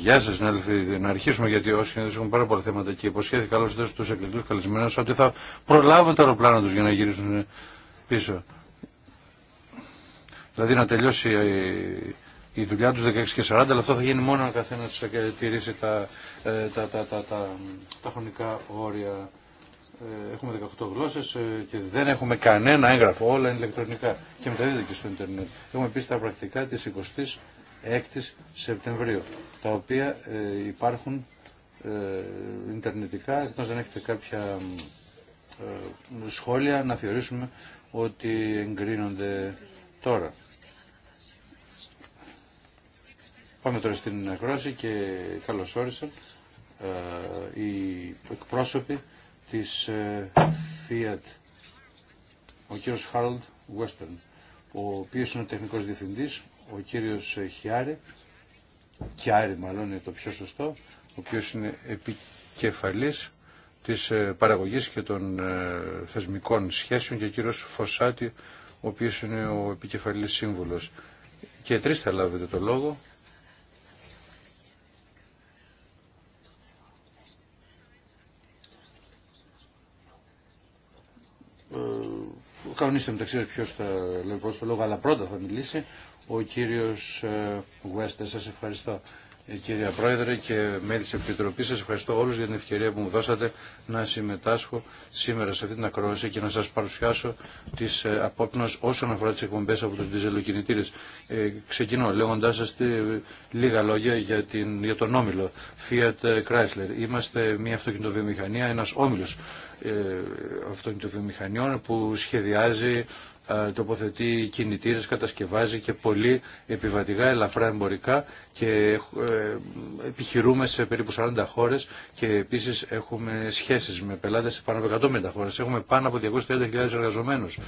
Γεια σα, συνάδελφοι. Να αρχίσουμε γιατί όσοι έχουν πάρα πολλά θέματα και υποσχέθηκα όλου του εκλεκτού καλεσμένου ότι θα προλάβουν το αεροπλάνο του για να γυρίσουν πίσω. Δηλαδή να τελειώσει η δουλειά του 16 και 40, αλλά αυτό θα γίνει μόνο αν καθένα τηρήσει ε, τα, τα, τα, τα, χρονικά όρια. Ε, έχουμε 18 γλώσσες ε, και δεν έχουμε κανένα έγγραφο, όλα είναι ηλεκτρονικά και μεταδίδεται και στο Ιντερνετ. Έχουμε επίση τα πρακτικά τη 26 Σεπτεμβρίου, τα οποία ε, υπάρχουν Ιντερνετικά, εκτό δεν έχετε κάποια σχόλια, να θεωρήσουμε ότι εγκρίνονται τώρα. Πάμε τώρα στην ακρόαση και καλώς όρισα οι εκπρόσωποι της ε, Fiat, ο κύριος Χάρολντ Western, ο οποίος είναι ο τεχνικός διευθυντής, ο κύριος Χιάρε, Χιάρη μάλλον το πιο σωστό, ο οποίος είναι επικεφαλής της ε, παραγωγής και των ε, θεσμικών σχέσεων και ο κύριος Φωσάτη, ο οποίος είναι ο επικεφαλής σύμβουλος. Και τρεις θα λάβετε το λόγο κανονίστε μεταξύ ποιο θα λέει το λόγο, αλλά πρώτα θα μιλήσει ο κύριο Γουέστε. σα ευχαριστώ ε, κυρία Πρόεδρε και μέλη τη Επιτροπή. σα ευχαριστώ όλου για την ευκαιρία που μου δώσατε να συμμετάσχω σήμερα σε αυτή την ακρόαση και να σα παρουσιάσω τι ε, απόπειρε όσον αφορά τι εκπομπέ από του διζελοκινητήρε. Ε, ξεκινώ λέγοντα σας λίγα λόγια για, την, για τον όμιλο Fiat Chrysler. Είμαστε μια αυτοκινητοβιομηχανία, ένα όμιλο. Ε, αυτών των βιομηχανιών που σχεδιάζει, ε, τοποθετεί κινητήρες, κατασκευάζει και πολύ επιβατικά, ελαφρά εμπορικά και ε, επιχειρούμε σε περίπου 40 χώρες και επίσης έχουμε σχέσεις με πελάτες σε πάνω από 150 χώρες. Έχουμε πάνω από 230.000 εργαζομένους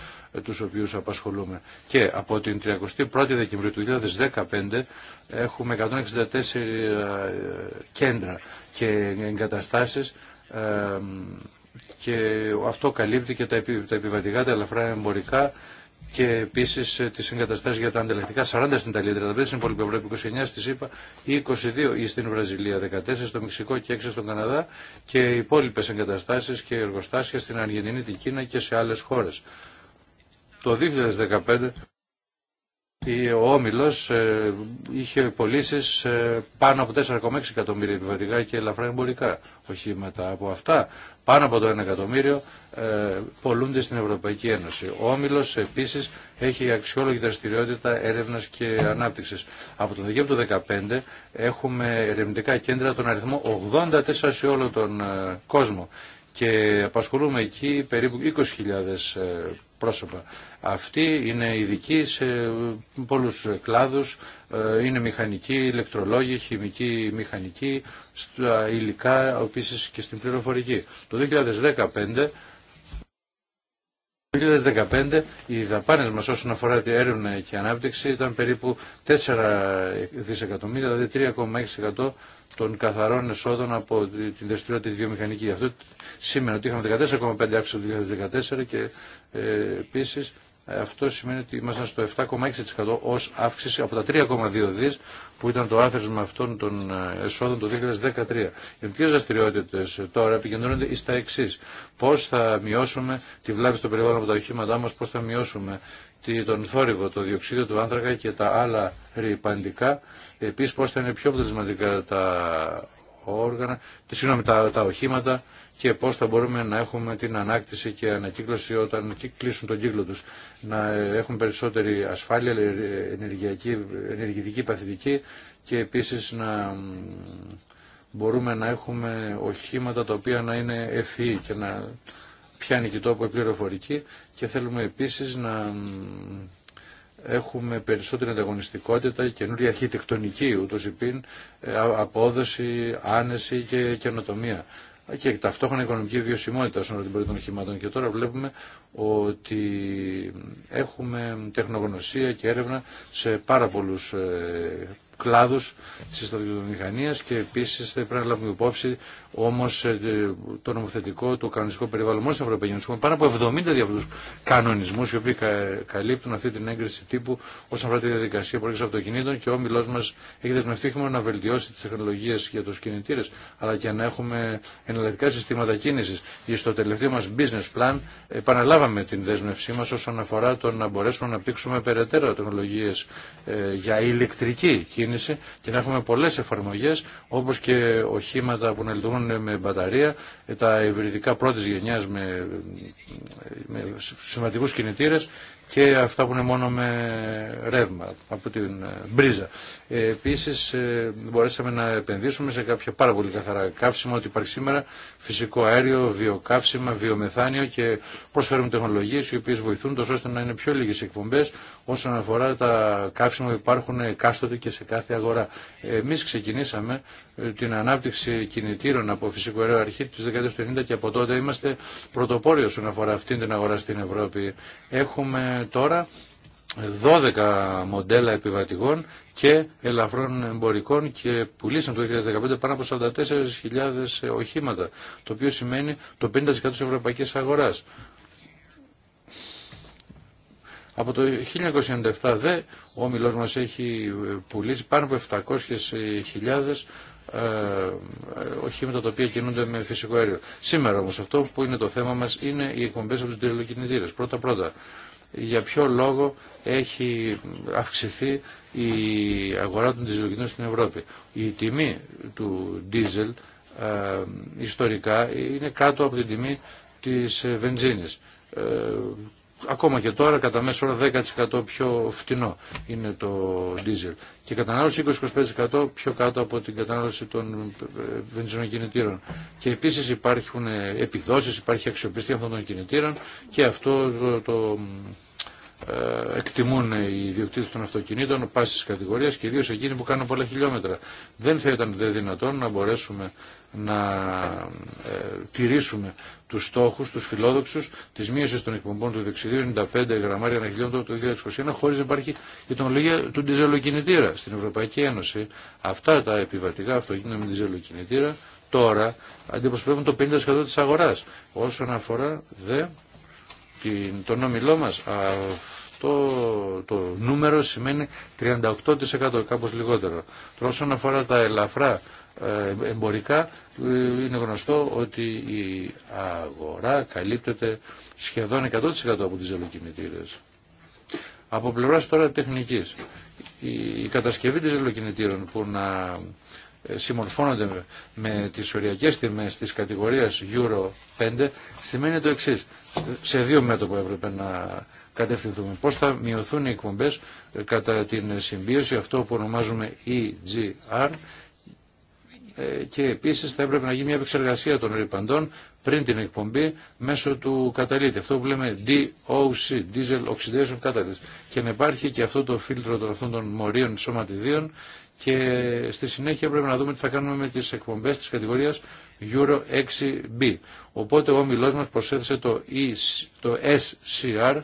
τους οποίους απασχολούμε. Και από την 31η Δεκεμβρίου του 2015 έχουμε 164 κέντρα και εγκαταστάσεις και αυτό καλύπτει και τα, επι, τα επιβατικά, τα ελαφρά εμπορικά και επίση ε, τι εγκαταστάσει για τα ανταλλακτικά. 40 στην Ιταλία, 35 στην υπόλοιπη Ευρώπη, 29 στη ΣΥΠΑ, 22 στην Βραζιλία, 14 στο Μεξικό και 6 στον Καναδά και οι υπόλοιπε εγκαταστάσει και εργοστάσια στην Αργεντινή, την Κίνα και σε άλλε χώρε. Το 2015 ο Όμιλος ε, είχε πωλήσει ε, πάνω από 4,6 εκατομμύρια επιβατικά και ελαφρά εμπορικά οχήματα. Από αυτά πάνω από το 1 εκατομμύριο ε, πολλούνται στην Ευρωπαϊκή Ένωση. Ο Όμιλος επίσης έχει αξιόλογη δραστηριότητα έρευνας και ανάπτυξης. Από τον Δεκέμβριο του 2015 έχουμε ερευνητικά κέντρα τον αριθμό 84 σε όλο τον ε, κόσμο και απασχολούμε εκεί περίπου 20.000 ε, πρόσωπα. Αυτή είναι ειδική σε πολλούς κλάδους, ε, είναι μηχανικοί, ηλεκτρολόγοι, χημικοί, μηχανικοί, υλικά, επίση και στην πληροφορική. Το 2015 το 2015 οι δαπάνες μας όσον αφορά την έρευνα και ανάπτυξη ήταν περίπου 4 δισεκατομμύρια, δηλαδή 3,6% των καθαρών εσόδων από την δραστηριότητα τη βιομηχανική. Αυτό σήμερα ότι είχαμε 14,5 το 2014 και ε, επίσης αυτό σημαίνει ότι ήμασταν στο 7,6% ως αύξηση από τα 3,2 δις που ήταν το άθροισμα αυτών των ε, εσόδων το 2013. Οι ποιε δραστηριότητε ε, τώρα επικεντρώνονται τα εξή. Πώ θα μειώσουμε τη βλάβη στο περιβάλλον από τα οχήματά μα, πώ θα μειώσουμε τον θόρυβο, το διοξίδιο του άνθρακα και τα άλλα ρηπαντικά. Επίση, πώ θα είναι πιο αποτελεσματικά τα όργανα, συγγνώμη, τα, τα οχήματα και πώς θα μπορούμε να έχουμε την ανάκτηση και ανακύκλωση όταν κλείσουν τον κύκλο τους. Να ε, έχουν περισσότερη ασφάλεια, ενεργειακή, ενεργητική, παθητική και επίσης να μπορούμε να έχουμε οχήματα τα οποία να είναι ευφυή και να πιάνει και τόπο η πληροφορική και θέλουμε επίσης να έχουμε περισσότερη ανταγωνιστικότητα, καινούργια αρχιτεκτονική ούτως υπήν, ε, απόδοση, άνεση και καινοτομία και ταυτόχρονα οικονομική βιωσιμότητα όσον αφορά την των οχημάτων. Και τώρα βλέπουμε ότι έχουμε τεχνογνωσία και έρευνα σε πάρα πολλούς ε, κλάδους της μηχανία και επίσης θα πρέπει να λάβουμε υπόψη όμως ε, ε, το νομοθετικό, το κανονιστικό περιβάλλον μόνο στην Ευρωπαϊκή Ένωση. Πάνω από 70 διαφορετικούς κανονισμούς οι οποίοι καλύπτουν αυτή την έγκριση τύπου όσον αφορά τη διαδικασία προέγγισης αυτοκινήτων και ο όμιλός μας έχει δεσμευτεί να βελτιώσει τις τεχνολογίες για τους κινητήρες αλλά και να έχουμε εναλλακτικά συστήματα κίνησης. Και στο τελευταίο μας business plan επαναλάβαμε την δέσμευσή μας όσον αφορά το να μπορέσουμε να αναπτύξουμε περαιτέρω τεχνολογίες ε, για ηλεκτρική κίνηση κίνηση και να έχουμε πολλές εφαρμογές όπως και οχήματα που να λειτουργούν με μπαταρία, τα υβριδικά πρώτης γενιάς με, με σημαντικούς κινητήρες και αυτά που είναι μόνο με ρεύμα από την ε, μπρίζα. Ε, επίσης, Επίση, μπορέσαμε να επενδύσουμε σε κάποια πάρα πολύ καθαρά καύσιμα ότι υπάρχει σήμερα φυσικό αέριο, βιοκαύσιμα, βιομεθάνιο και προσφέρουμε τεχνολογίε οι οποίε βοηθούν τόσο ώστε να είναι πιο λίγε εκπομπέ όσον αφορά τα καύσιμα που υπάρχουν κάστοτε και σε κάθε αγορά. Εμεί ξεκινήσαμε την ανάπτυξη κινητήρων από φυσικό αέριο αρχή τη δεκαετία του 90 και από τότε είμαστε πρωτοπόροι όσον αφορά αυτή την αγορά στην Ευρώπη. Έχουμε τώρα 12 μοντέλα επιβατηγών και ελαφρών εμπορικών και πουλήσαν το 2015 πάνω από 44.000 οχήματα, το οποίο σημαίνει το 50% της ευρωπαϊκής αγοράς. Από το 1997 δε ο όμιλός μας έχει πουλήσει πάνω από 700.000 οχήματα ε, τα οποία κινούνται με φυσικό αέριο. Σήμερα όμως αυτό που είναι το θέμα μας είναι οι εκπομπές από τους πρωτα Πρώτα-πρώτα, για ποιο λόγο έχει αυξηθεί η αγορά των διζελοκινήτων στην Ευρώπη. Η τιμή του δίζελ ε, ιστορικά είναι κάτω από την τιμή της ε, βενζίνης ακόμα και τώρα κατά μέσο όρο 10% πιο φτηνό είναι το ντίζελ και κατανάλωση 20-25% πιο κάτω από την κατανάλωση των ε, βενζινοκινητήρων. Και επίσης υπάρχουν ε, επιδόσεις, υπάρχει αξιοπιστία αυτών των κινητήρων και αυτό το, ε, εκτιμούν οι ιδιοκτήτε των αυτοκινήτων πάση κατηγορία και ιδίω εκείνοι που κάνουν πολλά χιλιόμετρα. Δεν θα ήταν δε δυνατόν να μπορέσουμε να ε, τηρήσουμε του στόχου, του φιλόδοξου τη μείωση των εκπομπών του δεξιδίου 95 γραμμάρια ένα χιλιόμετρο το 2021 χωρί να υπάρχει η τεχνολογία του διζελοκινητήρα στην Ευρωπαϊκή Ένωση. Αυτά τα επιβατικά αυτοκίνητα με διζελοκινητήρα τώρα αντιπροσωπεύουν το 50% τη αγορά. Όσον αφορά δε την, τον όμιλό μας αυτό το νούμερο σημαίνει 38% κάπως λιγότερο. Τώρα όσον αφορά τα ελαφρά ε, εμπορικά ε, είναι γνωστό ότι η αγορά καλύπτεται σχεδόν 100% από τις ελοκινητήρες. Από πλευράς τώρα τεχνικής, η κατασκευή της ελοκινητήρων που να συμμορφώνονται με τις οριακές τιμές της κατηγορίας Euro 5 σημαίνει το εξή. Σε δύο μέτωπα έπρεπε να κατευθυνθούμε. Πώς θα μειωθούν οι εκπομπές ε, κατά την συμπίωση, αυτό που ονομάζουμε EGR ε, και επίσης θα έπρεπε να γίνει μια επεξεργασία των ρηπαντών πριν την εκπομπή μέσω του καταλήτη. Αυτό που λέμε DOC, Diesel Oxidation Catalyst. Και να υπάρχει και αυτό το φίλτρο των μορίων σωματιδίων και στη συνέχεια πρέπει να δούμε τι θα κάνουμε με τις εκπομπές της κατηγορίας Euro 6B. Οπότε ο όμιλός μας προσέθεσε το, e, το SCR,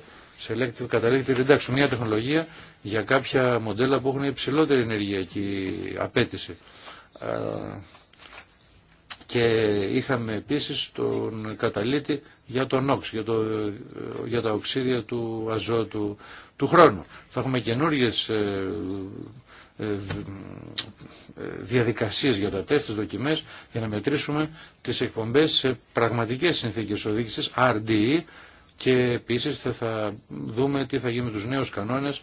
Selective Catalytic Reduction, μια τεχνολογία για κάποια μοντέλα που έχουν υψηλότερη ενεργειακή απέτηση. Και είχαμε επίσης τον καταλήτη για τον NOx, για, το, για τα οξύδια του αζότου του χρόνου. Θα έχουμε καινούργιες ε, ε, ε, διαδικασίες για τα τεστ, δοκιμές, για να μετρήσουμε τις εκπομπές σε πραγματικές συνθήκες οδήγησης, RDE, και επίσης θα, δούμε τι θα γίνει με τους νέους κανόνες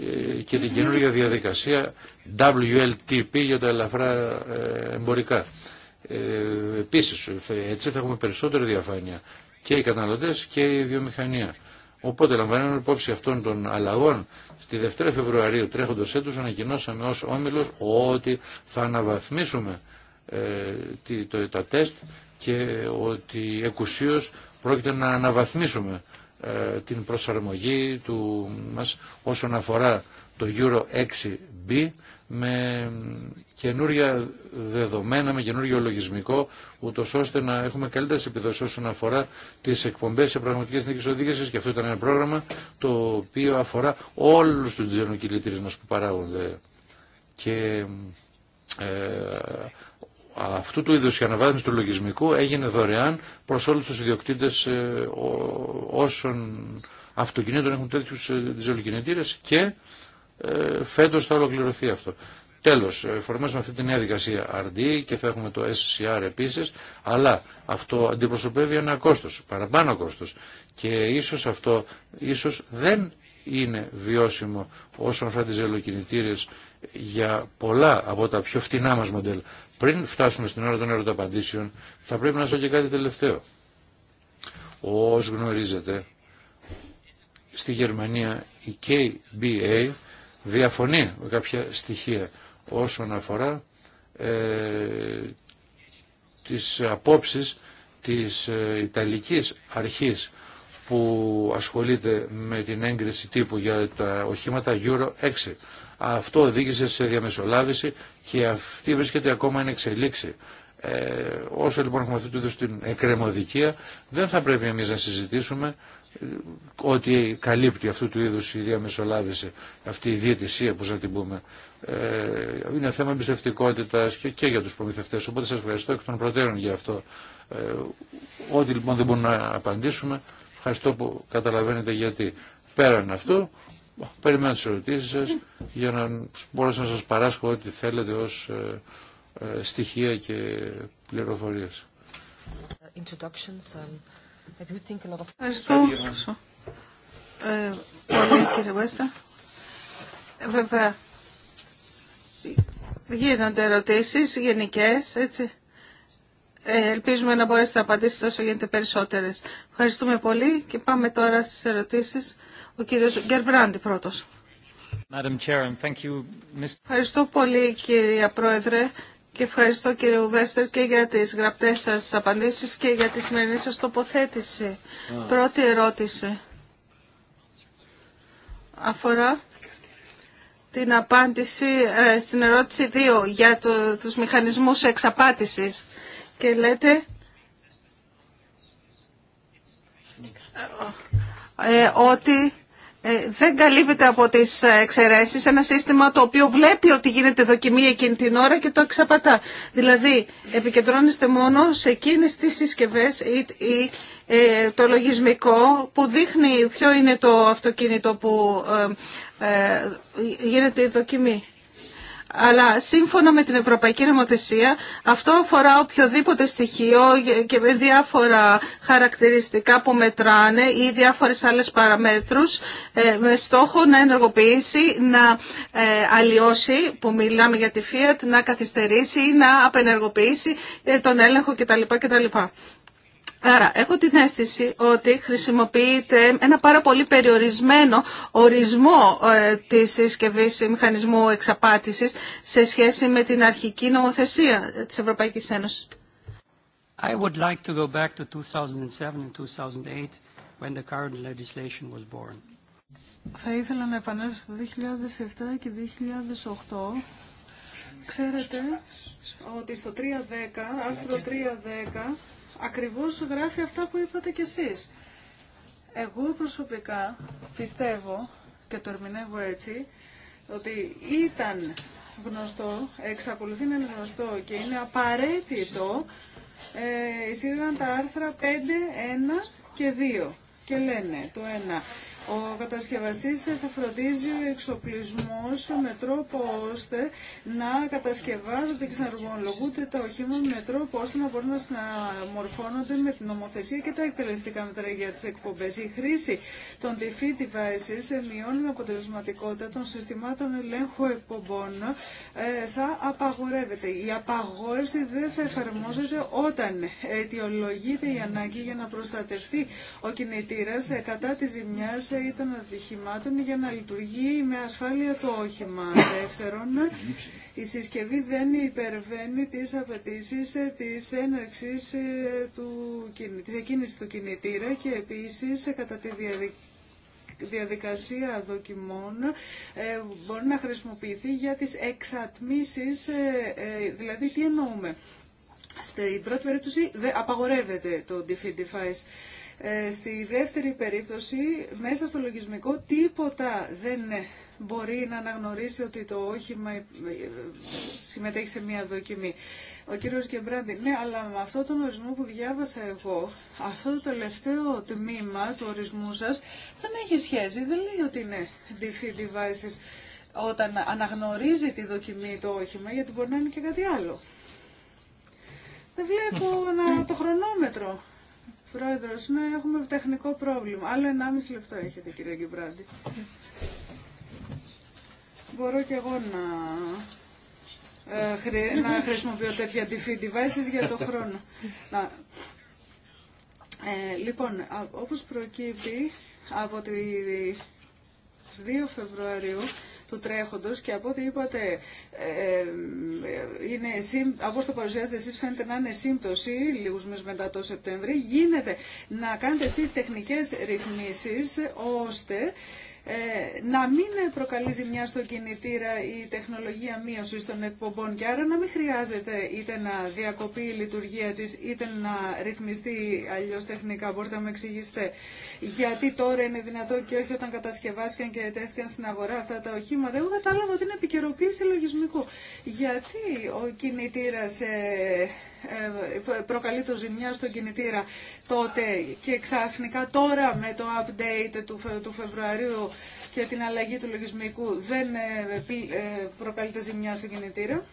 ε, και την καινούργια διαδικασία WLTP για τα ελαφρά εμπορικά. επίσης, έτσι θα έχουμε περισσότερη διαφάνεια και οι καταναλωτές και η βιομηχανία. Οπότε λαμβάνουμε υπόψη αυτών των αλλαγών Τη Δευτέρα Φεβρουαρίου τρέχοντος έτου ανακοινώσαμε ω όμιλο ότι θα αναβαθμίσουμε ε, το, τα τεστ και ότι εκουσίως πρόκειται να αναβαθμίσουμε ε, την προσαρμογή του μας όσον αφορά το Euro 6B με καινούρια δεδομένα, με καινούριο λογισμικό, ούτω ώστε να έχουμε καλύτερε επιδόσει όσον αφορά τι εκπομπέ σε πραγματικέ νίκε οδήγηση. Και αυτό ήταν ένα πρόγραμμα το οποίο αφορά όλου του τζενοκυλητήρε μα που παράγονται. Και ε, αυτού του είδους η αναβάθμιση του λογισμικού έγινε δωρεάν προς όλους τους ιδιοκτήτες ε, όσων αυτοκινήτων έχουν τέτοιου διζελοκινητήρες ε, και ε, φέτος θα ολοκληρωθεί αυτό. Τέλος, εφαρμόζουμε αυτή τη νέα δικασία RD και θα έχουμε το SCR επίσης, αλλά αυτό αντιπροσωπεύει ένα κόστος, παραπάνω κόστος. Και ίσως αυτό ίσως δεν είναι βιώσιμο όσον αφορά τις ελοκινητήρες για πολλά από τα πιο φτηνά μας μοντέλα. Πριν φτάσουμε στην ώρα των ερωταπαντήσεων θα πρέπει να σας πω και κάτι τελευταίο. Ως γνωρίζετε, στη Γερμανία η KBA διαφωνεί με κάποια στοιχεία όσον αφορά ε, τις απόψεις της ε, Ιταλικής αρχής που ασχολείται με την έγκριση τύπου για τα οχήματα Euro 6. Αυτό οδήγησε σε διαμεσολάβηση και αυτή βρίσκεται ακόμα εν εξελίξη. Ε, όσο λοιπόν έχουμε αυτού του την εκκρεμωδικία δεν θα πρέπει εμείς να συζητήσουμε ό,τι καλύπτει αυτού του είδους η διαμεσολάβηση, αυτή η διαιτησία που θα την πούμε, ε, είναι θέμα εμπιστευτικότητα και, και για τους προμηθευτές. Οπότε σας ευχαριστώ εκ των προτέρων για αυτό. Ε, ό,τι λοιπόν δεν μπορούμε να απαντήσουμε, ευχαριστώ που καταλαβαίνετε γιατί πέραν αυτού, περιμένω τις ερωτήσεις σας για να μπορέσω να σας παράσχω ό,τι θέλετε ως ε, στοιχεία και πληροφορίες. Ευχαριστώ ε, πολύ κύριε Βέστα. Ε, βέβαια, γίνονται ερωτήσεις γενικές, έτσι. Ε, ελπίζουμε να μπορέσετε να απαντήσετε όσο γίνεται περισσότερες. Ευχαριστούμε πολύ και πάμε τώρα στις ερωτήσεις. Ο κύριος Γκερμπράντη πρώτος. Madam thank you, Mr. Ευχαριστώ πολύ κύριε Πρόεδρε και ευχαριστώ κύριε Βέστερ και για τις γραπτές σας απαντήσεις και για τη σημερινή σας τοποθέτηση. Πρώτη ερώτηση αφορά την απάντηση ε, στην ερώτηση 2 για τους μηχανισμούς εξαπάτησης. Και λέτε ε, ότι ε, δεν καλύπτεται από τις εξαιρεσει ένα σύστημα το οποίο βλέπει ότι γίνεται δοκιμή εκείνη την ώρα και το εξαπατά. Δηλαδή επικεντρώνεστε μόνο σε εκείνε τι σύσκευέ ή ε, το λογισμικό που δείχνει ποιο είναι το αυτοκίνητο που γίνεται ή, το λογισμικό που δείχνει ποιο είναι το αυτοκίνητο που γίνεται η δοκιμή αλλά σύμφωνα με την Ευρωπαϊκή Νομοθεσία αυτό αφορά οποιοδήποτε στοιχείο και με διάφορα χαρακτηριστικά που μετράνε ή διάφορες άλλες παραμέτρους ε, με στόχο να ενεργοποιήσει, να ε, αλλοιώσει, που μιλάμε για τη ΦΙΑΤ, να καθυστερήσει ή να απενεργοποιήσει ε, τον έλεγχο κτλ. κτλ. Άρα, έχω την αίσθηση ότι χρησιμοποιείται ένα πάρα πολύ περιορισμένο ορισμό ε, της συσκευή μηχανισμού εξαπάτησης σε σχέση με την αρχική νομοθεσία της Ευρωπαϊκής Ένωσης. I would like to go back to 2007 2008 when the was born. Θα ήθελα να επανέλθω στο 2007 και 2008. Ξέρετε ότι στο 310, άρθρο 310, ακριβώς γράφει αυτά που είπατε κι εσείς. Εγώ προσωπικά πιστεύω και το ερμηνεύω έτσι, ότι ήταν γνωστό, εξακολουθεί να είναι γνωστό και είναι απαραίτητο, ε, τα άρθρα 5, 1 και 2 και λένε το 1. Ο κατασκευαστής θα φροντίζει ο εξοπλισμός με τρόπο ώστε να κατασκευάζονται και να εργολογούνται τα οχήματα με τρόπο ώστε να μπορούν να μορφώνονται με την νομοθεσία και τα εκτελεστικά μέτρα για τις εκπομπές. Η χρήση των defeat devices μειώνει την αποτελεσματικότητα των συστημάτων ελέγχου εκπομπών. Ε, θα απαγορεύεται. Η απαγόρευση δεν θα εφαρμόζεται όταν αιτιολογείται η ανάγκη για να προστατευτεί ο κινητήρας ε, κατά τη ζημιάς ήταν ατυχημάτων για να λειτουργεί με ασφάλεια το όχημα. Δεύτερον, η συσκευή δεν υπερβαίνει τις απαιτήσει ε, της έναρξης ε, του, του κινητήρα και επίσης ε, κατά τη διαδικασία δοκιμών μπορεί να χρησιμοποιηθεί για τις εξατμίσεις, δηλαδή τι εννοούμε. Στην πρώτη περίπτωση απαγορεύεται το defeat ε, στη δεύτερη περίπτωση, μέσα στο λογισμικό, τίποτα δεν μπορεί να αναγνωρίσει ότι το όχημα ε, συμμετέχει σε μία δοκιμή. Ο κύριος Γκεμπράντη, ναι, αλλά με αυτόν τον ορισμό που διάβασα εγώ, αυτό το τελευταίο τμήμα του ορισμού σας δεν έχει σχέση, δεν λέει ότι είναι defeat devices όταν αναγνωρίζει τη δοκιμή το όχημα, γιατί μπορεί να είναι και κάτι άλλο. Δεν βλέπω να, το χρονόμετρο Πρόεδρος, ναι, έχουμε τεχνικό πρόβλημα. Άλλο 1,5 λεπτό έχετε, κύριε Γκυμπράντη. Μπορώ κι εγώ να, ε, χρησιμοποιώ τέτοια τυφή devices για το χρόνο. Ε, λοιπόν, όπως προκύπτει από τις 2 Φεβρουαρίου, του τρέχοντος και από ό,τι είπατε, ε, ε είναι, σύμ, από όσο το παρουσιάζετε εσείς φαίνεται να είναι σύμπτωση λίγους μήνες μετά το Σεπτέμβρη, γίνεται να κάνετε εσείς τεχνικές ρυθμίσεις ώστε ε, να μην προκαλεί ζημιά στο κινητήρα η τεχνολογία μείωση των εκπομπών και άρα να μην χρειάζεται είτε να διακοπεί η λειτουργία της είτε να ρυθμιστεί αλλιώ τεχνικά. Μπορείτε να με εξηγήσετε γιατί τώρα είναι δυνατό και όχι όταν κατασκευάστηκαν και ετέθηκαν στην αγορά αυτά τα οχήματα. Εγώ κατάλαβα ότι είναι επικαιροποίηση λογισμικού. Γιατί ο κινητήρα. ε, ε, προκαλεί το ζημιά στο κινητήρα τότε και ξαφνικά τώρα με το update του, του Φεβρουαρίου και την αλλαγή του λογισμικού δεν ε, ε, προκαλείται ζημιά στο κινητήρα.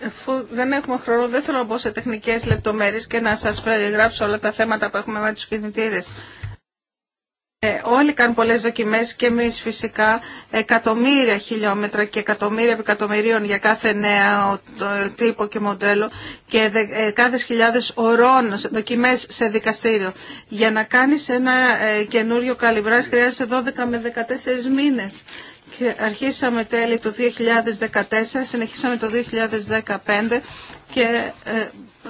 Εφού δεν έχουμε χρόνο, δεν θέλω να μπω σε τεχνικές λεπτομέρειες και να σας περιγράψω όλα τα θέματα που έχουμε με τους κινητήρες. Ε, όλοι κάνουν πολλές δοκιμές και εμείς φυσικά εκατομμύρια χιλιόμετρα και εκατομμύρια επικατομμυρίων για κάθε νέα τύπο και μοντέλο και ε, κάθε χιλιάδες ωρών δοκιμές σε δικαστήριο. Για να κάνεις ένα ε, καινούριο καλυβράς χρειάζεσαι 12 με 14 μήνες. Και αρχίσαμε τέλη του 2014, συνεχίσαμε το 2015 και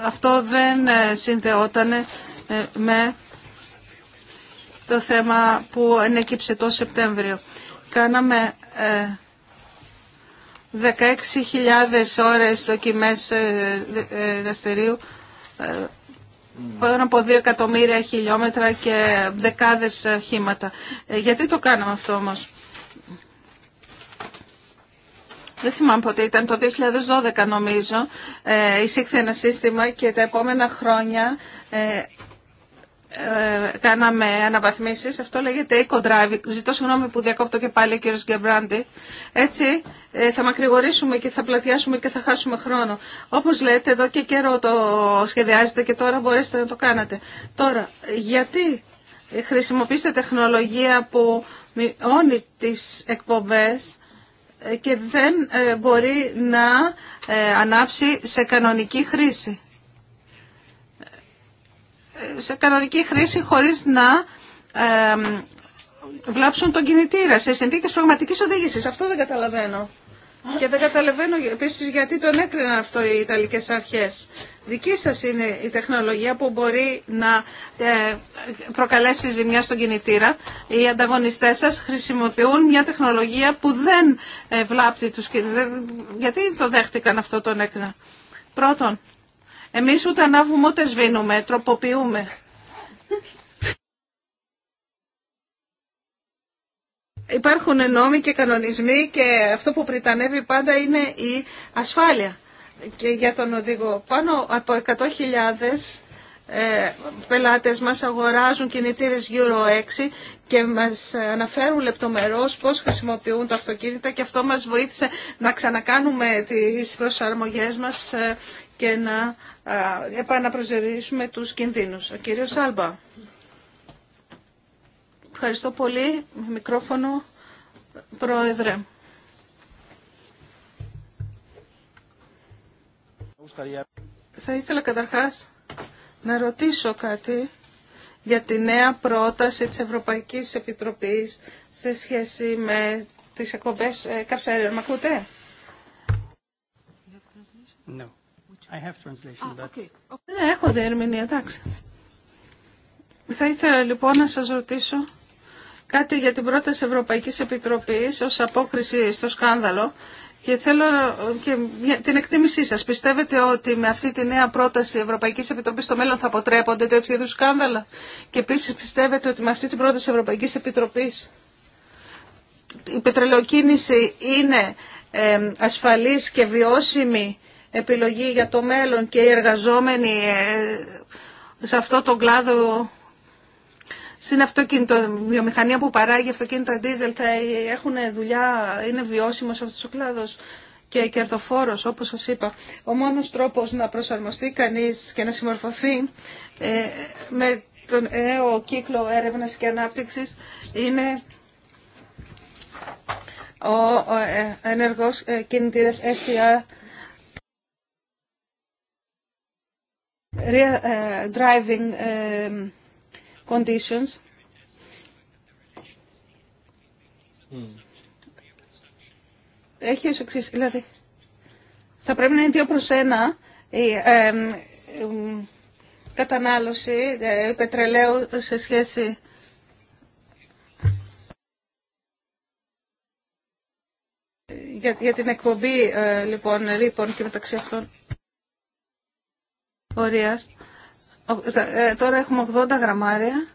αυτό δεν συνδεόταν με το θέμα που ενέκυψε το Σεπτέμβριο. Κάναμε 16.000 ε, ώρες δοκιμές ε, ε, εργαστηρίου, πάνω από 2 εκατομμύρια χιλιόμετρα και δεκάδες χήματα. Γιατί το κάναμε αυτό όμως. Δεν θυμάμαι πότε ήταν, το 2012 νομίζω, εισήχθη ένα σύστημα και τα επόμενα χρόνια ε, κάναμε αναβαθμίσει. αυτό λέγεται eco drive. Ζητώ συγγνώμη που διακόπτω και πάλι ο κύριο Γκεμπράντη. Έτσι ε, θα μακρηγορήσουμε και θα πλατιάσουμε και θα χάσουμε χρόνο. Όπως λέτε εδώ και καιρό το σχεδιάζετε και τώρα μπορέσετε να το κάνετε. Τώρα, γιατί χρησιμοποιήσετε τεχνολογία που μειώνει τι εκπομπέ ε, και δεν μπορεί να ανάψει σε κανονική χρήση σε κανονική χρήση χωρίς να βλάψουν τον κινητήρα σε συνθήκες πραγματικής οδήγησης. Αυτό δεν καταλαβαίνω. Και δεν καταλαβαίνω επίση γιατί τον έκριναν αυτό οι Ιταλικέ αρχέ. Δική σα είναι η τεχνολογία που μπορεί να ε, προκαλέσει ζημιά στον κινητήρα. Οι ανταγωνιστέ σα χρησιμοποιούν μια τεχνολογία που δεν ε, βλάπτει του κινητήρε. Γιατί το δέχτηκαν αυτό τον έκριναν. Πρώτον, εμείς ούτε ανάβουμε ούτε σβήνουμε, τροποποιούμε. Υπάρχουν νόμοι και κανονισμοί και αυτό που πριτανεύει πάντα είναι η ασφάλεια και για τον οδηγό. Πάνω από 100.000 ε, πελάτες μας αγοράζουν κινητήρες Euro 6 και μας αναφέρουν λεπτομερώς πώς χρησιμοποιούν τα αυτοκίνητα και αυτό μας βοήθησε να ξανακάνουμε τις προσαρμογές μας ε, και να επαναπροσδιορίσουμε τους κινδύνους. Ο κύριος Άλμπα. Ευχαριστώ πολύ. Μικρόφωνο, Πρόεδρε. Θα ήθελα καταρχάς να ρωτήσω κάτι για τη νέα πρόταση της Ευρωπαϊκής Επιτροπής σε σχέση με τις εκπομπές ε, καυσαέριων. Μ' ακούτε? No. I Ναι, έχω διερμηνία, εντάξει. Θα ήθελα λοιπόν να σας ρωτήσω κάτι για την πρόταση Ευρωπαϊκής Επιτροπής ως απόκριση στο σκάνδαλο και θέλω και την εκτίμησή σας. Πιστεύετε ότι με αυτή τη νέα πρόταση Ευρωπαϊκής Επιτροπής στο μέλλον θα αποτρέπονται τέτοιου είδους σκάνδαλα και επίσης πιστεύετε ότι με αυτή την πρόταση Ευρωπαϊκής Επιτροπής η πετρελαιοκίνηση είναι ασφαλής και βιώσιμη επιλογή για το μέλλον και οι εργαζόμενοι ε, σε αυτό το κλάδο στην αυτοκίνητο βιομηχανία που παράγει αυτοκίνητα δίζελ θα έχουν δουλειά, είναι βιώσιμος αυτός ο κλάδος και κερδοφόρος όπως σας είπα. Ο μόνος τρόπος να προσαρμοστεί κανείς και να συμμορφωθεί ε, με τον νέο κύκλο έρευνας και ανάπτυξης είναι ο ε, ενεργός κινητήρας SCR e real, uh, driving um, conditions. Hmm. Έχει ως εξής, δηλαδή, θα πρέπει να είναι δύο προς ένα η κατανάλωση ε, πετρελαίου σε σχέση για, την εκπομπή ε, λοιπόν ρήπων και μεταξύ αυτών. Ε, τώρα έχουμε 80 γραμμάρια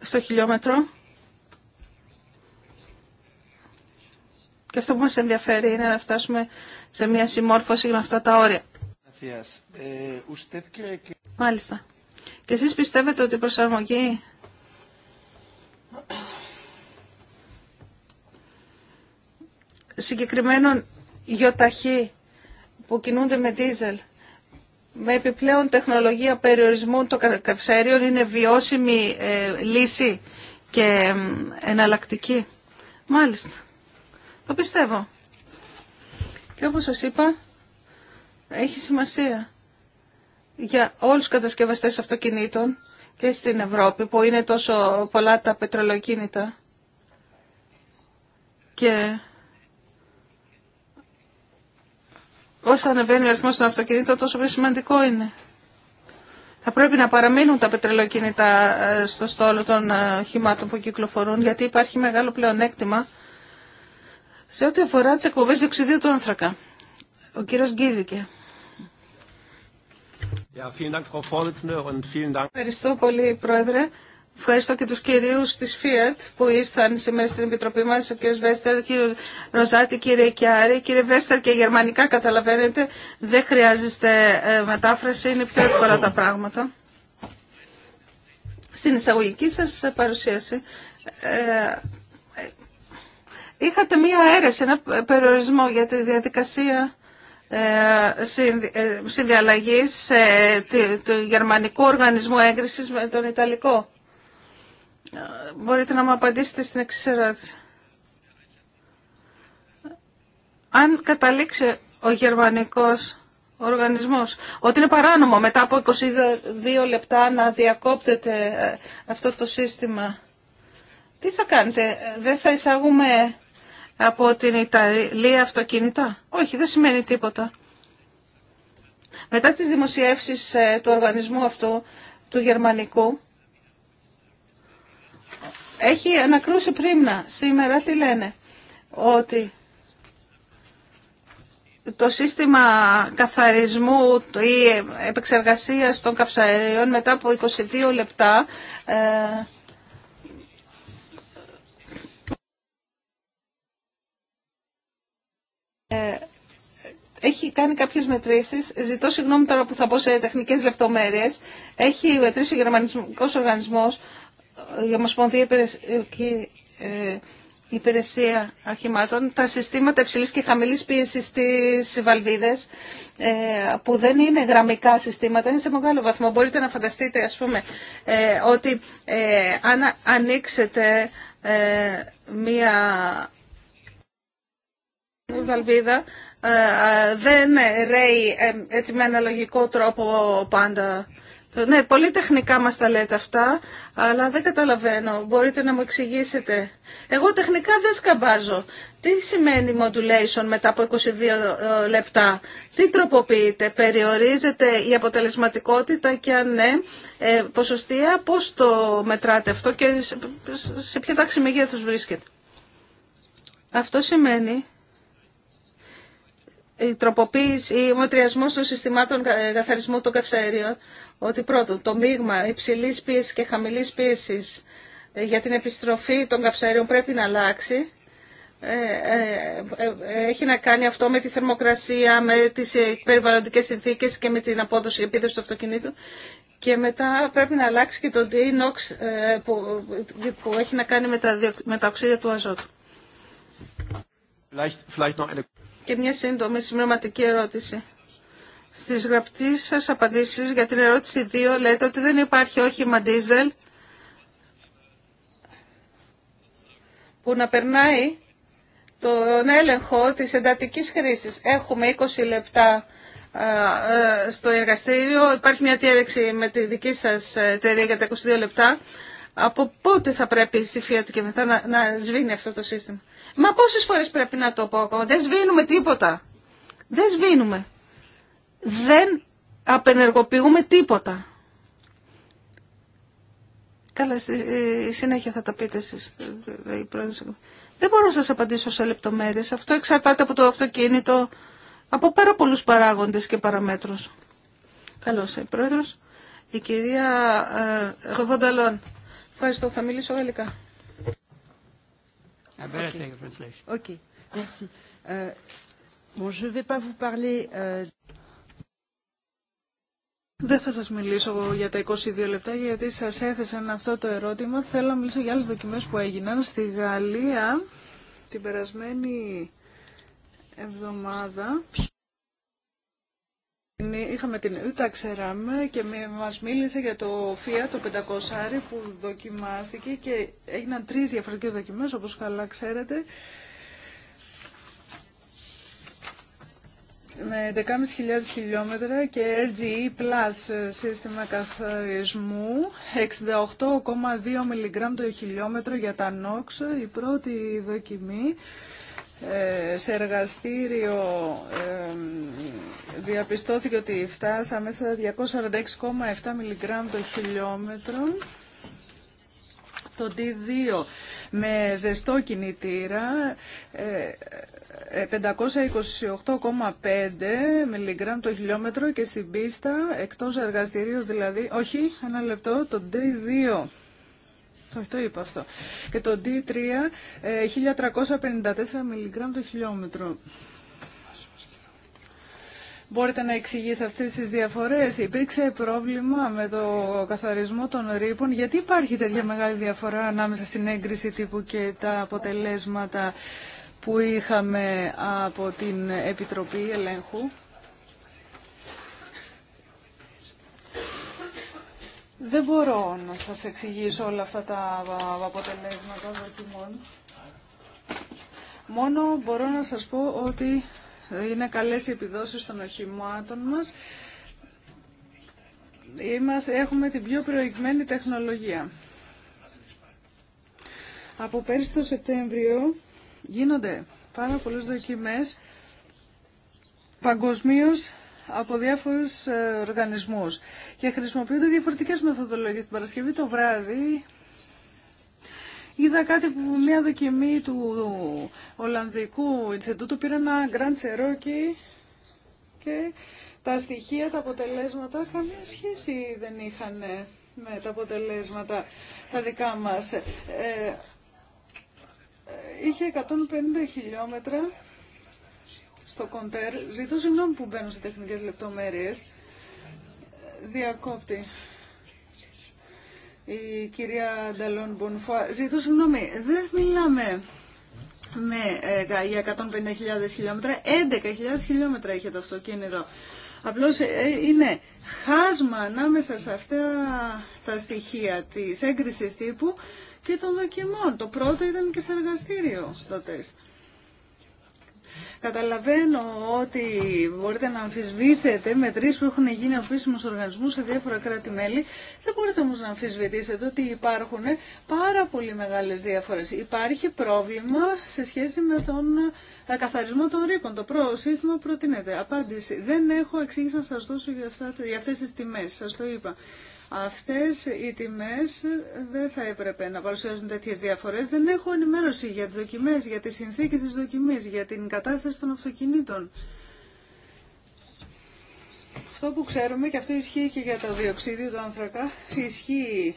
στο χιλιόμετρο. Και αυτό που μας ενδιαφέρει είναι να φτάσουμε σε μια συμμόρφωση με αυτά τα όρια. Ε, Μάλιστα. Και εσείς πιστεύετε ότι η προσαρμογή συγκεκριμένων γιοταχή που κινούνται με δίζελ με επιπλέον τεχνολογία περιορισμού των καυσαερίων είναι βιώσιμη ε, λύση και εναλλακτική. Μάλιστα. Το πιστεύω. Και όπως σας είπα, έχει σημασία για όλους τους κατασκευαστές αυτοκινήτων και στην Ευρώπη που είναι τόσο πολλά τα πετρελοκίνητα και Όσο ανεβαίνει ο αριθμό των αυτοκινήτων, τόσο πιο σημαντικό είναι. Θα πρέπει να παραμείνουν τα πετρελοκίνητα ε, στο στόλο των ε, οχημάτων που κυκλοφορούν, γιατί υπάρχει μεγάλο πλεονέκτημα σε ό,τι αφορά τι εκπομπέ διοξιδίου του άνθρακα. Ο κύριο Γκίζικε. Ευχαριστώ πολύ, Πρόεδρε. Ευχαριστώ και τους κυρίους της ΦΙΑΤ που ήρθαν σήμερα στην Επιτροπή μας, ο κ. Βέστερ, ο Ροζάτη, κύριε Κιάρη. Κύριε Βέστερ και γερμανικά καταλαβαίνετε, δεν χρειάζεστε ε, μετάφραση, είναι πιο εύκολα τα πράγματα. Στην εισαγωγική σας παρουσίαση ε, είχατε μία αίρεση, ένα περιορισμό για τη διαδικασία ε, συνδιαλλαγής του γερμανικού οργανισμού έγκρισης με τον Ιταλικό μπορείτε να μου απαντήσετε στην εξή ερώτηση. Αν καταλήξει ο γερμανικός οργανισμός ότι είναι παράνομο μετά από 22 λεπτά να διακόπτεται ε, αυτό το σύστημα, τι θα κάνετε, ε, δεν θα εισάγουμε από την Ιταλία αυτοκίνητα. Όχι, δεν σημαίνει τίποτα. Μετά τις δημοσιεύσεις ε, του οργανισμού αυτού, του γερμανικού, έχει ανακρούσει πρίμνα. Σήμερα τι λένε, ότι το σύστημα καθαρισμού ή επεξεργασίας των καυσαερίων μετά από 22 λεπτά ε, ε, έχει κάνει κάποιες μετρήσεις. Ζητώ συγγνώμη τώρα που θα πω σε τεχνικές λεπτομέρειες. Έχει μετρήσει ο γερμανικός Οργανισμό η Ομοσπονδία Υπηρεσία, ε, υπηρεσία Αρχημάτων, τα συστήματα υψηλής και χαμηλής πίεσης στις βαλβίδες, ε, που δεν είναι γραμμικά συστήματα, είναι σε μεγάλο βαθμό. Μπορείτε να φανταστείτε, ας πούμε, ε, ότι αν ανοίξετε μία βαλβίδα, δεν ρέει έτσι με αναλογικό τρόπο πάντα ναι, πολύ τεχνικά μας τα λέτε αυτά, αλλά δεν καταλαβαίνω. Μπορείτε να μου εξηγήσετε. Εγώ τεχνικά δεν σκαμπάζω. Τι σημαίνει modulation μετά από 22 ε, λεπτά. Τι τροποποιείται. Περιορίζεται η αποτελεσματικότητα και αν ναι, ε, ποσοστία πώς το μετράτε αυτό και σε ποια τάξη μεγέθους βρίσκεται. Αυτό σημαίνει η τροποποίηση, η μετριασμός των συστημάτων ε, καθαρισμού των καυσαερίων ότι πρώτον το μείγμα υψηλής πίεσης και χαμηλής πίεσης ε, για την επιστροφή των καυσαρίων πρέπει να αλλάξει. Ε, ε, έχει να κάνει αυτό με τη θερμοκρασία, με τις περιβαλλοντικές συνθήκες και με την απόδοση επίδοση του αυτοκινήτου. Και μετά πρέπει να αλλάξει και το DNOx που έχει να κάνει με τα οξύδια του αζότου. Και μια σύντομη συμπληρωματική ερώτηση. Στις γραπτές σας απαντήσεις για την ερώτηση 2 λέτε ότι δεν υπάρχει όχημα diesel που να περνάει τον έλεγχο της εντατικής χρήσης. Έχουμε 20 λεπτά ε, στο εργαστήριο. Υπάρχει μια διέρεξη με τη δική σας εταιρεία για τα 22 λεπτά. Από πότε θα πρέπει στη Fiat και μετά να, να σβήνει αυτό το σύστημα. Μα πόσες φορές πρέπει να το πω ακόμα. Δεν σβήνουμε τίποτα. Δεν σβήνουμε δεν απενεργοποιούμε τίποτα. Καλά, στη ε, συνέχεια θα τα πείτε εσείς. Ε, ε, δεν μπορώ να σας απαντήσω σε λεπτομέρειες. Αυτό εξαρτάται από το αυτοκίνητο, από πάρα πολλούς παράγοντες και παραμέτρους. Καλώς, ε, Πρόεδρος. Η κυρία ε, Βονταλόν. Ευχαριστώ, θα μιλήσω γαλλικά. Okay. Okay. Merci. Euh, bon, je vais pas vous parler, euh, δεν θα σας μιλήσω για τα 22 λεπτά γιατί σας έθεσαν αυτό το ερώτημα. Θέλω να μιλήσω για άλλες δοκιμές που έγιναν. Στη Γαλλία την περασμένη εβδομάδα είχαμε την Ούτα Ξεράμε και μας μίλησε για το ΦΙΑ το 500 που δοκιμάστηκε και έγιναν τρεις διαφορετικές δοκιμές όπως καλά ξέρετε. με 11.500 χιλιόμετρα και RGE Plus ε, σύστημα καθαρισμού 68,2 mg το χιλιόμετρο για τα NOx η πρώτη δοκιμή ε, σε εργαστήριο διαπιστώθηκε ότι φτάσαμε στα 246,7 mg το χιλιόμετρο το D2 με ζεστό κινητήρα 528,5 ε, ε, μιλιγκράμμ το χιλιόμετρο και στην πίστα εκτός εργαστηρίου δηλαδή, όχι ένα λεπτό, το D2 όχι, το είπα αυτό. Και το D3, 1354 ε, μιλιγκράμμ το χιλιόμετρο. Μπορείτε να εξηγήσετε αυτές τις διαφορές. Υπήρξε πρόβλημα με το καθαρισμό των ρήπων. Γιατί υπάρχει τέτοια μεγάλη διαφορά ανάμεσα στην έγκριση τύπου και τα αποτελέσματα που είχαμε από την Επιτροπή Ελέγχου. Δεν μπορώ να σας εξηγήσω όλα αυτά τα αποτελέσματα δοκιμών. Μόνο μπορώ να σας πω ότι είναι καλές οι επιδόσεις των οχημάτων μας. Είμαστε, έχουμε την πιο προηγμένη τεχνολογία. Από πέρσι το Σεπτέμβριο γίνονται πάρα πολλές δοκιμές παγκοσμίω από διάφορους ε, οργανισμούς και χρησιμοποιούνται διαφορετικές μεθοδολογίες. Την Παρασκευή το βράζει. Είδα κάτι που μια δοκιμή του Ολλανδικού Ινστιτούτου πήρε ένα Grand Cherokee και τα στοιχεία, τα αποτελέσματα καμία σχέση δεν είχαν ε, με τα αποτελέσματα τα δικά μας. Ε, ε είχε 150 χιλιόμετρα στο κοντέρ. Ζητώ συγγνώμη που μπαίνω σε τεχνικές λεπτομέρειες. Διακόπτη η κυρία Νταλόν Μπονφουά. Ζητώ συγγνώμη, δεν μιλάμε με, ε, για 150.000 χιλιόμετρα, 11.000 χιλιόμετρα είχε το αυτοκίνητο. Απλώς ε, είναι χάσμα ανάμεσα σε αυτά τα στοιχεία της έγκρισης τύπου και των δοκιμών. Το πρώτο ήταν και σε εργαστήριο το τεστ. Καταλαβαίνω ότι μπορείτε να αμφισβήσετε μετρήσεις που έχουν γίνει αφήσιμους οργανισμού σε διάφορα κράτη-μέλη. Δεν μπορείτε όμω να αμφισβητήσετε ότι υπάρχουν πάρα πολύ μεγάλες διαφορές. Υπάρχει πρόβλημα σε σχέση με τον ε, καθαρισμό των ρήπων. Το πρώτο σύστημα προτείνεται. Απάντηση. Δεν έχω εξήγηση να σα δώσω για, για αυτές τις το είπα. Αυτές οι τιμές δεν θα έπρεπε να παρουσιάζουν τέτοιες διαφορές. Δεν έχω ενημέρωση για τις δοκιμές, για τις συνθήκες της δοκιμής, για την κατάσταση των αυτοκινήτων. Αυτό που ξέρουμε, και αυτό ισχύει και για το διοξίδιο του άνθρακα, ισχύει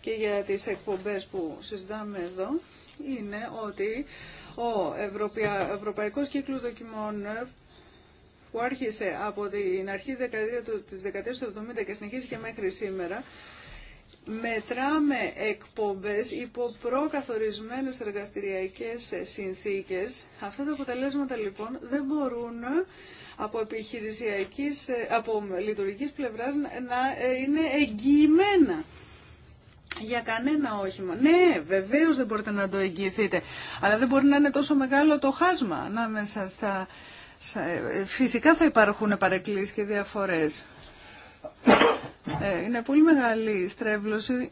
και για τις εκπομπές που συζητάμε εδώ, είναι ότι ο Ευρωπαϊκός κύκλος δοκιμών που άρχισε από την αρχή της δεκαετίας του 1970 και συνεχίζει και μέχρι σήμερα, μετράμε εκπομπές υπό προκαθορισμένες εργαστηριακές συνθήκες. Αυτά τα αποτελέσματα λοιπόν δεν μπορούν από επιχειρησιακής, από λειτουργικής πλευράς να ε, είναι εγγυημένα. Για κανένα όχημα. Ναι, βεβαίως δεν μπορείτε να το εγγυηθείτε. Αλλά δεν μπορεί να είναι τόσο μεγάλο το χάσμα ανάμεσα στα ε, φυσικά θα υπάρχουν παρεκκλήσεις και διαφορές. Ε, είναι πολύ μεγάλη η στρέβλωση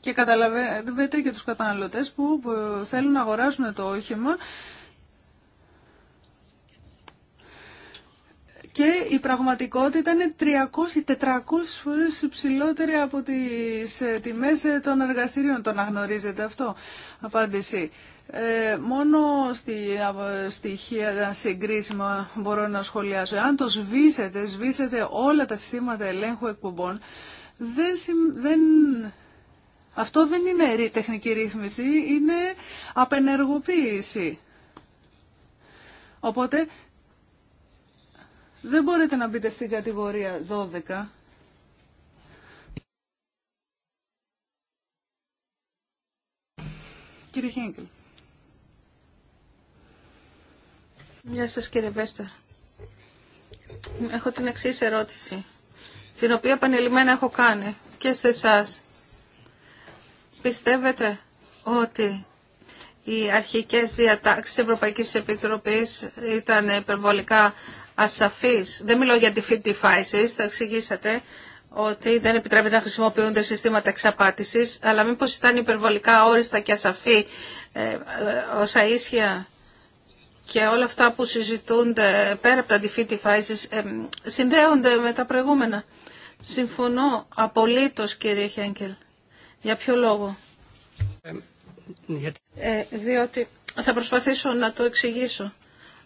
και καταλαβαίνετε και τους καταναλωτές που θέλουν να αγοράσουν το όχημα και η πραγματικότητα είναι 300-400 φορές υψηλότερη από τις ε, τιμές των εργαστηρίων. Το να αυτό. Απάντηση. Ε, μόνο στη στοιχεία συγκρίσιμα μπορώ να σχολιάσω. Αν το σβήσετε, σβήσετε όλα τα συστήματα ελέγχου εκπομπών, δεν, δεν, αυτό δεν είναι τεχνική ρύθμιση, είναι απενεργοποίηση. Οπότε δεν μπορείτε να μπείτε στην κατηγορία 12. Κύριε Χέγκελ. Γεια σας κύριε Βέστα. Έχω την εξής ερώτηση, την οποία πανελειμμένα έχω κάνει και σε εσά. Πιστεύετε ότι οι αρχικές διατάξεις της Ευρωπαϊκής Επιτροπής ήταν υπερβολικά ασαφείς. Δεν μιλώ για τη fit devices, Θα εξηγήσατε ότι δεν επιτρέπεται να χρησιμοποιούνται συστήματα εξαπάτησης, αλλά μήπως ήταν υπερβολικά όριστα και ασαφή ε, ε, όσα ίσια και όλα αυτά που συζητούνται πέρα από τα defeat devices ε, συνδέονται με τα προηγούμενα. Συμφωνώ απολύτως κύριε Χένκελ. Για ποιο λόγο. Ε, διότι θα προσπαθήσω να το εξηγήσω.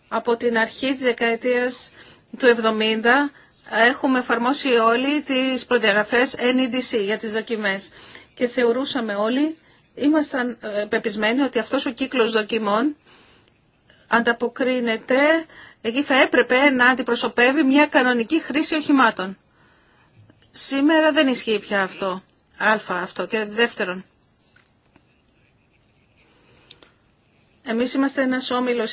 Από την αρχή της δεκαετίας του 70 έχουμε εφαρμόσει όλοι τις προδιαγραφές NEDC για τις δοκιμές και θεωρούσαμε όλοι, ήμασταν ε, πεπισμένοι ότι αυτός ο κύκλος δοκιμών ανταποκρίνεται, εκεί θα έπρεπε να αντιπροσωπεύει μια κανονική χρήση οχημάτων. Σήμερα δεν ισχύει πια αυτό. Α, αυτό. Και δεύτερον, εμείς είμαστε ένας όμιλος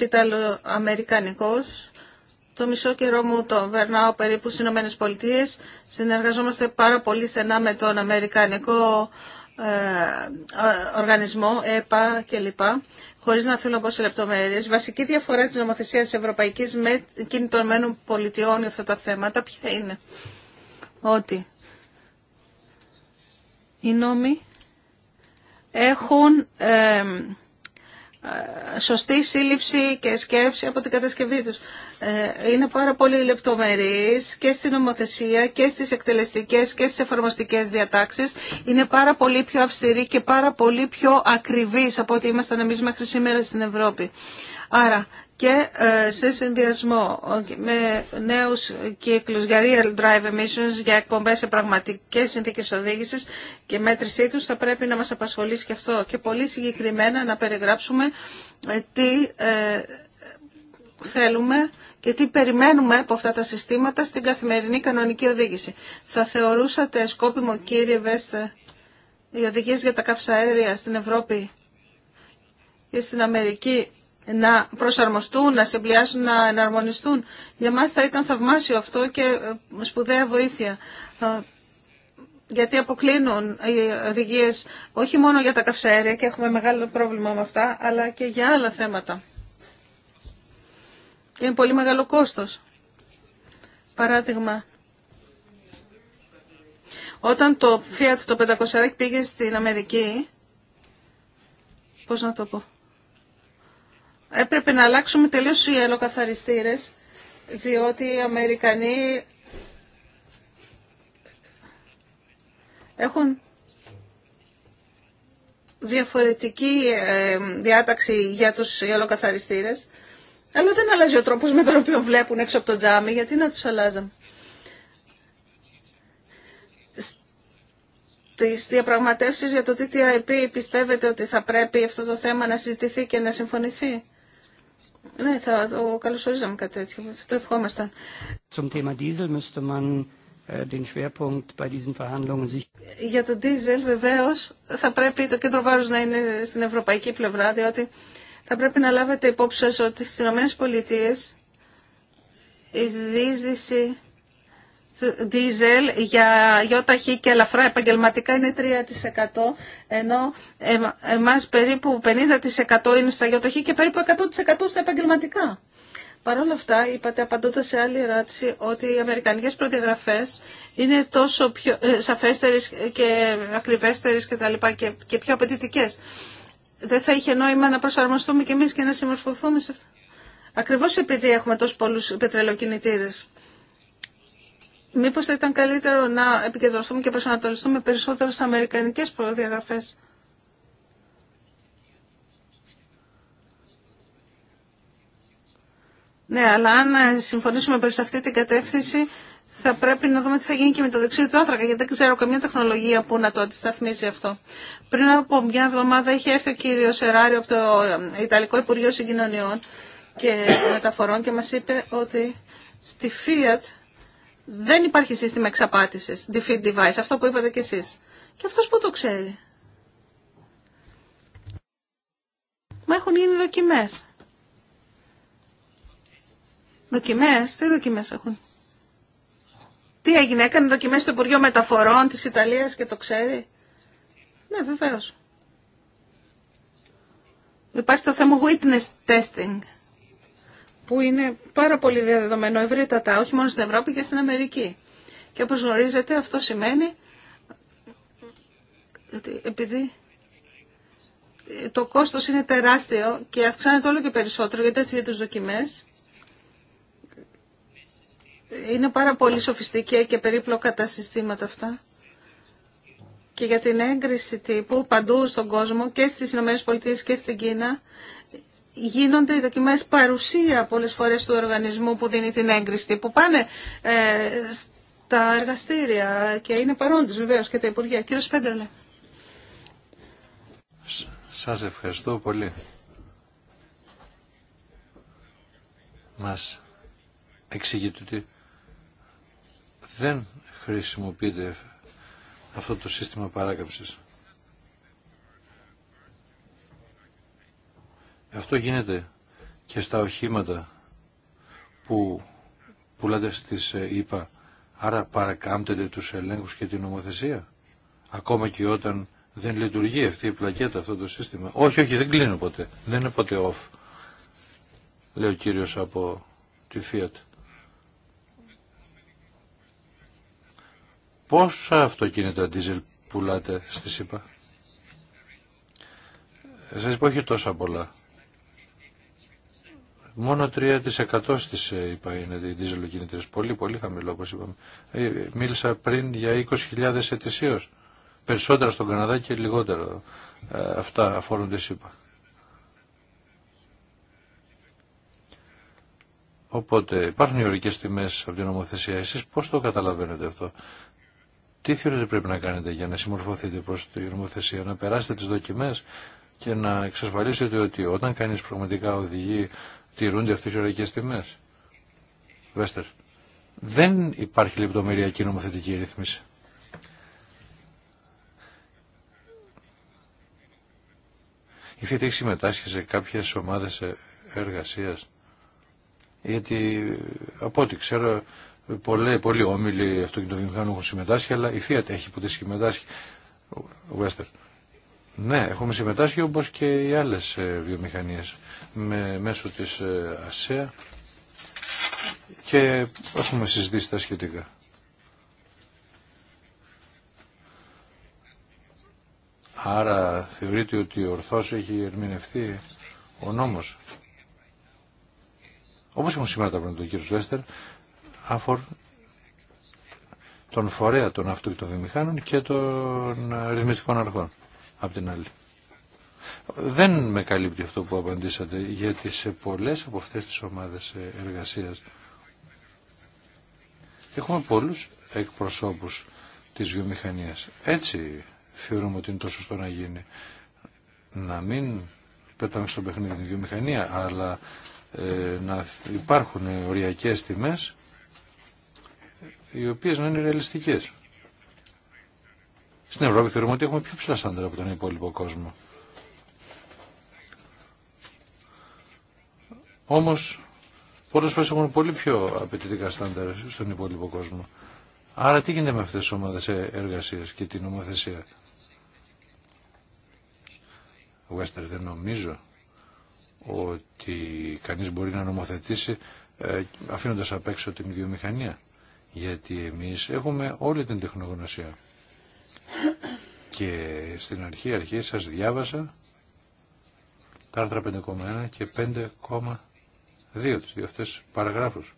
Το μισό καιρό μου το βερνάω περίπου στις Ηνωμένες Πολιτείες. Συνεργαζόμαστε πάρα πολύ στενά με τον Αμερικανικό ε, ε, οργανισμό, ΕΠΑ κλπ. Χωρίς να θέλω να σε λεπτομέρειες, βασική διαφορά της νομοθεσίας της Ευρωπαϊκής με κινητωμένων πολιτιών για αυτά τα θέματα ποια είναι. Ότι οι νόμοι έχουν ε, σωστή σύλληψη και σκέψη από την κατασκευή τους. Ε, είναι πάρα πολύ λεπτομερής και στην νομοθεσία και στις εκτελεστικές και στις εφαρμοστικές διατάξεις. Είναι πάρα πολύ πιο αυστηρή και πάρα πολύ πιο ακριβής από ό,τι ήμασταν εμείς μέχρι σήμερα στην Ευρώπη. Άρα και ε, σε συνδυασμό με νέους κύκλους για real drive emissions, για εκπομπές σε πραγματικές συνθήκες οδήγησης και μέτρησή τους θα πρέπει να μας απασχολήσει και αυτό και πολύ συγκεκριμένα να περιγράψουμε ε, τι θέλουμε και τι περιμένουμε από αυτά τα συστήματα στην καθημερινή κανονική οδήγηση. Θα θεωρούσατε σκόπιμο, κύριε Βέστε, οι οδηγίε για τα καυσαέρια στην Ευρώπη και στην Αμερική να προσαρμοστούν, να συμπλιάσουν, να εναρμονιστούν. Για μας θα ήταν θαυμάσιο αυτό και ε, σπουδαία βοήθεια. Ε, γιατί αποκλίνουν οι οδηγίε όχι μόνο για τα καυσαέρια και έχουμε μεγάλο πρόβλημα με αυτά, αλλά και για άλλα θέματα. Είναι πολύ μεγάλο κόστος. Παράδειγμα, όταν το Fiat το 500 πήγε στην Αμερική, πώς να το πω, έπρεπε να αλλάξουμε τελείως οι ελοκαθαριστήρες, διότι οι Αμερικανοί έχουν διαφορετική ε, διάταξη για τους ελοκαθαριστήρες αλλά δεν αλλάζει ο τρόπος με τον οποίο βλέπουν έξω από το τζάμι, γιατί να τους αλλάζαμε. Στις διαπραγματεύσεις για το TTIP πιστεύετε ότι θα πρέπει αυτό το θέμα να συζητηθεί και να συμφωνηθεί. Ναι, θα το καλωσορίζαμε κάτι τέτοιο, θα το ευχόμασταν. Για το Diesel βεβαίως θα πρέπει το κέντρο βάρους να είναι στην ευρωπαϊκή πλευρά, διότι θα πρέπει να λάβετε υπόψη σας ότι στις Ηνωμένες Πολιτείες η δίζηση δίζελ για γιοταχή και ελαφρά επαγγελματικά είναι 3% ενώ εμάς περίπου 50% είναι στα γιοταχή και περίπου 100% στα επαγγελματικά. Παρ' όλα αυτά, είπατε απαντώντας σε άλλη ερώτηση ότι οι αμερικανικές προδιαγραφές είναι τόσο πιο, ε, σαφέστερες και ακριβέστερες και τα λοιπά και, και πιο απαιτητικέ δεν θα είχε νόημα να προσαρμοστούμε κι εμείς και να συμμορφωθούμε σε αυτό. Ακριβώς επειδή έχουμε τόσους πολλούς πετρελοκινητήρες. Μήπως θα ήταν καλύτερο να επικεντρωθούμε και προσανατολιστούμε περισσότερο στις αμερικανικές προδιαγραφές. Ναι, αλλά αν συμφωνήσουμε προς αυτή την κατεύθυνση, θα πρέπει να δούμε τι θα γίνει και με το δεξί του άνθρακα, γιατί δεν ξέρω καμία τεχνολογία που να το αντισταθμίζει αυτό. Πριν από μια εβδομάδα είχε έρθει ο κύριο Σεράριο από το ε, Ιταλικό Υπουργείο Συγκοινωνιών και Μεταφορών και μας είπε ότι στη Fiat δεν υπάρχει σύστημα εξαπάτησης, defeat device, αυτό που είπατε κι εσείς. Και αυτό που το ξέρει. Μα έχουν γίνει δοκιμέ. Δοκιμέ, τι δοκιμέ έχουν. Τι έγινε, έκανε δοκιμές στο Υπουργείο Μεταφορών τη Ιταλία και το ξέρει. Ναι, βεβαίω. Υπάρχει το θέμα witness testing, που είναι πάρα πολύ διαδεδομένο ευρύτατα, όχι μόνο στην Ευρώπη και στην Αμερική. Και όπως γνωρίζετε αυτό σημαίνει ότι επειδή το κόστος είναι τεράστιο και αυξάνεται όλο και περισσότερο για τέτοιου είδους δοκιμές, είναι πάρα πολύ σοφιστική και περίπλοκα τα συστήματα αυτά. Και για την έγκριση τύπου παντού στον κόσμο και στις ΗΠΑ και στην Κίνα γίνονται οι δοκιμέ παρουσία πολλές φορές του οργανισμού που δίνει την έγκριση που Πάνε ε, στα εργαστήρια και είναι παρόντες βεβαίω και τα Υπουργεία. Κύριο Πέντερλε. Σα ευχαριστώ πολύ. Μας εξηγείτε ότι δεν χρησιμοποιείται αυτό το σύστημα παράκαμψης. Αυτό γίνεται και στα οχήματα που πουλάτε στις ίπα. Ε, Άρα παρακάμπτεται τους ελέγχους και την νομοθεσία. Ακόμα και όταν δεν λειτουργεί αυτή η πλακέτα, αυτό το σύστημα. Όχι, όχι, δεν κλείνω ποτέ. Δεν είναι ποτέ off. Λέει ο κύριος από τη Fiat. Πόσα αυτοκίνητα diesel πουλάτε στη ΣΥΠΑ. Σας είπα όχι τόσα πολλά. Μόνο 3% στις ε, είπα είναι οι κινητέ. Πολύ, πολύ χαμηλό όπως είπαμε. Ε, μίλησα πριν για 20.000 ετησίως. Περισσότερα στον Καναδά και λιγότερο ε, αυτά αφορούν τη ΣΥΠΑ. Οπότε υπάρχουν οι ορικές τιμές από την νομοθεσία. Εσείς πώς το καταλαβαίνετε αυτό. Τι θεωρείτε πρέπει να κάνετε για να συμμορφωθείτε προ τη νομοθεσία, να περάσετε τις δοκιμές και να εξασφαλίσετε ότι όταν κανείς πραγματικά οδηγεί τηρούνται αυτέ οι ωραϊκέ τιμέ. Βέστερ. Δεν υπάρχει λεπτομεριακή νομοθετική ρύθμιση. Η ΦΙΤ έχει συμμετάσχει σε κάποιες ομάδε εργασία γιατί από ό,τι ξέρω πολλοί, πολλοί όμιλοι αυτοκινητοβιομηχανών έχουν συμμετάσχει, αλλά η Fiat έχει ποτέ συμμετάσχει. Western. Ναι, έχουμε συμμετάσχει όπως και οι άλλες ε, βιομηχανίες μέσω της ΑΣΕΑ και έχουμε συζητήσει τα σχετικά. Άρα θεωρείτε ότι ορθώς έχει ερμηνευτεί ο νόμος. Όπως έχουμε σήμερα τα πράγματα του κύριου Βέστερ, άφορ τον φορέα των αυτού και των ε, ρυθμιστικών αρχών απ' την άλλη. Δεν με καλύπτει αυτό που απαντήσατε, γιατί σε πολλές από αυτές τις ομάδες ε, εργασίας έχουμε πολλούς εκπροσώπους της βιομηχανίας. Έτσι θεωρούμε ότι είναι το σωστό να γίνει. Να μην πέταμε στο παιχνίδι τη βιομηχανία, αλλά ε, να υπάρχουν οριακές τιμές οι οποίες να είναι ρεαλιστικές. Στην Ευρώπη θεωρούμε ότι έχουμε πιο ψηλά στάνταρα από τον υπόλοιπο κόσμο. Όμως πολλές φορές έχουν πολύ πιο απαιτητικά στάνταρα στον υπόλοιπο κόσμο. Άρα τι γίνεται με αυτές τις ομάδες εργασίας και την ομοθεσία; Βέστερ, δεν νομίζω ότι κανείς μπορεί να νομοθετήσει ε, αφήνοντας απ' έξω την βιομηχανία γιατί εμείς έχουμε όλη την τεχνογνωσία. Και στην αρχή, αρχή σας διάβασα τα άρθρα 5,1 και 5,2, τις δύο αυτές παραγράφους.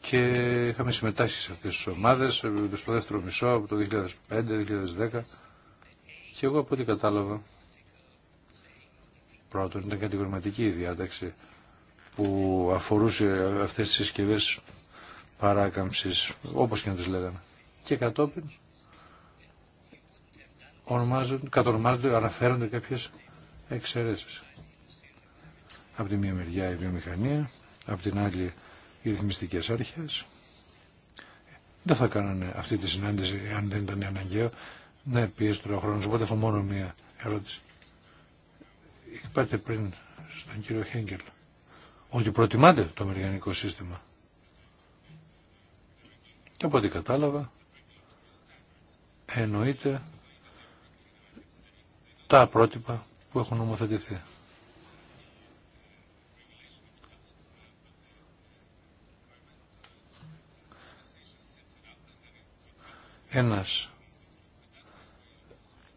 Και είχαμε συμμετάσχει σε αυτές τις ομάδες στο δεύτερο μισό από το 2005-2010 και εγώ από ό,τι κατάλαβα Πρώτον ήταν κατηγορηματική η διάταξη που αφορούσε αυτές τις συσκευέ παράκαμψης, όπως και να τις λέγανε. Και κατόπιν ονομάζουν κατονομάζονται, αναφέρονται κάποιες εξαιρέσεις. Από τη μία μεριά η βιομηχανία, από την άλλη οι ρυθμιστικές αρχές. Δεν θα κάνανε αυτή τη συνάντηση, αν δεν ήταν αναγκαίο, να πιέσει τώρα ο χρόνος. Οπότε έχω μόνο μία ερώτηση είπατε πριν στον κύριο Χέγκελ ότι προτιμάτε το αμερικανικό σύστημα. Και από ό,τι κατάλαβα εννοείται τα πρότυπα που έχουν νομοθετηθεί. Ένας,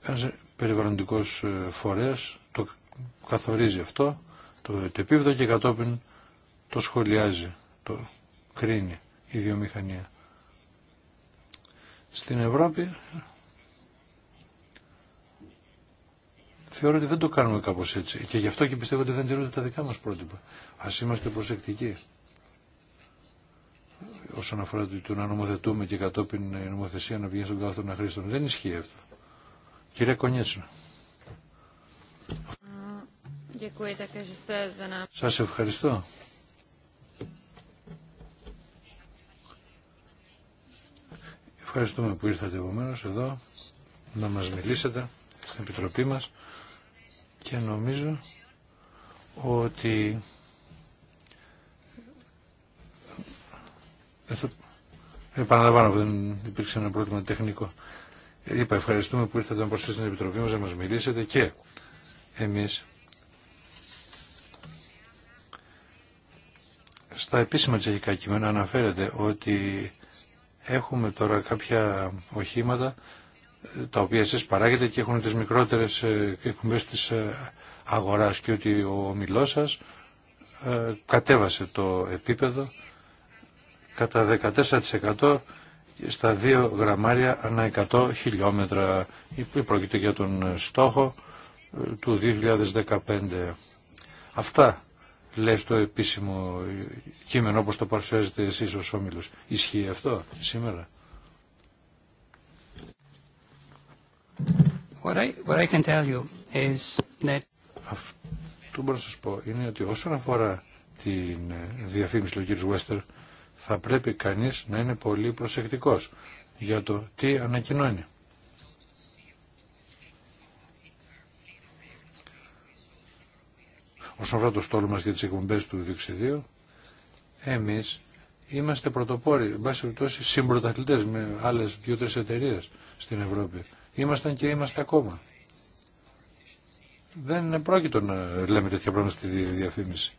ένας περιβαλλοντικός ε, φορέας το καθορίζει αυτό το, το επίπεδο και κατόπιν το σχολιάζει, το κρίνει η βιομηχανία. Στην Ευρώπη θεωρώ ότι δεν το κάνουμε κάπως έτσι και γι' αυτό και πιστεύω ότι δεν τηρούνται τα δικά μας πρότυπα. Ας είμαστε προσεκτικοί όσον αφορά το να νομοθετούμε και κατόπιν η νομοθεσία να βγει στον κάθε να χρήσουμε. Δεν ισχύει αυτό. Κυρία Κονιέτσινα. Σας ευχαριστώ. Ευχαριστούμε που ήρθατε επομένως εδώ να μας μιλήσετε στην Επιτροπή μας και νομίζω ότι ε, επαναλαμβάνω που δεν υπήρξε ένα πρόβλημα τεχνικό. Ε, είπα ευχαριστούμε που ήρθατε να προσθέσετε στην Επιτροπή μας να μας μιλήσετε και εμείς στα επίσημα τσεχικά κείμενα αναφέρεται ότι έχουμε τώρα κάποια οχήματα ε, τα οποία εσεί παράγετε και έχουν τις μικρότερες εκπομπές της ε, αγοράς και ότι ο ομιλός σας ε, κατέβασε το επίπεδο κατά 14% στα 2 γραμμάρια ανά 100 χιλιόμετρα πρόκειται για τον στόχο του 2015. Αυτά Λες το επίσημο κείμενο όπως το παρουσιάζετε εσείς ως όμιλος. Ισχύει αυτό σήμερα. What I, what I can tell you is that... Αυτό μπορώ να σας πω είναι ότι όσον αφορά τη διαφήμιση του κ. Βέστερ θα πρέπει κανείς να είναι πολύ προσεκτικός για το τι ανακοινώνει. όσον αφορά το στόλο μας και τις εκπομπές του διοξιδίου, εμείς είμαστε πρωτοπόροι, εν πάση περιπτώσει με άλλες δύο-τρεις εταιρείε στην Ευρώπη. Ήμασταν και είμαστε ακόμα. Δεν είναι πρόκειτο να λέμε τέτοια πράγματα στη διαφήμιση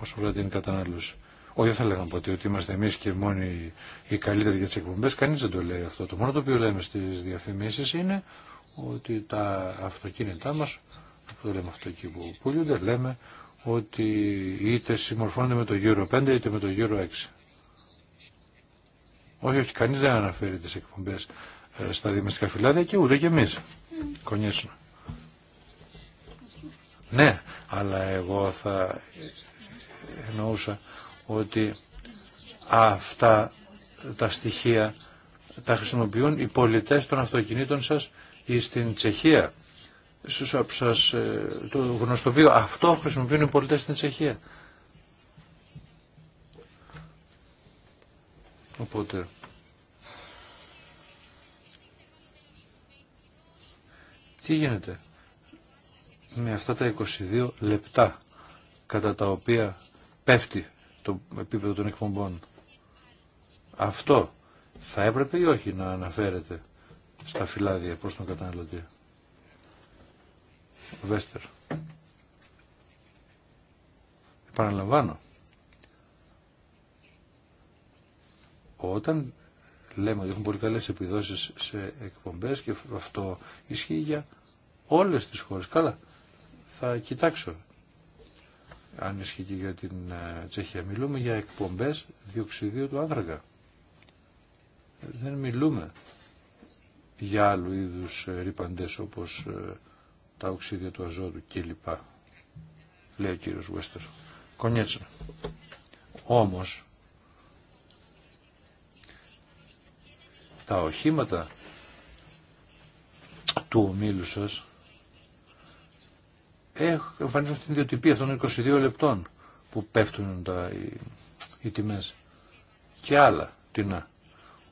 όσον αφορά την κατανάλωση. Όχι, δεν θα λέγαμε ποτέ ότι είμαστε εμεί και μόνοι οι καλύτεροι για τι εκπομπέ. Κανεί δεν το λέει αυτό. Το μόνο το οποίο λέμε στι διαφημίσει είναι ότι τα αυτοκίνητά μα, αυτό το λέμε αυτό που πουλούνται, λέμε ότι είτε συμμορφώνεται με το γύρο 5 είτε με το γύρο 6. Όχι, όχι, κανείς δεν αναφέρει τις εκπομπές ε, στα δημιστικά φυλάδια και ούτε και εμείς. Mm. Ναι, αλλά εγώ θα εννοούσα ότι αυτά τα στοιχεία τα χρησιμοποιούν οι πολιτές των αυτοκινήτων σας ή στην Τσεχία σας, ε, το γνωστοποιώ. Αυτό χρησιμοποιούν οι πολιτές στην Τσεχία. Οπότε... Τι γίνεται με αυτά τα 22 λεπτά κατά τα οποία πέφτει το επίπεδο των εκπομπών. Αυτό θα έπρεπε ή όχι να αναφέρεται στα φυλάδια προς τον καταναλωτή. Βέστερ. Επαναλαμβάνω. Όταν λέμε ότι έχουν πολύ καλές επιδόσεις σε εκπομπές και αυτό ισχύει για όλες τις χώρες. Καλά, θα κοιτάξω αν ισχύει και για την ε, Τσεχία. Μιλούμε για εκπομπές διοξιδίου του άνθρακα. Δεν μιλούμε για άλλου είδους ε, ρήπαντες όπως ε, τα οξύδια του αζότου κλπ. Λέει ο κύριος Βέστερ. Κονιέτσα. Όμως, τα οχήματα του ομίλου σας εμφανίζουν αυτήν την ιδιοτυπία των 22 λεπτών που πέφτουν τα, οι, οι τιμές και άλλα τινά.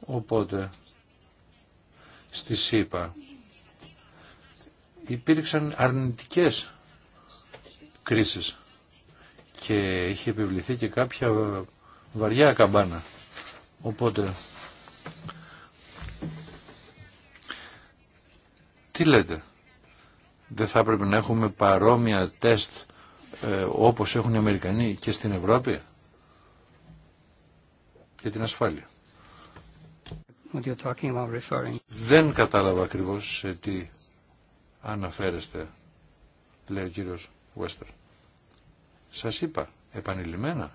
Οπότε στη ΣΥΠΑ υπήρξαν αρνητικές κρίσεις και είχε επιβληθεί και κάποια βαριά καμπάνα. Οπότε, τι λέτε, δεν θα έπρεπε να έχουμε παρόμοια τεστ ε, όπως έχουν οι Αμερικανοί και στην Ευρώπη για την ασφάλεια. δεν κατάλαβα ακριβώς σε τι αναφέρεστε, λέει ο κύριος Βέστερ. Σας είπα επανειλημμένα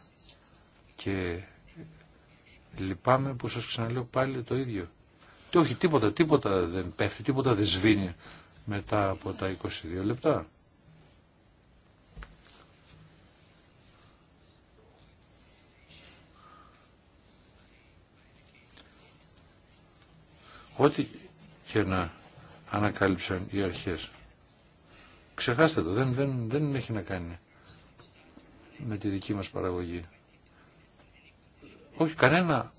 και λυπάμαι που σας ξαναλέω πάλι το ίδιο. Τι όχι, τίποτα, τίποτα δεν πέφτει, τίποτα δεν σβήνει μετά από τα 22 λεπτά. Ό,τι και να ανακάλυψαν οι αρχές. Ξεχάστε το, δεν, δεν, δεν έχει να κάνει με τη δική μας παραγωγή. Όχι κανένα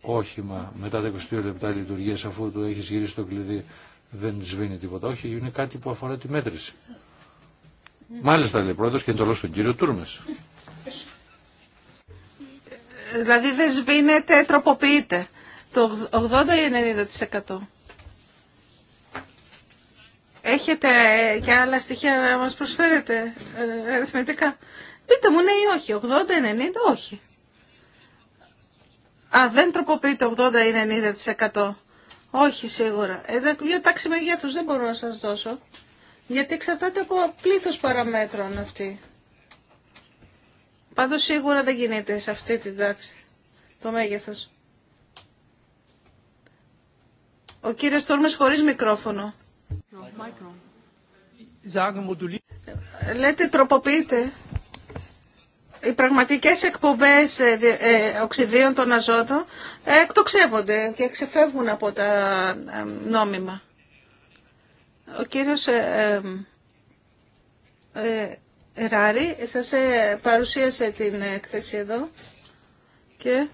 όχημα μετά τα 22 λεπτά λειτουργίας αφού το έχεις γυρίσει το κλειδί δεν σβήνει τίποτα. Όχι, είναι κάτι που αφορά τη μέτρηση. Μάλιστα λέει πρώτος και εντολός τον κύριο Τούρμες. Δηλαδή δεν σβήνεται, τροποποιείται. Το 80 ή 90%. Έχετε ε, και άλλα στοιχεία να μας προσφέρετε ε, αριθμητικά. Πείτε μου ναι ή όχι, 80, 90, όχι. Α, δεν τροποποιείτε 80 ή 90%. Όχι σίγουρα. Είναι μια τάξη μεγέθους δεν μπορώ να σας δώσω. Γιατί εξαρτάται από πλήθος παραμέτρων αυτή. Πάντως σίγουρα δεν γίνεται σε αυτή την τάξη το μέγεθος. Ο κύριος Τόρμες χωρίς μικρόφωνο. Ε, λέτε τροποποιείτε. Οι πραγματικές εκπομπές ε, ε, οξυδίων των αζώτων εκτοξεύονται και ξεφεύγουν από τα νόμιμα. Ο κύριος ε, ε, Ράρη σας παρουσίασε την έκθεση εδώ και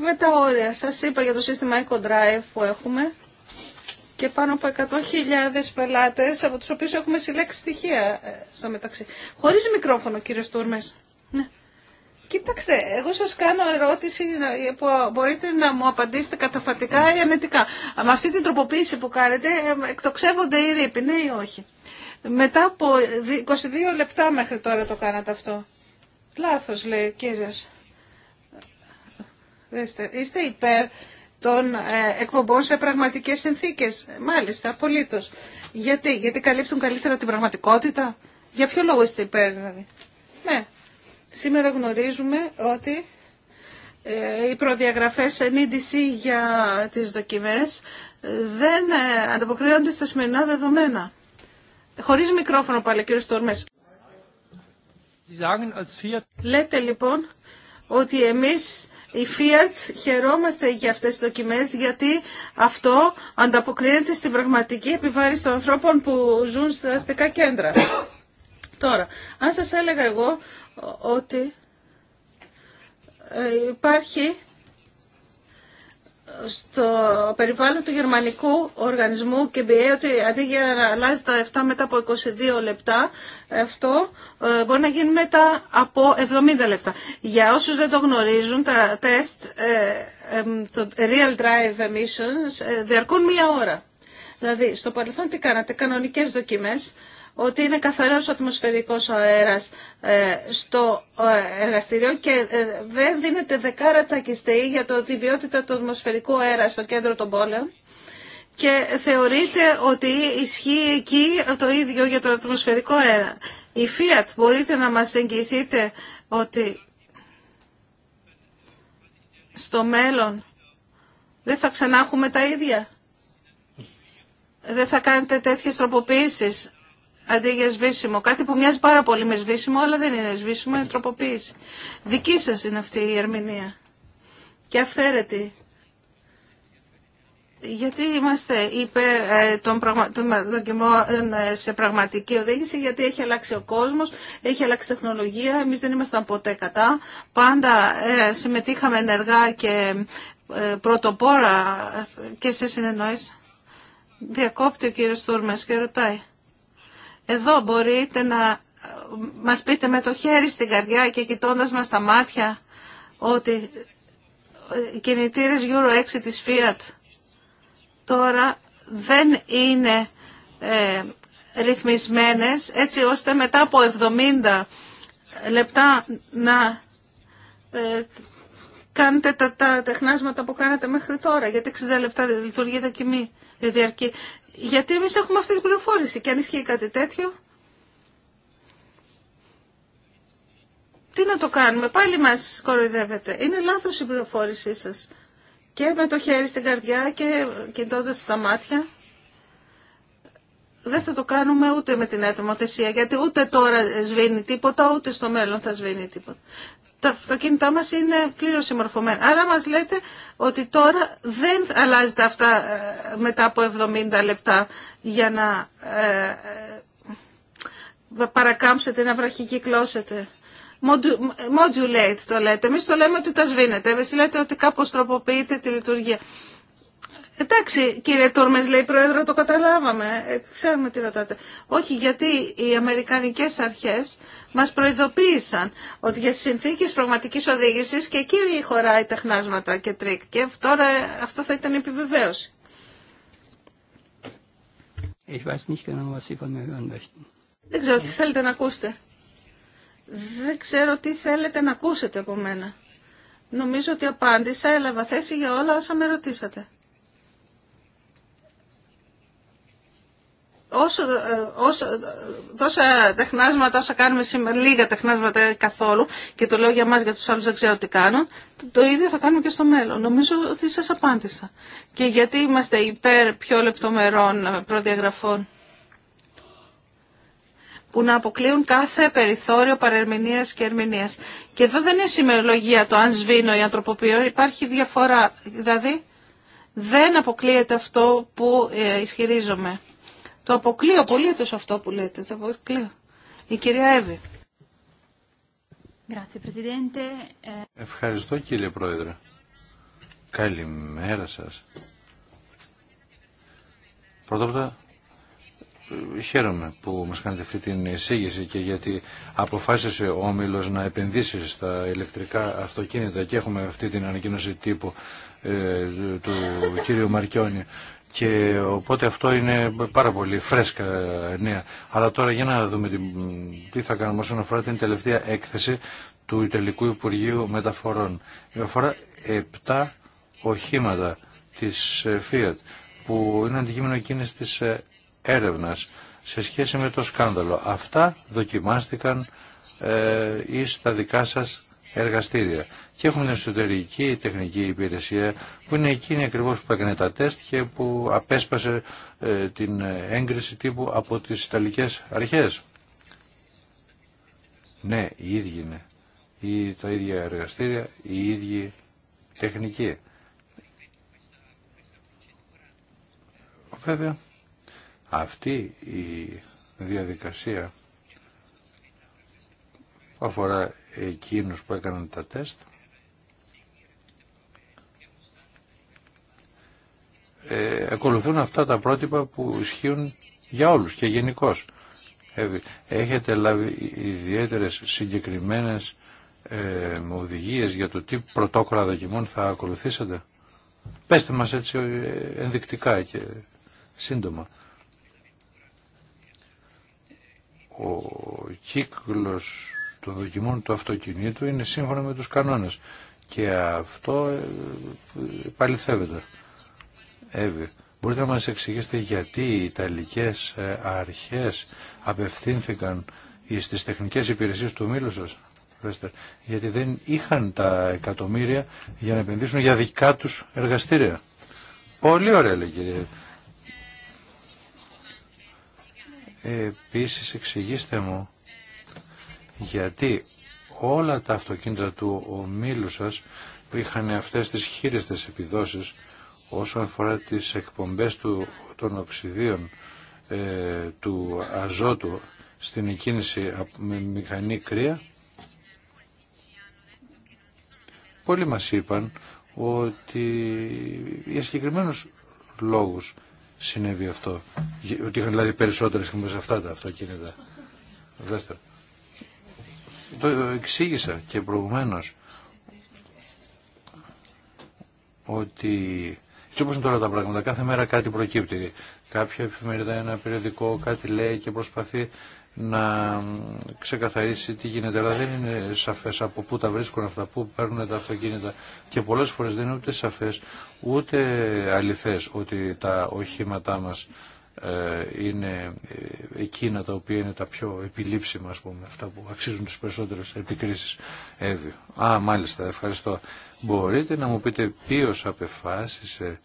με τα όρια. Σας είπα για το σύστημα EcoDrive που έχουμε και πάνω από 100.000 πελάτες από τους οποίους έχουμε συλλέξει στοιχεία ε, στο μεταξύ. Χωρίς μικρόφωνο κύριε Στούρμες. Ναι. Κοιτάξτε, εγώ σας κάνω ερώτηση που μπορείτε να μου απαντήσετε καταφατικά ή ανετικά. Με αυτή την τροποποίηση που κάνετε ε, εκτοξεύονται οι ρήποι, ναι ή όχι. Μετά από 22 λεπτά μέχρι τώρα το κάνατε αυτό. Λάθος λέει ο κύριος. Είστε υπέρ των ε, εκπομπών σε πραγματικές συνθήκες. Μάλιστα, απολύτως. Γιατί, γιατί καλύπτουν καλύτερα την πραγματικότητα. Για ποιο λόγο είστε υπέρ, δηλαδή? Ναι, σήμερα γνωρίζουμε ότι ε, οι προδιαγραφές NDC για τις δοκιμές ε, δεν ανταποκρίνονται στα σημερινά δεδομένα. Χωρίς μικρόφωνο πάλι, κύριε Στόρμες. Λέτε λοιπόν ότι εμείς η Fiat χαιρόμαστε για αυτές τις δοκιμές γιατί αυτό ανταποκρίνεται στην πραγματική επιβάρηση των ανθρώπων που ζουν στα αστικά κέντρα. Τώρα, αν σας έλεγα εγώ ότι ε, υπάρχει στο περιβάλλον του γερμανικού οργανισμού και μπιέ ότι αντί για να αλλάζει τα 7 μετά από 22 λεπτά, αυτό ε, μπορεί να γίνει μετά από 70 λεπτά. Για όσους δεν το γνωρίζουν, τα τεστ, ε, το real drive emissions, ε, διαρκούν μία ώρα. Δηλαδή, στο παρελθόν τι κάνατε, κανονικές δοκιμές, ότι είναι καθαρός ο ατμοσφαιρικός αέρας ε, στο ε, εργαστήριο και ε, δεν δίνεται δεκάρα τσακιστή για το, τη του ατμοσφαιρικού αέρα στο κέντρο των πόλεων και θεωρείται ότι ισχύει εκεί το ίδιο για το ατμοσφαιρικό αέρα. Η Fiat μπορείτε να μας εγγυηθείτε ότι στο μέλλον δεν θα ξανά τα ίδια. Δεν θα κάνετε τέτοιες τροποποίησεις αντί για σβήσιμο. Κάτι που μοιάζει πάρα πολύ με σβήσιμο, αλλά δεν είναι σβήσιμο, είναι τροποποίηση. Δική σα είναι αυτή η ερμηνεία. Και αυθαίρετη. Γιατί είμαστε υπέρ ε, των, δοκιμών ε, σε πραγματική οδήγηση, γιατί έχει αλλάξει ο κόσμος, έχει αλλάξει η τεχνολογία, εμείς δεν ήμασταν ποτέ κατά. Πάντα ε, συμμετείχαμε ενεργά και ε, πρωτοπόρα και σε συνεννόηση. Διακόπτει ο κύριος Τούρμες και ρωτάει. Εδώ μπορείτε να μας πείτε με το χέρι στην καρδιά και κοιτώντας μας τα μάτια ότι οι κινητήρες Euro 6 της Fiat τώρα δεν είναι ε, ρυθμισμένες έτσι ώστε μετά από 70 λεπτά να ε, κάνετε τα, τα τεχνάσματα που κάνατε μέχρι τώρα γιατί 60 λεπτά λειτουργεί η διαρκή. Γιατί εμείς έχουμε αυτή την πληροφόρηση και αν ισχύει κάτι τέτοιο, τι να το κάνουμε, πάλι μας κοροϊδεύετε. Είναι λάθος η πληροφόρησή σας. Και με το χέρι στην καρδιά και κοιτώντας στα μάτια. Δεν θα το κάνουμε ούτε με την θεσία, γιατί ούτε τώρα σβήνει τίποτα, ούτε στο μέλλον θα σβήνει τίποτα τα αυτοκίνητά μας είναι πλήρως συμμορφωμένα. Άρα μας λέτε ότι τώρα δεν αλλάζετε αυτά ε, μετά από 70 λεπτά για να ε, ε παρακάμψετε, να βραχικυκλώσετε. Modulate το λέτε. Εμείς το λέμε ότι τα σβήνετε. Εμείς λέτε ότι κάπως τροποποιείτε τη λειτουργία. Εντάξει, κύριε Τούρμες, λέει πρόεδρο, το καταλάβαμε. Ε, ξέρουμε τι ρωτάτε. Όχι, γιατί οι Αμερικανικές αρχές μας προειδοποίησαν ότι για συνθήκες πραγματικής οδήγησης και εκεί χωράει τεχνάσματα και τρίκ. Και τώρα αυτό θα ήταν επιβεβαίωση. Ich weiß nicht genau, was Sie von mir hören möchten. Δεν ξέρω τι θέλετε να ακούσετε. Δεν ξέρω τι θέλετε να ακούσετε από μένα. Νομίζω ότι απάντησα, έλαβα θέση για όλα όσα με ρωτήσατε. όσο, ε, όσο, τόσα τεχνάσματα, όσα κάνουμε σήμερα, λίγα τεχνάσματα καθόλου, και το λέω για μας, για τους άλλους δεν ξέρω τι κάνουν, το ίδιο θα κάνουμε και στο μέλλον. Νομίζω ότι σας απάντησα. Και γιατί είμαστε υπέρ πιο λεπτομερών ε, προδιαγραφών που να αποκλείουν κάθε περιθώριο παρερμηνίας και ερμηνείας. Και εδώ δεν είναι σημεολογία το αν σβήνω ή τροποποιώ, υπάρχει διαφορά. Δηλαδή, δεν αποκλείεται αυτό που ε, ισχυρίζομαι. Το αποκλείω το αυτό που λέτε. Το αποκλείω. Η κυρία Εύη. Ευχαριστώ κύριε Πρόεδρε. Καλημέρα σας. Πρώτα απ' χαίρομαι που μας κάνετε αυτή την εισήγηση και γιατί αποφάσισε ο Όμιλος να επενδύσει στα ηλεκτρικά αυτοκίνητα και έχουμε αυτή την ανακοίνωση τύπου ε, του κύριου Μαρκιόνη και οπότε αυτό είναι πάρα πολύ φρέσκα νέα. Αλλά τώρα για να δούμε τι θα κάνουμε όσον αφορά την τελευταία έκθεση του Ιταλικού Υπουργείου Μεταφορών. Αφορά επτά οχήματα της ε, Fiat που είναι αντικείμενο εκείνης της ε, έρευνας σε σχέση με το σκάνδαλο. Αυτά δοκιμάστηκαν ε, ή στα δικά σας εργαστήρια και έχουμε την εσωτερική τεχνική υπηρεσία που είναι εκείνη ακριβώς που έκανε τα τεστ και που απέσπασε ε, την έγκριση τύπου από τις Ιταλικές αρχές. Ναι, η ίδια εργαστήρια, οι ίδιοι τεχνικοί. Βέβαια, αυτή η διαδικασία ίδια τεχνική. βεβαια αυτη εκείνους που έκαναν τα τεστ ε, ακολουθούν αυτά τα πρότυπα που ισχύουν για όλους και γενικώ. Ε, έχετε λάβει ιδιαίτερες συγκεκριμένες ε, οδηγίες για το τι πρωτόκολλα δοκιμών θα ακολουθήσετε. Πέστε μας έτσι ε, ενδεικτικά και σύντομα. Ο κύκλος των δοκιμών του αυτοκινήτου είναι σύμφωνα με τους κανόνες και αυτό ε, παληθεύεται. Εύη, μπορείτε να μας εξηγήσετε γιατί οι Ιταλικές ε, αρχές απευθύνθηκαν στις τεχνικές υπηρεσίες του ομίλου σας, γιατί δεν είχαν τα εκατομμύρια για να επενδύσουν για δικά τους εργαστήρια. Πολύ ωραία λέει κύριε. Επίσης εξηγήστε μου γιατί όλα τα αυτοκίνητα του ομίλου σας που είχαν αυτές τις χείριστες επιδόσεις όσον αφορά τις εκπομπές του, των οξυδίων ε, του αζότου στην εκκίνηση με μηχανή κρύα πολλοί μας είπαν ότι για συγκεκριμένου λόγους συνέβη αυτό ότι είχαν δηλαδή περισσότερες χρήματα σε αυτά τα αυτοκίνητα δεύτερο το εξήγησα και προηγουμένως ότι έτσι όπω είναι τώρα τα πράγματα, κάθε μέρα κάτι προκύπτει. Κάποια εφημερίδα, ένα περιοδικό, κάτι λέει και προσπαθεί να ξεκαθαρίσει τι γίνεται. Αλλά δεν είναι από πού από πού τα βρίσκουν αυτά, πού παίρνουν τα αυτοκίνητα. Και πολλε φορε δεν είναι ούτε σαφές, ούτε αληθε ότι τα οχήματά μα ε, είναι ε, εκείνα τα οποία είναι τα πιο επιλήψιμα, ας πούμε, αυτά που αξίζουν τις περισσότερες επικρίσεις. Α, μάλιστα, ευχαριστώ. Μπορείτε να μου πείτε ποιος απεφάσισε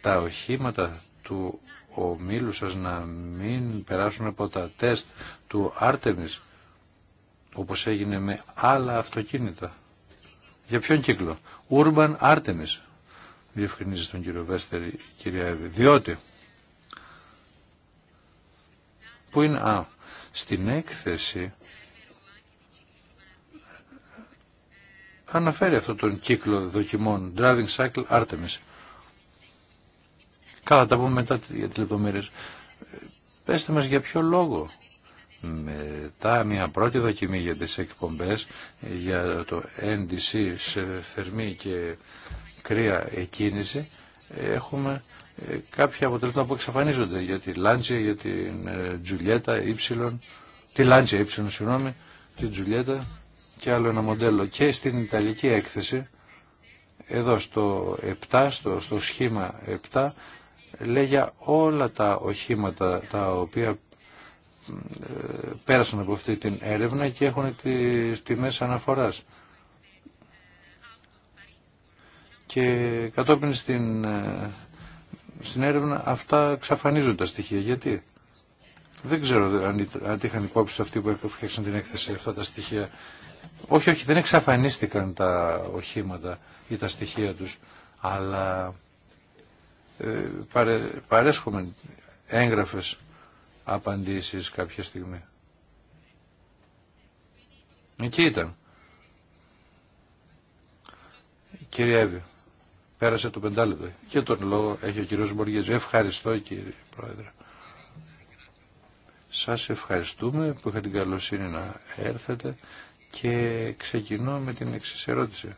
τα οχήματα του ομίλου σας να μην περάσουν από τα τεστ του Άρτεμις όπως έγινε με άλλα αυτοκίνητα. Για ποιον κύκλο. Urban Artemis. Διευκρινίζει τον κύριο Βέστερη, κυρία Εύη. Διότι. Πού είναι. Α, στην έκθεση αναφέρει αυτόν τον κύκλο δοκιμών Driving Cycle Artemis. Καλά τα πούμε μετά για τις λεπτομέρειες. Πέστε μας για ποιο λόγο. Μετά μια πρώτη δοκιμή για τις εκπομπές για το NDC σε θερμή και κρύα εκκίνηση έχουμε ε, κάποια αποτελέσματα που εξαφανίζονται για τη Λάντζια, για την Τζουλιέτα, ε, Ήψιλον, τη Λάντζια Ήψιλον, συγγνώμη, τη Τζουλιέτα και άλλο ένα μοντέλο. Και στην Ιταλική έκθεση, εδώ στο 7, στο, σχήμα 7, λέει για όλα τα οχήματα τα οποία ε, πέρασαν από αυτή την έρευνα και έχουν τις τιμές αναφοράς. Και κατόπιν στην, ε, στην έρευνα αυτά ξαφανίζουν τα στοιχεία. Γιατί? Δεν ξέρω αν, αν είχαν υπόψη αυτοί που έφτιαξαν την έκθεση αυτά τα στοιχεία. Όχι, όχι, δεν εξαφανίστηκαν τα οχήματα ή τα στοιχεία τους, αλλά ε, παρέσχουμε έγγραφες απαντήσεις κάποια στιγμή. Εκεί ήταν. Κύριε Εύη, πέρασε το πεντάλεπτο και τον λόγο έχει ο κύριος Μποργέζη. Ευχαριστώ κύριε Πρόεδρε. Σας ευχαριστούμε που είχα την καλοσύνη να έρθετε και ξεκινώ με την εξή ερώτηση.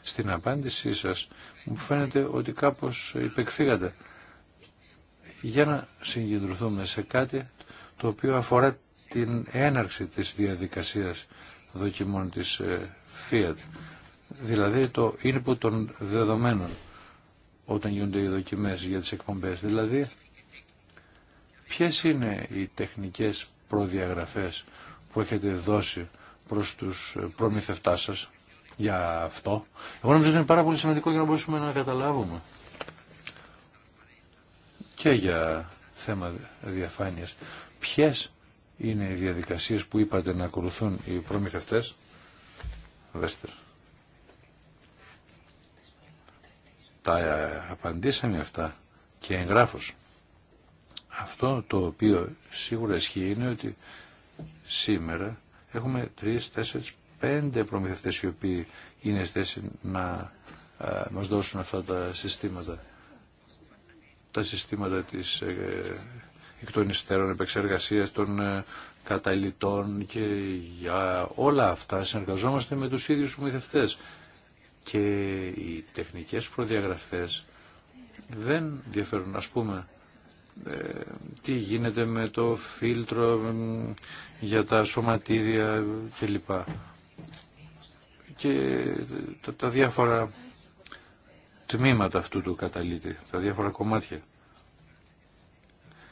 Στην απάντησή σας μου φαίνεται ότι κάπως υπεκφύγατε για να συγκεντρωθούμε σε κάτι το οποίο αφορά την έναρξη της διαδικασίας δοκιμών της ε, Fiat. Δηλαδή το input των δεδομένων όταν γίνονται οι δοκιμές για τις εκπομπές. Δηλαδή, ποιες είναι οι τεχνικές προδιαγραφές που έχετε δώσει προς τους προμηθευτά σας για αυτό. Εγώ νομίζω ότι είναι πάρα πολύ σημαντικό για να μπορέσουμε να καταλάβουμε και για θέμα διαφάνειας. Ποιες είναι οι διαδικασίες που είπατε να ακολουθούν οι προμηθευτές. Βέστερ. Τα απαντήσαμε αυτά και εγγράφως. Αυτό το οποίο σίγουρα ισχύει είναι ότι σήμερα έχουμε τρει, τέσσερις, πέντε προμηθευτές οι οποίοι είναι θέση να ε, μας δώσουν αυτά τα συστήματα. Τα συστήματα της ε, εκ των επεξεργασίας των ε, καταλυτών και για όλα αυτά συνεργαζόμαστε με τους ίδιους προμηθευτές. Και οι τεχνικές προδιαγραφές δεν διαφέρουν. Ας πούμε, ε, τι γίνεται με το φίλτρο για τα σωματίδια κλπ. Και τα, τα διάφορα τμήματα αυτού του καταλήτη, τα διάφορα κομμάτια.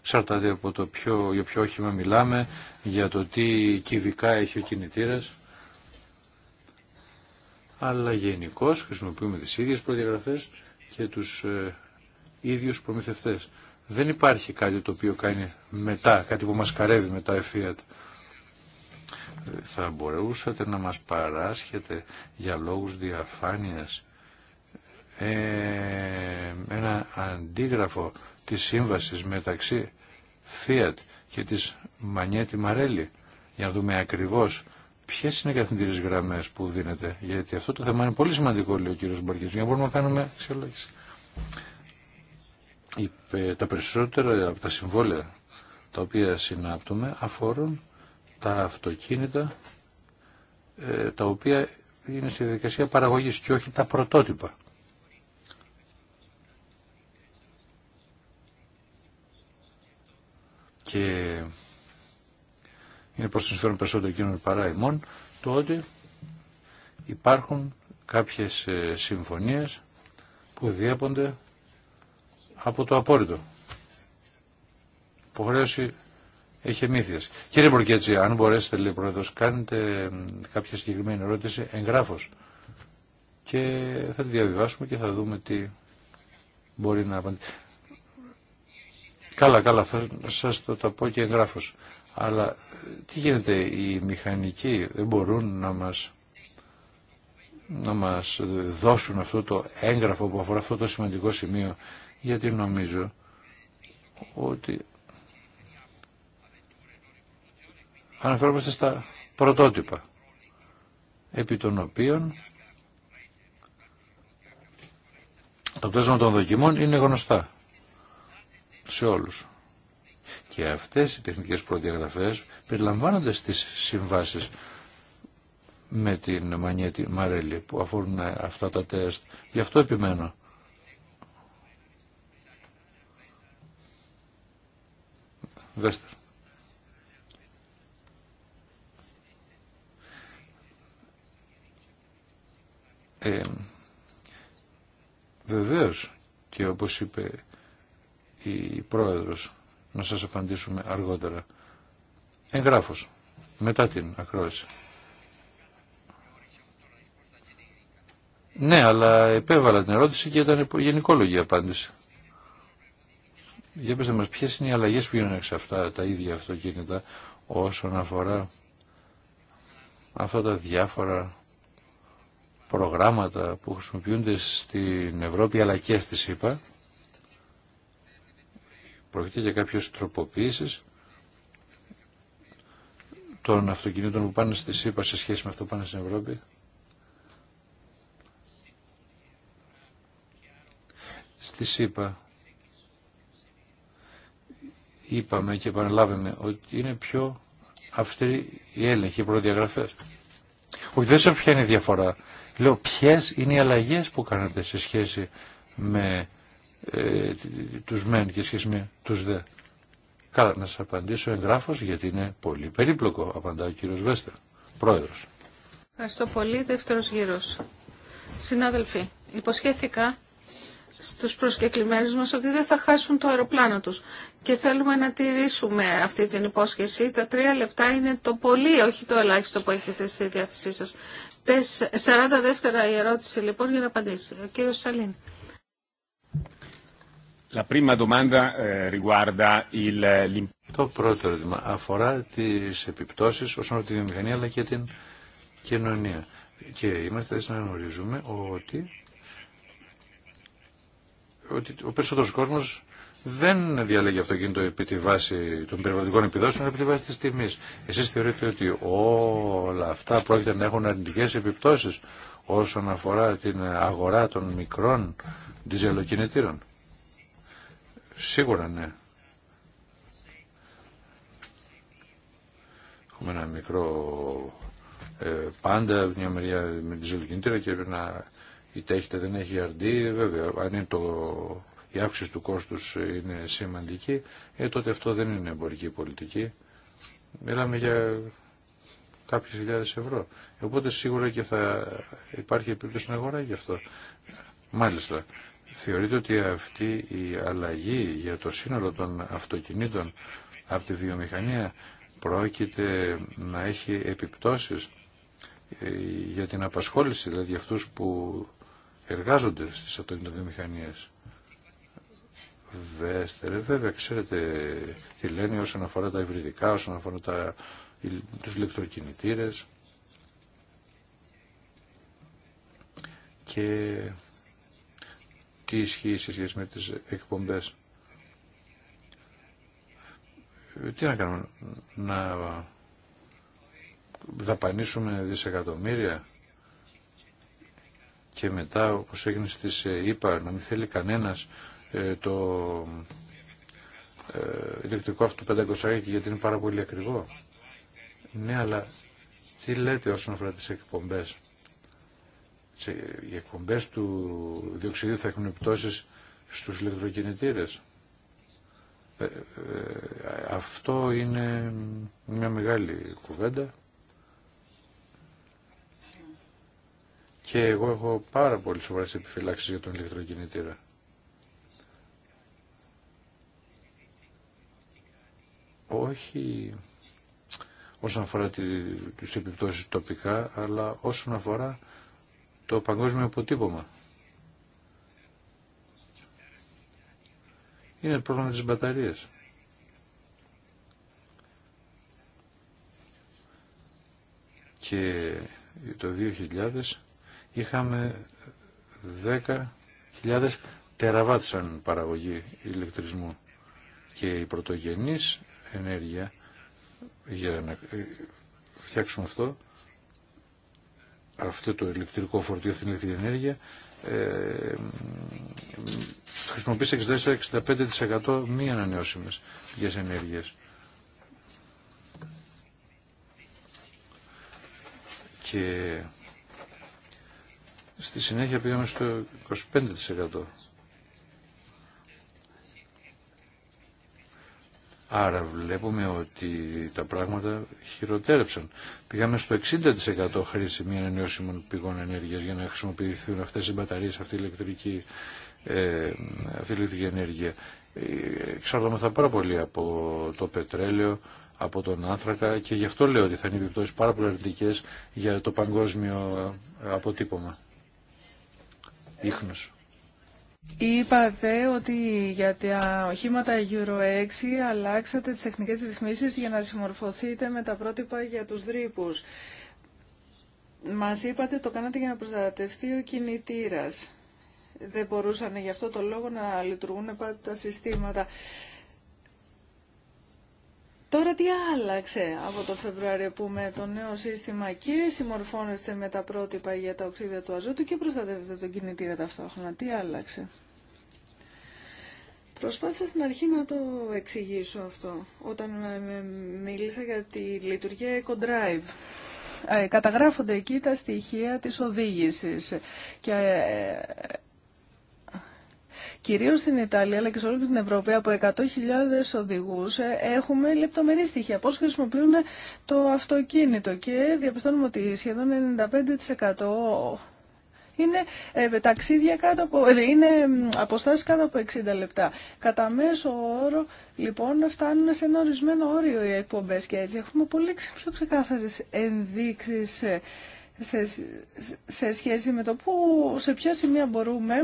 Ξαρτάται από το ποιο, για ποιο όχημα μιλάμε, για το τι κυβικά έχει ο κινητήρας. Αλλά γενικώ χρησιμοποιούμε τις ίδιες προδιαγραφές και τους ε, ίδιους προμηθευτές. Δεν υπάρχει κάτι το οποίο κάνει μετά, κάτι που μας καρεύει μετά η Θα μπορούσατε να μας παράσχετε για λόγους διαφάνειας ε, ένα αντίγραφο της σύμβασης μεταξύ Fiat και της Μανιέτη Μαρέλη για να δούμε ακριβώς ποιες είναι οι καθημερινές γραμμές που δίνεται γιατί αυτό το θέμα είναι πολύ σημαντικό λέει ο κύριος Μπαρκίζου για να μπορούμε να κάνουμε αξιολόγηση τα περισσότερα από τα συμβόλαια τα οποία συνάπτουμε αφορούν τα αυτοκίνητα ε, τα οποία είναι στη διαδικασία παραγωγής και όχι τα πρωτότυπα. Και είναι προς συμφέρον περισσότερο εκείνων παρά ημών το ότι υπάρχουν κάποιες ε, συμφωνίες που διέπονται από το απόρριτο. Υποχρέωση μύθια Κύριε Μπορκέτζη, αν μπορέσετε, λέει πρόεδρος, κάνετε κάποια συγκεκριμένη ερώτηση εγγράφος και θα τη διαβιβάσουμε και θα δούμε τι μπορεί να απαντήσει. Καλά, καλά, θα σας το, το πω και εγγράφος. Αλλά ε, τι γίνεται, οι μηχανικοί δεν μπορούν να μας, να μας δώσουν αυτό το έγγραφο που αφορά αυτό το σημαντικό σημείο γιατί νομίζω ότι αναφερόμαστε στα πρωτότυπα επί των οποίων το πτώσμα των δοκιμών είναι γνωστά σε όλους. Και αυτές οι τεχνικές προδιαγραφές περιλαμβάνονται στις συμβάσεις με την Μανιέτη Μαρέλη που αφορούν αυτά τα τεστ. Γι' αυτό επιμένω. Δέστε. Ε, βεβαίως και όπως είπε η πρόεδρος να σας απαντήσουμε αργότερα. Εγγράφος, μετά την ακρόαση. Ναι, αλλά επέβαλα την ερώτηση και ήταν γενικόλογη απάντηση. Για πετε μας ποιες είναι οι αλλαγές που γίνονται σε αυτά τα ίδια αυτοκίνητα όσον αφορά αυτά τα διάφορα προγράμματα που χρησιμοποιούνται στην Ευρώπη αλλά και στη ΣΥΠΑ. Πρόκειται για κάποιες τροποποίησεις των αυτοκινήτων που πάνε στη ΣΥΠΑ σε σχέση με αυτό που πάνε στην Ευρώπη. Στη ΣΥΠΑ είπαμε και επαναλάβαμε ότι είναι πιο αυστηρή η έλεγχη, οι προδιαγραφές. Όχι, δεν σε ποια είναι η διαφορά. Λέω ποιες είναι οι αλλαγέ που κάνετε σε σχέση με ε, τους μεν και σχέση με τους δε. Καλά, να σας απαντήσω εγγραφο γιατί είναι πολύ περίπλοκο, απαντά ο κύριος Βέστερ, πρόεδρος. Ευχαριστώ πολύ. Δεύτερος γύρος. Συνάδελφοι, υποσχέθηκα στους προσκεκλημένους μας ότι δεν θα χάσουν το αεροπλάνο τους. Και θέλουμε να τηρήσουμε αυτή την υπόσχεση. Τα τρία λεπτά είναι το πολύ, όχι το ελάχιστο που έχετε στη διάθεσή σας. 40 δεύτερα η ερώτηση λοιπόν για να απαντήσει. Ο κύριος Σαλίν. La prima domanda eh, il... Eh, το πρώτο ερώτημα αφορά τις επιπτώσεις όσον αφορά τη βιομηχανία αλλά και την κοινωνία. Και είμαστε να γνωρίζουμε ότι ότι ο περισσότερο κόσμο δεν διαλέγει αυτοκίνητο επί τη βάση των περιβαλλοντικών επιδόσεων, επί τη βάση τη τιμής. Εσείς θεωρείτε ότι όλα αυτά πρόκειται να έχουν αρνητικές επιπτώσεις όσον αφορά την αγορά των μικρών διζελοκινητήρων. Σίγουρα ναι. Έχουμε ένα μικρό ε, πάντα, μια μεριά με διζελοκινητήρα και ένα η τέχνη δεν έχει αρντή, βέβαια αν είναι το, η αύξηση του κόστους είναι σημαντική, ε, τότε αυτό δεν είναι εμπορική πολιτική. Μιλάμε για κάποιες χιλιάδες ευρώ. Οπότε σίγουρα και θα υπάρχει επίπτωση στην αγορά γι' αυτό. Μάλιστα, θεωρείτε ότι αυτή η αλλαγή για το σύνολο των αυτοκινήτων από τη βιομηχανία πρόκειται να έχει επιπτώσεις ε, για την απασχόληση, δηλαδή για αυτούς που εργάζονται στις αυτοκινητοβιομηχανίες. Βέστερε, βέβαια, ξέρετε τι λένε όσον αφορά τα υβριδικά, όσον αφορά τα, τους ηλεκτροκινητήρες. Και τι ισχύει σε σχέση με τις εκπομπές. Τι να κάνουμε, να δαπανίσουμε δισεκατομμύρια και μετά όπως έγινε στις ΕΙΠΑ να μην θέλει κανένας ε, το ε, ηλεκτρικό αυτό 500 γιατί είναι πάρα πολύ ακριβό. Ναι, αλλά τι λέτε όσον αφορά τις εκπομπές. Οι εκπομπές του διοξιδίου θα έχουν επιπτώσεις στους ηλεκτροκινητήρες. Ε, αυτό είναι μια μεγάλη κουβέντα Και εγώ έχω πάρα πολύ σοβαρές επιφυλάξεις για τον ηλεκτροκινητήρα. Όχι όσον αφορά τις επιπτώσεις τοπικά, αλλά όσον αφορά το παγκόσμιο αποτύπωμα. Είναι πρόβλημα της μπαταρίας. Και το 2000 είχαμε 10.000 τεραβάτσαν παραγωγή ηλεκτρισμού και η πρωτογενής ενέργεια για να φτιάξουμε αυτό αυτό το ηλεκτρικό φορτίο στην ηλεκτρική ενέργεια ε, χρησιμοποίησε 64-65% μη ανανεώσιμες πηγές ενέργειες Και Στη συνέχεια πήγαμε στο 25%. Άρα βλέπουμε ότι τα πράγματα χειροτέρεψαν. Πήγαμε στο 60% χρήση μη ανανεώσιμων πηγών ενέργειας για να χρησιμοποιηθούν αυτές οι μπαταρίες, αυτή η ηλεκτρική, ε, αυτή η ηλεκτρική ενέργεια. Ε, Εξαρτώμεθα πάρα πολύ από το πετρέλαιο, από τον άνθρακα και γι' αυτό λέω ότι θα είναι επιπτώσεις πάρα πολύ αρνητικές για το παγκόσμιο αποτύπωμα. Είπατε ότι για τα οχήματα Euro 6 αλλάξατε τις τεχνικές ρυθμίσεις για να συμμορφωθείτε με τα πρότυπα για τους δρύπους. Μας είπατε το κάνατε για να προστατευτεί ο κινητήρας. Δεν μπορούσαν γι' αυτό το λόγο να λειτουργούν πάντα τα συστήματα Τώρα τι άλλαξε από το Φεβρουάριο που με το νέο σύστημα και συμμορφώνεστε με τα πρότυπα για τα οξύδια του αζότου και προστατεύετε τον κινητήρα ταυτόχρονα. Τι άλλαξε. Προσπάθησα στην αρχή να το εξηγήσω αυτό όταν μίλησα για τη λειτουργία EcoDrive. Ε, καταγράφονται εκεί τα στοιχεία της οδήγησης και ε, κυρίως στην Ιταλία αλλά και σε όλη την Ευρώπη από 100.000 οδηγούς ε, έχουμε λεπτομερή στοιχεία πώς χρησιμοποιούν το αυτοκίνητο και διαπιστώνουμε ότι σχεδόν 95% είναι ε, ταξίδια κάτω από, ε, είναι αποστάσεις κάτω από 60 λεπτά. Κατά μέσο όρο, λοιπόν, φτάνουν σε ένα ορισμένο όριο οι εκπομπές και έτσι έχουμε πολύ πιο ξεκάθαρες ενδείξεις ε, σε, σε σχέση με το που, σε ποια σημεία μπορούμε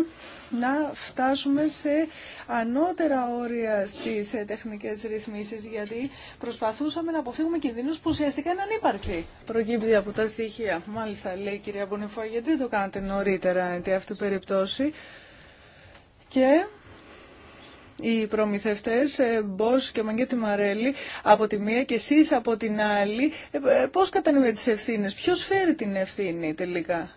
να φτάσουμε σε ανώτερα όρια στις ε, τεχνικές ρυθμίσεις, γιατί προσπαθούσαμε να αποφύγουμε κινδύνους που ουσιαστικά είναι ανύπαρκτοι. Προκύπτει από τα στοιχεία. Μάλιστα, λέει η κυρία Μπονιφά, γιατί δεν το κάνατε νωρίτερα, γιατί αυτή περιπτώσει Και οι προμηθευτές Μπος ε, και Μαγκέτη Μαρέλη από τη μία και εσείς από την άλλη. Ε, ε, πώς κατανοείτε τις ευθύνες, ποιος φέρει την ευθύνη τελικά.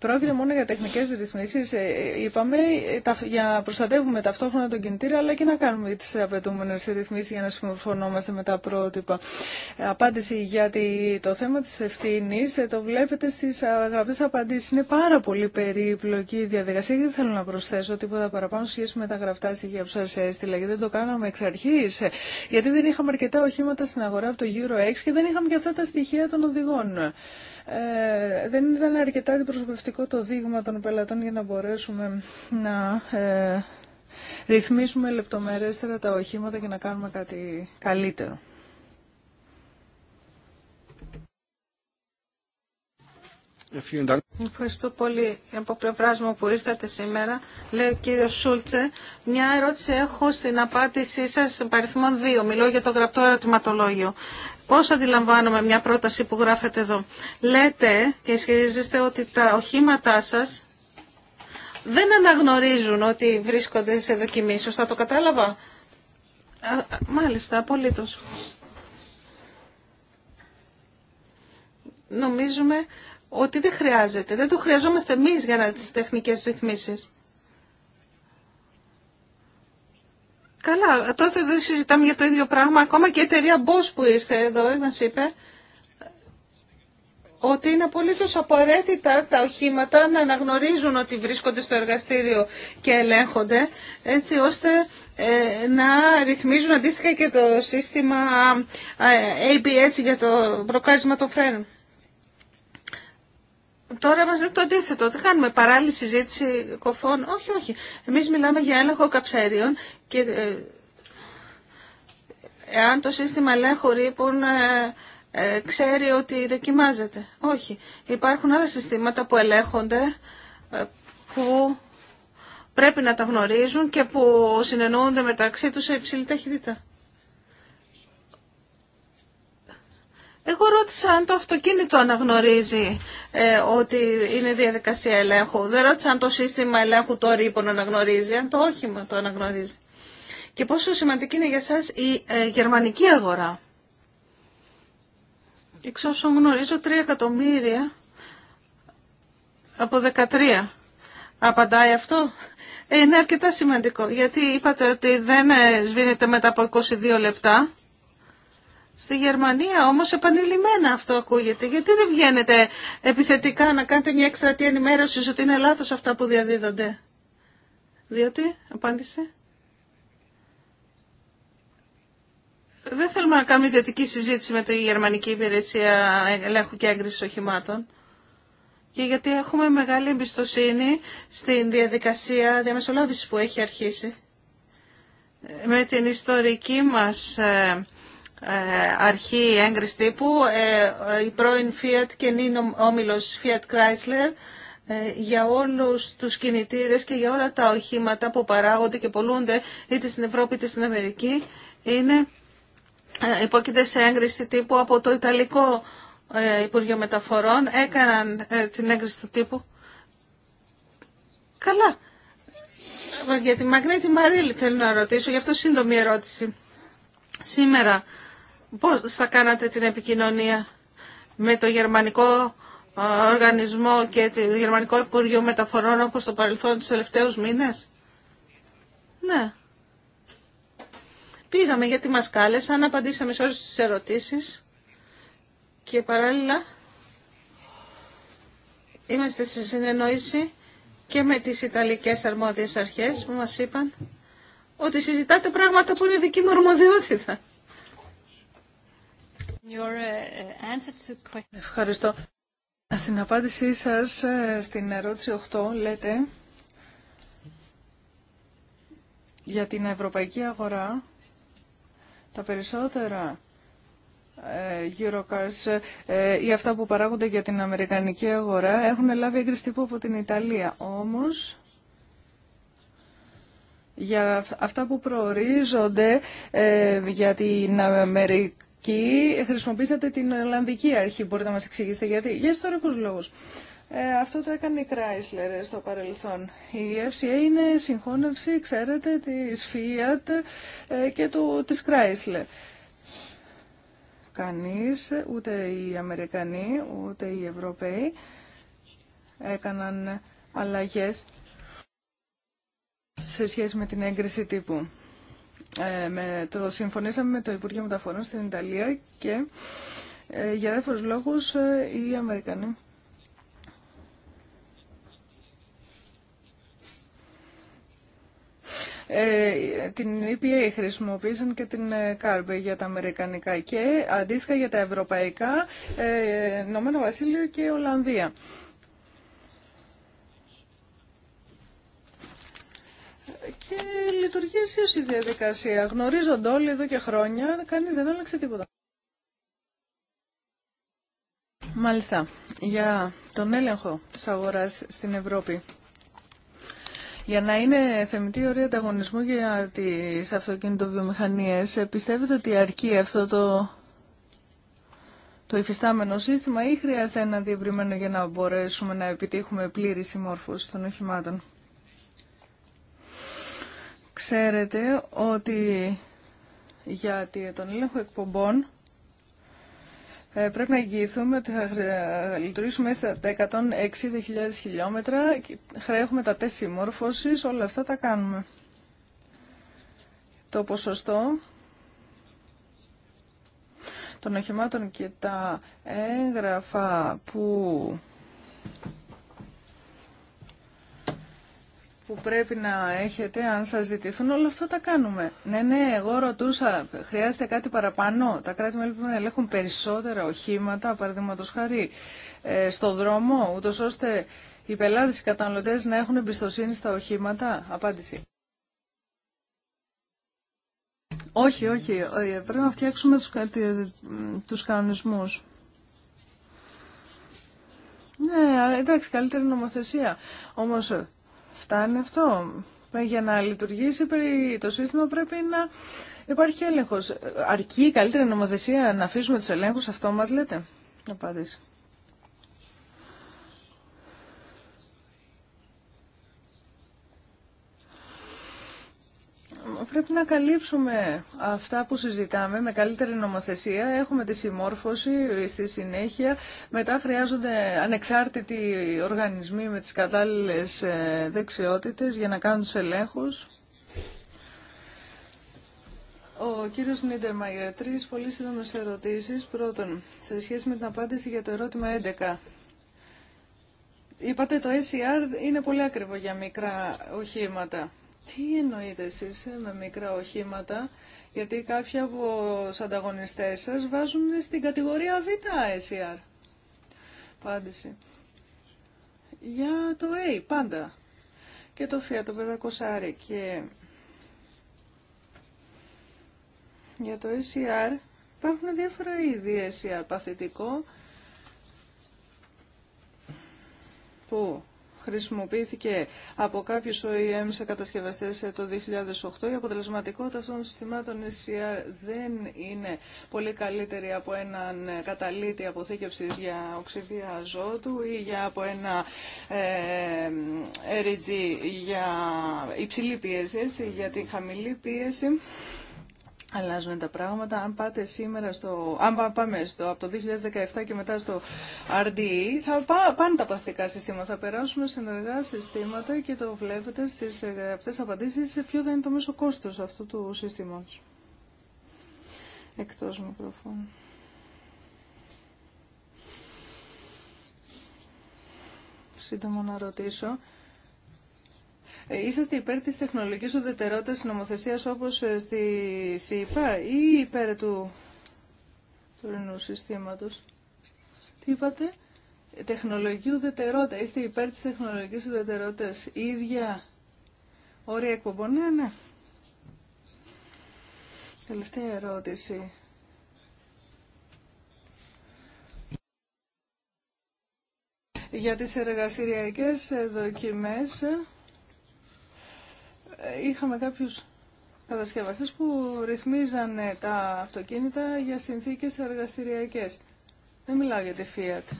Πρόκειται μόνο για τεχνικές ρυθμίσεις, ε, είπαμε, ε, για να προστατεύουμε ταυτόχρονα τον κινητήρα, αλλά και να κάνουμε τις απαιτούμενες ρυθμίσεις για να συμφωνόμαστε με τα πρότυπα. Ε, απάντηση για το θέμα της ευθύνη, το βλέπετε στις γραπτές απαντήσεις. Είναι πάρα πολύ περίπλοκη η διαδικασία και δεν θέλω να προσθέσω τίποτα παραπάνω σχέση με τα γραπτά στοιχεία που σας έστειλα, γιατί δεν το κάναμε εξ αρχής, γιατί δεν είχαμε αρκετά οχήματα στην αγορά από το Euro 6 και δεν είχαμε και αυτά τα στοιχεία των οδηγών. Ε, δεν ήταν αρκετά αντιπροσωπευτικό το δείγμα των πελατών για να μπορέσουμε να ε, ρυθμίσουμε λεπτομερέστερα τα οχήματα και να κάνουμε κάτι καλύτερο. Ευχαριστώ πολύ από πλευρά μου που ήρθατε σήμερα. Λέει ο κύριο Σούλτσε, μια ερώτηση έχω στην απάντησή σα παριθμών 2. Μιλώ για το γραπτό ερωτηματολόγιο. Πώς αντιλαμβάνομαι μια πρόταση που γράφετε εδώ. Λέτε και ισχυρίζεστε ότι τα οχήματά σας δεν αναγνωρίζουν ότι βρίσκονται σε δοκιμή. Σωστά το κατάλαβα. Α, μάλιστα, απολύτως. Νομίζουμε ότι δεν χρειάζεται. Δεν το χρειαζόμαστε εμείς για να τις τεχνικές ρυθμίσεις. Καλά, τότε δεν συζητάμε για το ίδιο πράγμα. Ακόμα και η εταιρεία Bosch που ήρθε εδώ μας είπε ότι είναι απολύτω απαραίτητα τα οχήματα να αναγνωρίζουν ότι βρίσκονται στο εργαστήριο και ελέγχονται, έτσι ώστε ε, να ρυθμίζουν αντίστοιχα και το σύστημα ε, ABS για το προκάρισμα των φρένων. Τώρα μας δείτε το αντίθετο. Τι κάνουμε, παράλληλη συζήτηση κοφών. Όχι, όχι. Εμείς μιλάμε για έλεγχο καψέριων και ε, εάν το σύστημα ελέγχου ρήπων ε, ε, ξέρει ότι δοκιμάζεται. Όχι. Υπάρχουν άλλα συστήματα που ελέγχονται ε, που πρέπει να τα γνωρίζουν και που συνεννοούνται μεταξύ τους σε υψηλή ταχύτητα. Εγώ ρώτησα αν το αυτοκίνητο αναγνωρίζει ε, ότι είναι διαδικασία ελέγχου. Δεν ρώτησα αν το σύστημα ελέγχου το ρήπον αναγνωρίζει, αν το όχημα το αναγνωρίζει. Και πόσο σημαντική είναι για σας η ε, γερμανική αγορά. Εξ όσων γνωρίζω, 3 εκατομμύρια από 13. Απαντάει αυτό. Ε, είναι αρκετά σημαντικό, γιατί είπατε ότι δεν σβήνεται μετά από 22 λεπτά. Στη Γερμανία όμως επανειλημμένα αυτό ακούγεται. Γιατί δεν βγαίνετε επιθετικά να κάνετε μια εκστρατεία ενημέρωση ότι είναι λάθος αυτά που διαδίδονται. Διότι, απάντησε. Δεν θέλουμε να κάνουμε ιδιωτική συζήτηση με τη Γερμανική Υπηρεσία Ελέγχου και έγκριση Οχημάτων. Και γιατί έχουμε μεγάλη εμπιστοσύνη στην διαδικασία διαμεσολάβησης που έχει αρχίσει. Με την ιστορική μας ε, ε, αρχή έγκριση τύπου, ε, ε, η πρώην Fiat και όμιλος Fiat Chrysler, για όλους τους κινητήρες και για όλα τα οχήματα που παράγονται και πολλούνται είτε στην Ευρώπη είτε στην Αμερική είναι υπόκειται σε έγκριση τύπου από το Ιταλικό Υπουργείο Μεταφορών έκαναν την έγκριση του τύπου καλά για τη Μαγνήτη Μαρίλη θέλω να ρωτήσω γι' αυτό σύντομη ερώτηση σήμερα Πώς θα κάνατε την επικοινωνία με το γερμανικό ε, οργανισμό και το Γερμανικό Υπουργείο Μεταφορών όπως το παρελθόν τους τελευταίους μήνες. Ναι. Πήγαμε γιατί μας κάλεσαν, απαντήσαμε σε όλες τις ερωτήσεις και παράλληλα είμαστε σε συνεννόηση και με τις Ιταλικές αρμόδιες αρχές που μας είπαν ότι συζητάτε πράγματα που είναι δική μου αρμοδιότητα. Uh, Ευχαριστώ. Στην απάντησή σας ε, στην ερώτηση 8 λέτε για την ευρωπαϊκή αγορά τα περισσότερα ε, Eurocars ε, ή αυτά που παράγονται για την αμερικανική αγορά έχουν λάβει έγκριση τύπου από την Ιταλία. Όμως για αυτά που προορίζονται για την Αμερική και χρησιμοποίησατε την Ολλανδική αρχή. Μπορείτε να μας εξηγήσετε γιατί. Για ιστορικούς λόγους. Ε, αυτό το έκανε η Chrysler στο παρελθόν. Η FCA είναι συγχώνευση, ξέρετε, της Fiat ε, και του, της Chrysler. Κανείς, ούτε οι Αμερικανοί, ούτε οι Ευρωπαίοι έκαναν αλλαγές σε σχέση με την έγκριση τύπου. Ε, με, το συμφωνήσαμε με το Υπουργείο Μεταφορών στην Ιταλία και ε, για διάφορους λόγους ε, οι Αμερικανοί την EPA χρησιμοποίησαν και την CARB για τα αμερικανικά και αντίστοιχα για τα ευρωπαϊκά Ηνωμένο Βασίλειο και Ολλανδία. και λειτουργεί ίσω η διαδικασία. Γνωρίζονται όλοι εδώ και χρόνια, κανείς δεν άλλαξε τίποτα. Μάλιστα, για τον έλεγχο της αγοράς στην Ευρώπη. Για να είναι θεμητή ωραία ανταγωνισμού για τις αυτοκινητοβιομηχανίες, πιστεύετε ότι αρκεί αυτό το, το υφιστάμενο σύστημα ή χρειάζεται ένα διευρυμένο για να μπορέσουμε να επιτύχουμε πλήρη συμμόρφωση των οχημάτων. Ξέρετε ότι για τον έλεγχο εκπομπών ε, πρέπει να εγγυηθούμε ότι θα λειτουργήσουμε τα 160.000 χιλιόμετρα, χρέχουμε τα τέσσερι μόρφωσης. όλα αυτά τα κάνουμε. Το ποσοστό των οχημάτων και τα έγγραφα που που πρέπει να έχετε αν σας ζητηθούν, όλα αυτά τα κάνουμε. Ναι, ναι, εγώ ρωτούσα, χρειάζεται κάτι παραπάνω. Τα κράτη-μέλη πρέπει να ελέγχουν περισσότερα οχήματα, παραδείγματο χάρη, ε, στο δρόμο, ούτως ώστε οι πελάτες, οι καταναλωτές να έχουν εμπιστοσύνη στα οχήματα. Απάντηση. Όχι, όχι, ε, πρέπει να φτιάξουμε τους, τους κανονισμούς. Ναι, εντάξει, καλύτερη νομοθεσία. Όμως ε, Φτάνει αυτό. Ε, για να λειτουργήσει το σύστημα πρέπει να υπάρχει έλεγχος. Ε, αρκεί η καλύτερη νομοθεσία να αφήσουμε τους ελέγχους, αυτό μας λέτε. Απάντηση. πρέπει να καλύψουμε αυτά που συζητάμε με καλύτερη νομοθεσία. Έχουμε τη συμμόρφωση στη συνέχεια. Μετά χρειάζονται ανεξάρτητοι οργανισμοί με τις κατάλληλες ε, δεξιότητες για να κάνουν τους ελέγχους. Ο κύριος Νίτερμαγερ, τρεις πολύ σύντομες ερωτήσεις. Πρώτον, σε σχέση με την απάντηση για το ερώτημα 11. Είπατε το SCR e είναι πολύ ακριβό για μικρά οχήματα. Τι εννοείτε εσείς ε, με μικρά οχήματα, γιατί κάποιοι από τους ανταγωνιστές σας βάζουν στην κατηγορία Β SCR. E Πάντηση. Για το A, πάντα. Και το Fiat, το 500 και για το SCR e υπάρχουν διάφορα είδη SCR e παθητικό που χρησιμοποιήθηκε από κάποιου OEM σε κατασκευαστέ το 2008. Η αποτελεσματικότητα αυτών των συστημάτων SCR δεν είναι πολύ καλύτερη από έναν καταλήτη αποθήκευση για οξυδία αζότου ή για από ένα ε, RG ε, για υψηλή πίεση, έτσι, για την χαμηλή πίεση αλλάζουν τα πράγματα. Αν πάτε σήμερα στο, αν πάμε στο, από το 2017 και μετά στο RDE, θα πά, πάνε τα παθητικά συστήματα, θα περάσουμε σε συστήματα και το βλέπετε στις ε, αυτές απαντήσεις σε ποιο θα είναι το μέσο κόστος αυτού του συστήματος. Εκτός μικροφώνου. Σύντομα να ρωτήσω. Ε, είσαστε υπέρ της τεχνολογικής ουδετερότητας της νομοθεσίας όπως ε, στη ΣΥΠΑ ή υπέρ του τωρινού συστήματος. Τι είπατε, ε, τεχνολογική ουδετερότητα. Είστε υπέρ της τεχνολογικής ουδετερότητας. Η ίδια όρια ουδετεροτητας ιδια ορια εκπομπων ναι, ναι. Τελευταία ερώτηση. Για τις εργαστηριακές δοκιμές, είχαμε κάποιους κατασκευαστές που ρυθμίζανε τα αυτοκίνητα για συνθήκες εργαστηριακές. Δεν μιλάω για τη Fiat.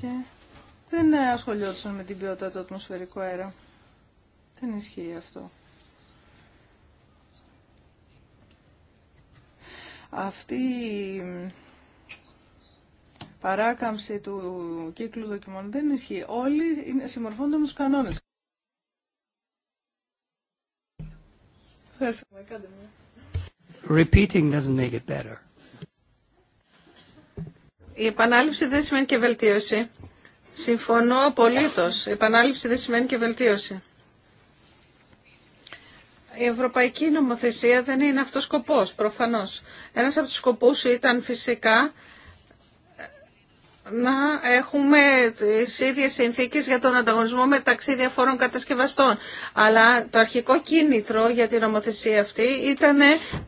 Και δεν ασχολιόντουσαν με την ποιότητα του ατμοσφαιρικού αέρα. Δεν ισχύει αυτό. Αυτή η παράκαμψη του κύκλου δοκιμών δεν ισχύει. Όλοι συμμορφώνονται με τους κανόνες. Repeating doesn't make it better. Η επανάληψη δεν σημαίνει και βελτίωση. Συμφωνώ απολύτως. Η επανάληψη δεν σημαίνει και βελτίωση. Η ευρωπαϊκή νομοθεσία δεν είναι αυτός σκοπός, προφανώς. Ένας από τους σκοπούς ήταν φυσικά να έχουμε τις ίδιες συνθήκες για τον ανταγωνισμό μεταξύ διαφόρων κατασκευαστών. Αλλά το αρχικό κίνητρο για την νομοθεσία αυτή ήταν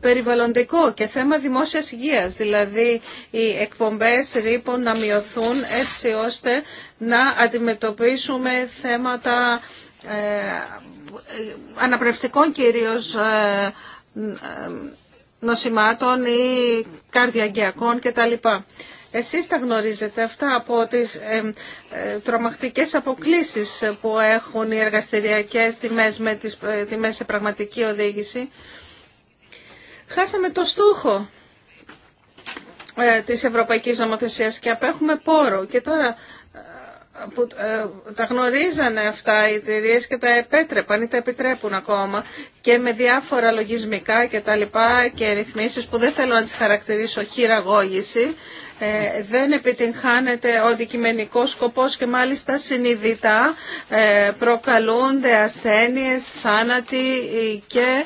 περιβαλλοντικό και θέμα δημόσιας υγείας. Δηλαδή οι εκπομπές ρήπων να μειωθούν έτσι ώστε να αντιμετωπίσουμε θέματα ε, αναπνευστικών κυρίως ε, ε, νοσημάτων ή καρδιαγκιακών κτλ. Εσείς τα γνωρίζετε αυτά από τις ε, αποκλίσεις που έχουν οι εργαστηριακές τιμές με τις ε, τιμές σε πραγματική οδήγηση. Χάσαμε το στόχο ε, της Ευρωπαϊκής Νομοθεσίας και απέχουμε πόρο. Και τώρα ε, που τα γνωρίζανε αυτά οι εταιρείε και τα επέτρεπαν ή τα επιτρέπουν ακόμα και με διάφορα λογισμικά και τα λοιπά και ρυθμίσεις που δεν θέλω να τις χαρακτηρίσω χειραγώγηση ε, δεν επιτυγχάνεται ο αντικειμενικός σκοπός και μάλιστα συνειδητά ε, προκαλούνται ασθένειες, θάνατοι ε, και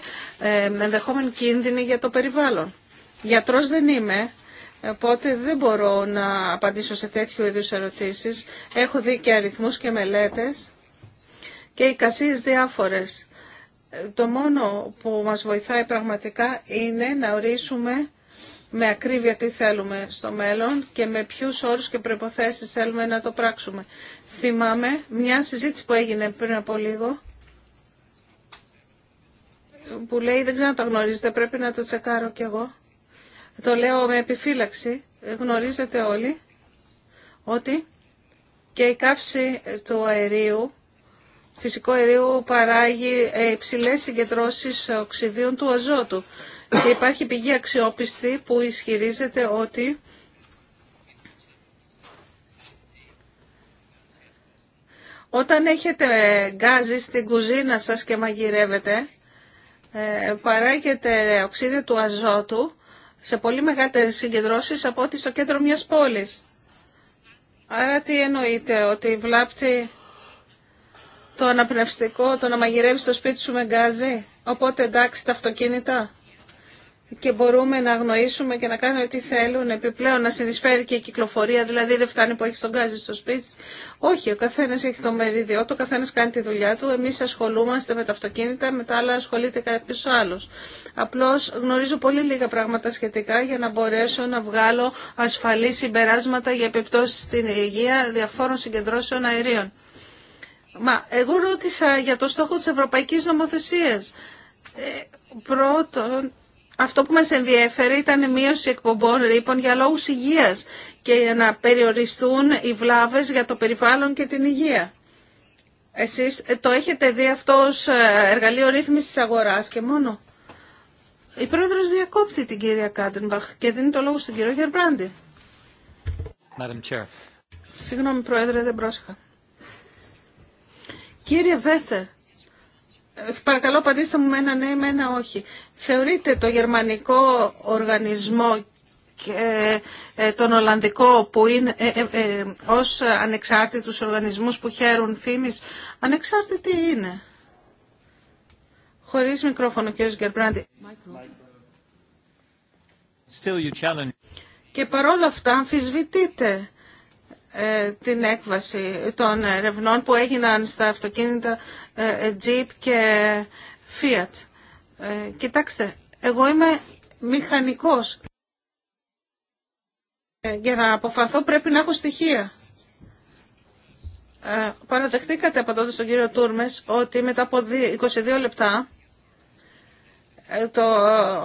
μενδεχόμεν κίνδυνοι για το περιβάλλον. Γιατρός δεν είμαι, οπότε δεν μπορώ να απαντήσω σε τέτοιου είδους ερωτήσεις. Έχω δει και αριθμούς και μελέτες και εικασίες διάφορες. Το μόνο που μας βοηθάει πραγματικά είναι να ορίσουμε με ακρίβεια τι θέλουμε στο μέλλον και με ποιους όρους και προϋποθέσεις θέλουμε να το πράξουμε. Θυμάμαι μια συζήτηση που έγινε πριν από λίγο που λέει δεν ξέρω να τα γνωρίζετε, πρέπει να το τσεκάρω κι εγώ. Το λέω με επιφύλαξη. Γνωρίζετε όλοι ότι και η κάψη του αερίου Φυσικό αερίου παράγει ε, υψηλέ συγκεντρώσεις οξυδίων του αζότου. Και υπάρχει πηγή αξιόπιστη που ισχυρίζεται ότι όταν έχετε γκάζι στην κουζίνα σας και μαγειρεύετε, ε, παράγεται οξύδιο του αζότου σε πολύ μεγαλύτερες συγκεντρώσεις από ό,τι στο κέντρο μιας πόλης. Άρα τι εννοείται, ότι βλάπτει το αναπνευστικό, το να μαγειρεύει στο σπίτι σου με γκάζι. Οπότε εντάξει τα αυτοκίνητα και μπορούμε να αγνοήσουμε και να κάνουμε τι θέλουν. Επιπλέον να συνεισφέρει και η κυκλοφορία, δηλαδή δεν φτάνει που έχει τον γκάζι στο σπίτι. Όχι, ο καθένα έχει το μερίδιό του, ο καθένα κάνει τη δουλειά του. Εμεί ασχολούμαστε με τα αυτοκίνητα, με τα άλλα ασχολείται κάποιο άλλο. Απλώ γνωρίζω πολύ λίγα πράγματα σχετικά για να μπορέσω να βγάλω ασφαλή συμπεράσματα για επιπτώσει στην υγεία διαφόρων συγκεντρώσεων αερίων. Μα εγώ ρώτησα για το στόχο της Ευρωπαϊκής Νομοθεσίας. Ε, πρώτον, αυτό που μας ενδιέφερε ήταν η μείωση εκπομπών ρήπων για λόγους υγείας και για να περιοριστούν οι βλάβες για το περιβάλλον και την υγεία. Εσείς ε, το έχετε δει αυτό ως ε, εργαλείο ρύθμισης αγοράς και μόνο. Η πρόεδρος διακόπτει την κυρία Κάντενμπαχ και δίνει το λόγο στον κύριο Γερμπράντη. Συγγνώμη πρόεδρε, δεν πρόσεχα. Κύριε Βέστερ, ε, παρακαλώ απαντήστε μου με ένα ναι, με ένα όχι. Θεωρείτε το γερμανικό οργανισμό και ε, τον Ολλανδικό που είναι ε, ε, ε, ως ανεξάρτητους οργανισμούς που χαίρουν φήμης, ανεξάρτητοι είναι. Χωρίς μικρόφωνο, κύριος Γκερμπράντη. Και παρόλα αυτά αμφισβητείτε ε, την έκβαση των ερευνών που έγιναν στα αυτοκίνητα ε, Jeep και Fiat. Ε, κοιτάξτε, εγώ είμαι μηχανικός. Για να αποφαθώ πρέπει να έχω στοιχεία. Παραδεχτήκατε τότε στον κύριο Τούρμες ότι μετά από 22 λεπτά το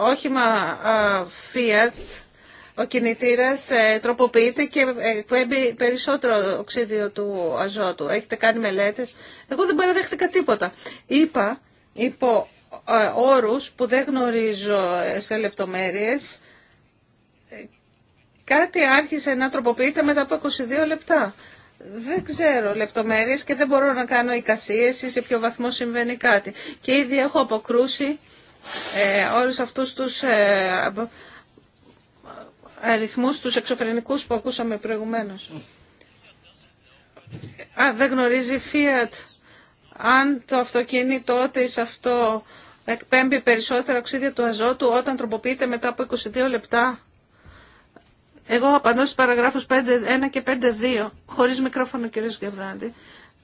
όχημα Fiat ο κινητήρας ε, τροποποιείται και ε, εκπέμπει περισσότερο οξύδιο του αζότου. Έχετε κάνει μελέτες. Εγώ δεν παραδέχτηκα τίποτα. Είπα υπό ε, όρους που δεν γνωρίζω σε λεπτομέρειες κάτι άρχισε να τροποποιείται μετά από 22 λεπτά. Δεν ξέρω λεπτομέρειες και δεν μπορώ να κάνω εικασίες ή σε ποιο βαθμό συμβαίνει κάτι. Και ήδη έχω αποκρούσει ε, όλους αυτούς τους αριθμούς τους εξωφρενικούς που ακούσαμε προηγουμένως. Α, δεν γνωρίζει Fiat αν το αυτοκίνητό σε αυτό εκπέμπει περισσότερα οξύδια του αζότου όταν τροποποιείται μετά από 22 λεπτά. Εγώ απαντώ στους παραγράφους 5.1 και 5.2, χωρίς μικρόφωνο κύριε Σκευράντη.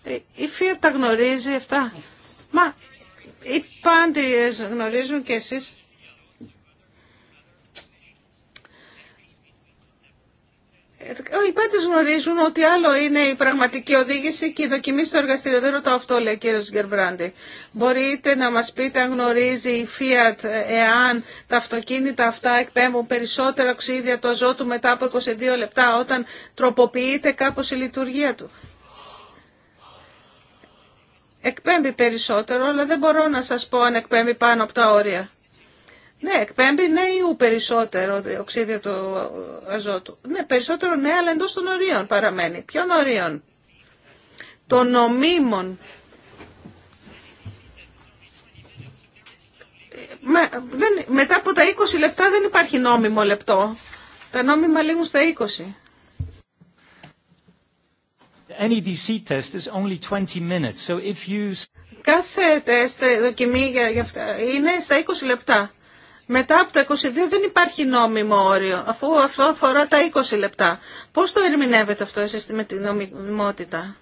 Ε, η Fiat τα γνωρίζει αυτά. Μα οι πάντες γνωρίζουν και εσείς. Ε, οι πάντε γνωρίζουν ότι άλλο είναι η πραγματική οδήγηση και η δοκιμή στο εργαστήριο. Δεν ρωτάω αυτό, λέει ο κύριο Γκερμπράντη. Μπορείτε να μα πείτε αν γνωρίζει η Fiat εάν τα αυτοκίνητα αυτά εκπέμπουν περισσότερα οξύδια του αζότου μετά από 22 λεπτά όταν τροποποιείται κάπω η λειτουργία του. Εκπέμπει περισσότερο, αλλά δεν μπορώ να σας πω αν εκπέμπει πάνω από τα όρια. Ναι, εκπέμπει ναι ή περισσότερο οξύδιο του αζότου. Ναι, περισσότερο ναι, αλλά εντός των ορίων παραμένει. Ποιον ορίων. Των νομίμων. Μα, μετά από τα 20 λεπτά δεν υπάρχει νόμιμο λεπτό. Τα νόμιμα λήγουν στα 20. test is only 20 minutes, so if you... Κάθε τεστ ε, δοκιμή για, για αυτά είναι στα 20 λεπτά. Μετά από το 22 δεν υπάρχει νόμιμο όριο, αφού αυτό αφορά τα 20 λεπτά. Πώς το ερμηνεύετε αυτό εσείς με τη νομιμότητα.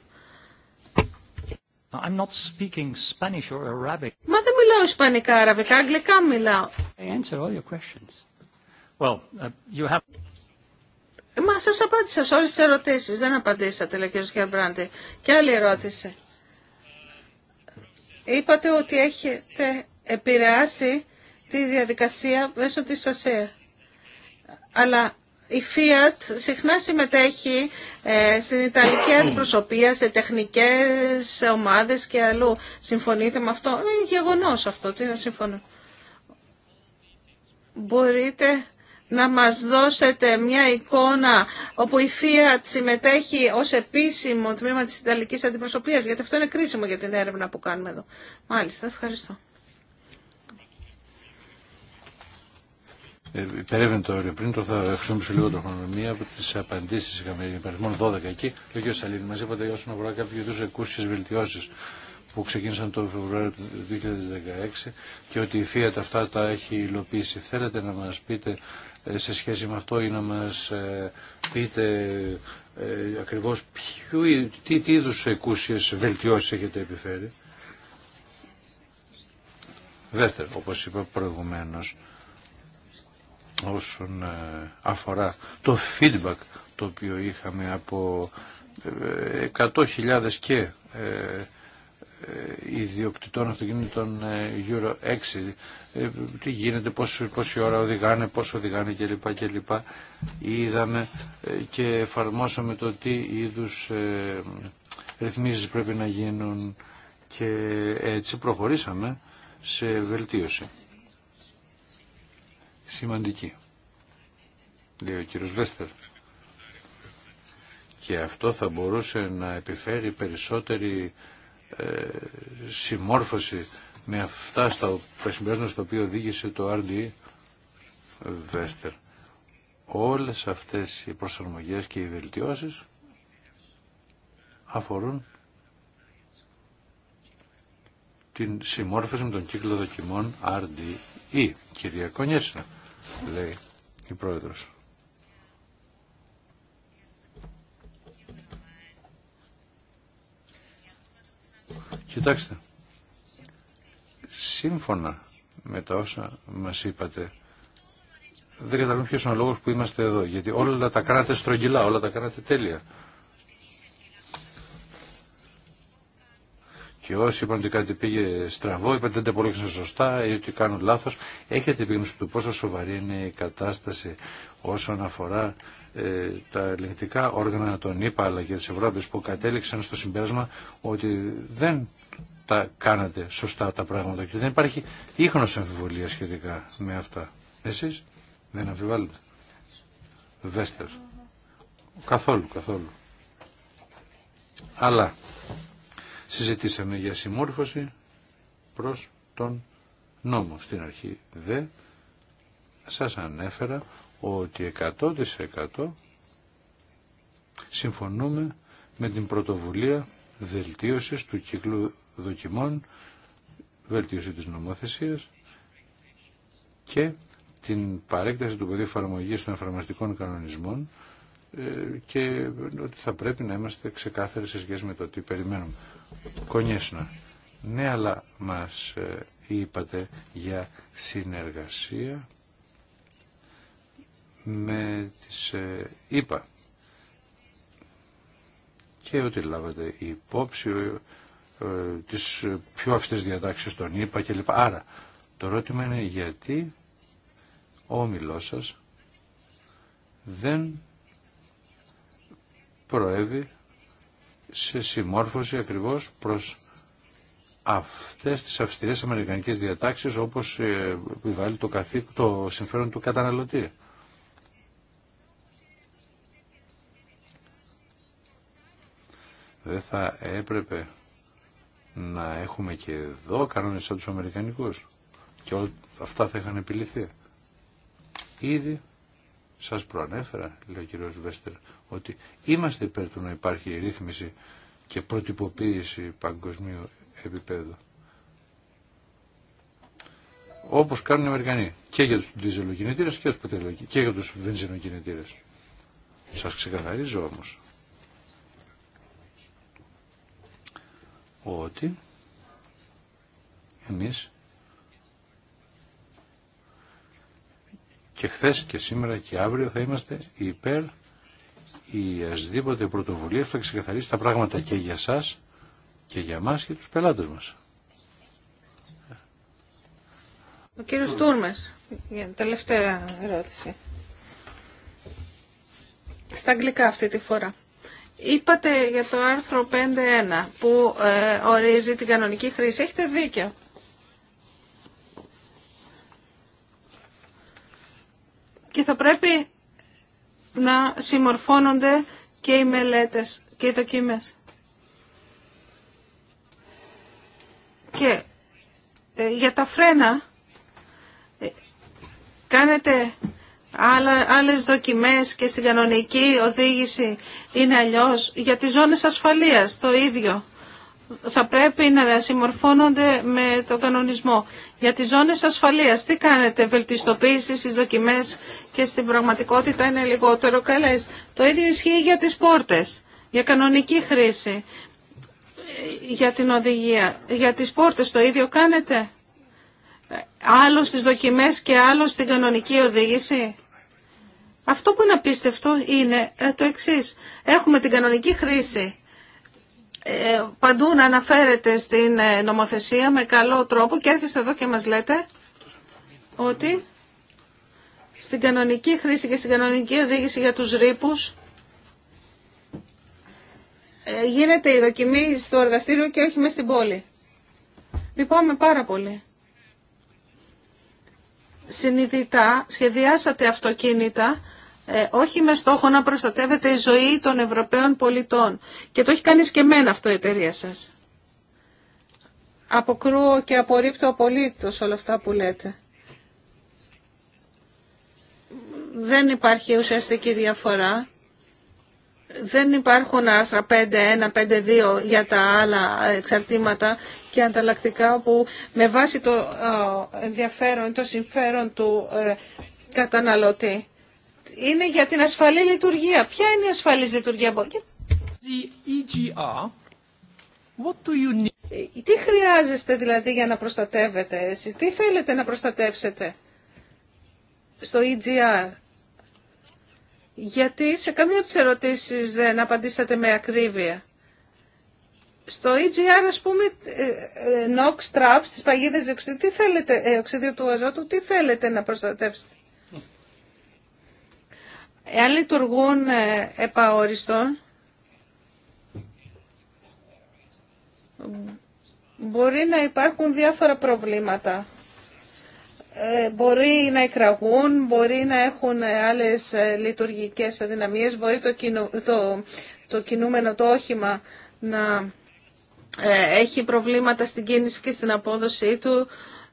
Μα δεν μιλάω ισπανικά, αραβικά, αγγλικά μιλάω. I uh, Μα σας απάντησα σε όλες τις ερωτήσεις. Δεν απαντήσατε, λέει ο κ. Γερμπράντη. Και άλλη ερώτηση. Είπατε ότι έχετε επηρεάσει τη διαδικασία μέσω της ΑΣΕΑ. Αλλά η ΦΙΑΤ συχνά συμμετέχει ε, στην Ιταλική αντιπροσωπεία, σε τεχνικές ομάδες και αλλού. Συμφωνείτε με αυτό. Είναι γεγονός αυτό. Τι να συμφωνώ. Μπορείτε να μας δώσετε μια εικόνα όπου η ΦΙΑΤ συμμετέχει ως επίσημο τμήμα της Ιταλικής αντιπροσωπείας, γιατί αυτό είναι κρίσιμο για την έρευνα που κάνουμε εδώ. Μάλιστα, ευχαριστώ. Ε, υπερεύει το όριο πριν, το θα χρησιμοποιήσω λίγο το χρόνο. Μία από τι απαντήσει είχαμε μόνο 12 εκεί. Και ο κ. Σαλήνη μα είπατε όσον αφορά κάποιου είδου εκούσιε βελτιώσει που ξεκίνησαν το Φεβρουάριο του 2016 και ότι η Fiat αυτά τα έχει υλοποιήσει. Θέλετε να μας πείτε ε, σε σχέση με αυτό ή να μας ε, πείτε ακριβώ ακριβώς τι, είδου είδους βελτιώσει βελτιώσεις έχετε επιφέρει. Δεύτερο, όπως είπα προηγουμένω όσον ε, αφορά το feedback το οποίο είχαμε από 100.000 ε, και ε, ιδιοκτητών αυτοκινήτων Euro 6 τι γίνεται, πόση, πόση ώρα οδηγάνε, πόσο οδηγάνε κλπ. κλπ. Είδαμε και εφαρμόσαμε το τι είδους ρυθμίσεις πρέπει να γίνουν και έτσι προχωρήσαμε σε βελτίωση σημαντική. Λέει ο κύριος Βέστερ. Και αυτό θα μπορούσε να επιφέρει περισσότερη ε, συμμόρφωση με αυτά στα συμπέρασμα στο οποίο οδήγησε το RDE Βέστερ. Όλες αυτές οι προσαρμογές και οι βελτιώσεις αφορούν την συμμόρφωση με τον κύκλο δοκιμών RDE. Κυρία Κονιέσνα λέει η πρόεδρος. Κοιτάξτε, σύμφωνα με τα όσα μας είπατε, δεν καταλαβαίνω ποιος είναι ο λόγος που είμαστε εδώ, γιατί όλα τα κάνατε στρογγυλά, όλα τα κάνατε τέλεια. όσοι είπαν ότι κάτι πήγε στραβό, είπαν ότι δεν τα απολύξαν σωστά ή ότι κάνουν λάθος. Έχετε επίγνωση του πόσο σοβαρή είναι η κατάσταση όσον αφορά ε, τα ελεγκτικά όργανα των ΗΠΑ αλλά και της Ευρώπης που κατέληξαν στο συμπέρασμα ότι δεν τα κάνατε σωστά τα πράγματα και δεν υπάρχει ίχνος αμφιβολία σχετικά με αυτά. Εσείς δεν αμφιβάλλετε. Βέστερ. Καθόλου, καθόλου. Αλλά συζητήσαμε για συμμόρφωση προς τον νόμο. Στην αρχή δε σας ανέφερα ότι 100% συμφωνούμε με την πρωτοβουλία βελτίωσης του κύκλου δοκιμών, βελτίωση της νομοθεσίας και την παρέκταση του πεδίου εφαρμογή των εφαρμοστικών κανονισμών ε, και ότι θα πρέπει να είμαστε ξεκάθαροι σε σχέση με το τι περιμένουμε. Κονιέσνα. Ναι, αλλά μας ε, είπατε για συνεργασία με τις ΕΙΠΑ και ότι λάβατε υπόψη ε, ε τις πιο αυτές διατάξεις των ΕΠΑ κλπ. Άρα, το ερώτημα είναι γιατί ο όμιλός σας δεν προέβη σε συμμόρφωση ακριβώς προς αυτές τις αυστηρές αμερικανικές διατάξεις όπως ε, επιβάλλει το, το συμφέρον του καταναλωτή. Δεν θα έπρεπε να έχουμε και εδώ κανόνες σαν τους Αμερικανικούς και όλα αυτά θα είχαν επιληθεί. Ήδη σας προανέφερα, λέει ο κύριος Βέστερ, ότι είμαστε υπέρ του να υπάρχει ρύθμιση και προτυποποίηση παγκοσμίου επίπεδου. Όπως κάνουν οι Αμερικανοί. Και για τους διζελοκινητήρες και, και για τους βενζινοκινητήρες. Σας ξεκαθαρίζω όμως ότι εμείς Και χθες και σήμερα και αύριο θα είμαστε υπέρ η ασδήποτε πρωτοβουλία θα ξεκαθαρίσει τα πράγματα και για σας και για μας και τους πελάτες μας. Ο κύριος Τούρμες, τελευταία ερώτηση. Στα αγγλικά αυτή τη φορά. Είπατε για το άρθρο 5.1 που ε, ορίζει την κανονική χρήση. Έχετε δίκιο. και θα πρέπει να συμμορφώνονται και οι μελέτες και οι δοκίμες. Και ε, για τα φρένα ε, κάνετε άλλες δοκιμές και στην κανονική οδήγηση είναι αλλιώς. Για τις ζώνες ασφαλείας το ίδιο θα πρέπει να συμμορφώνονται με τον κανονισμό. Για τις ζώνες ασφαλείας, τι κάνετε, βελτιστοποίηση στις δοκιμές και στην πραγματικότητα είναι λιγότερο καλές. Το ίδιο ισχύει για τις πόρτες, για κανονική χρήση, για την οδηγία. Για τις πόρτες το ίδιο κάνετε. Άλλο στις δοκιμές και άλλο στην κανονική οδήγηση. Αυτό που είναι απίστευτο είναι ε, το εξής. Έχουμε την κανονική χρήση ε, παντού να αναφέρεται στην ε, νομοθεσία με καλό τρόπο και έρχεστε εδώ και μας λέτε ότι στην κανονική χρήση και στην κανονική οδήγηση για τους ρήπους ε, γίνεται η δοκιμή στο εργαστήριο και όχι μέσα στην πόλη. Λυπάμαι πάρα πολύ. Συνειδητά σχεδιάσατε αυτοκίνητα ε, όχι με στόχο να προστατεύεται η ζωή των Ευρωπαίων πολιτών. Και το έχει κάνει και εμένα αυτό η εταιρεία σας. Αποκρούω και απορρίπτω απολύτως όλα αυτά που λέτε. Δεν υπάρχει ουσιαστική διαφορά. Δεν υπάρχουν άρθρα 5.1, 5.2 για τα άλλα εξαρτήματα και ανταλλακτικά που με βάση το ενδιαφέρον, το συμφέρον του ε, καταναλωτή είναι για την ασφαλή λειτουργία. Ποια είναι η ασφαλής λειτουργία. The what do you ε, Τι χρειάζεστε δηλαδή για να προστατεύετε εσείς. Τι θέλετε να προστατεύσετε στο EGR. Γιατί σε καμία από τις δεν απαντήσατε με ακρίβεια. Στο EGR, ας πούμε, ε, ε, NOx, TRAPS, τις παγίδες τι θέλετε, ε, οξυδίου του αζότου, τι θέλετε να προστατεύσετε. Εάν λειτουργούν ε, επαόριστον, μπορεί να υπάρχουν διάφορα προβλήματα. Ε, μπορεί να εκραγούν, μπορεί να έχουν ε, άλλες λειτουργικές αδυναμίες, μπορεί το, το, το κινούμενο, το όχημα να έχει προβλήματα στην κίνηση και στην απόδοσή του.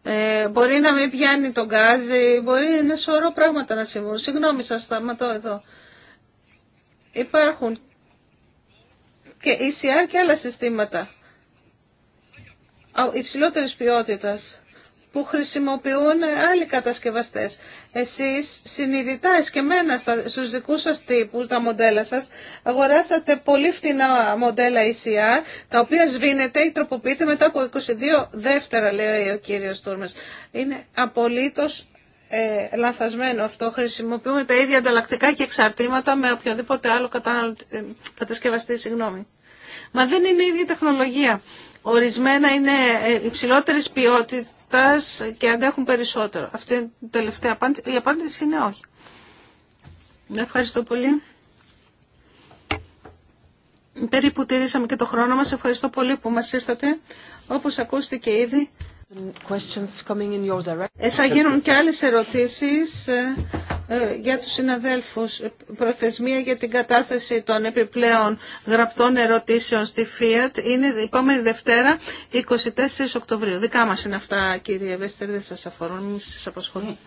Ε, μπορεί να μην πιάνει τον γκάζι, μπορεί ένα σωρό πράγματα να συμβούν. Συγγνώμη σας, σταματώ εδώ. Υπάρχουν και ECR και άλλα συστήματα υψηλότερης ποιότητας που χρησιμοποιούν άλλοι κατασκευαστές. Εσείς συνειδητά εσκεμένα στους δικούς σας τύπους, τα μοντέλα σας, αγοράσατε πολύ φτηνά μοντέλα ECR, τα οποία σβήνεται ή τροποποιείται μετά από 22 δεύτερα, λέει ο κύριος Τούρμες. Είναι απολύτως ε, λανθασμένο αυτό. Χρησιμοποιούμε τα ίδια ανταλλακτικά και εξαρτήματα με οποιοδήποτε άλλο ε, κατασκευαστή. Συγγνώμη. Μα δεν είναι η ίδια τεχνολογία. Ορισμένα είναι ε, υψηλότερη ποιότητα και αντέχουν περισσότερο. Αυτή είναι η τελευταία απάντηση. Η απάντηση είναι όχι. Ευχαριστώ πολύ. Περίπου τηρήσαμε και το χρόνο μας. Ευχαριστώ πολύ που μας ήρθατε. Όπως ακούστηκε ήδη, ε, θα γίνουν και άλλες ερωτήσεις ε, ε, για τους συναδέλφους. Προθεσμία για την κατάθεση των επιπλέον γραπτών ερωτήσεων στη ΦΙΑΤ είναι η επόμενη Δευτέρα, 24 Οκτωβρίου. Δικά μας είναι αυτά, κύριε Βέστερ, δεν σας αφορούν, μην σας απασχολούν.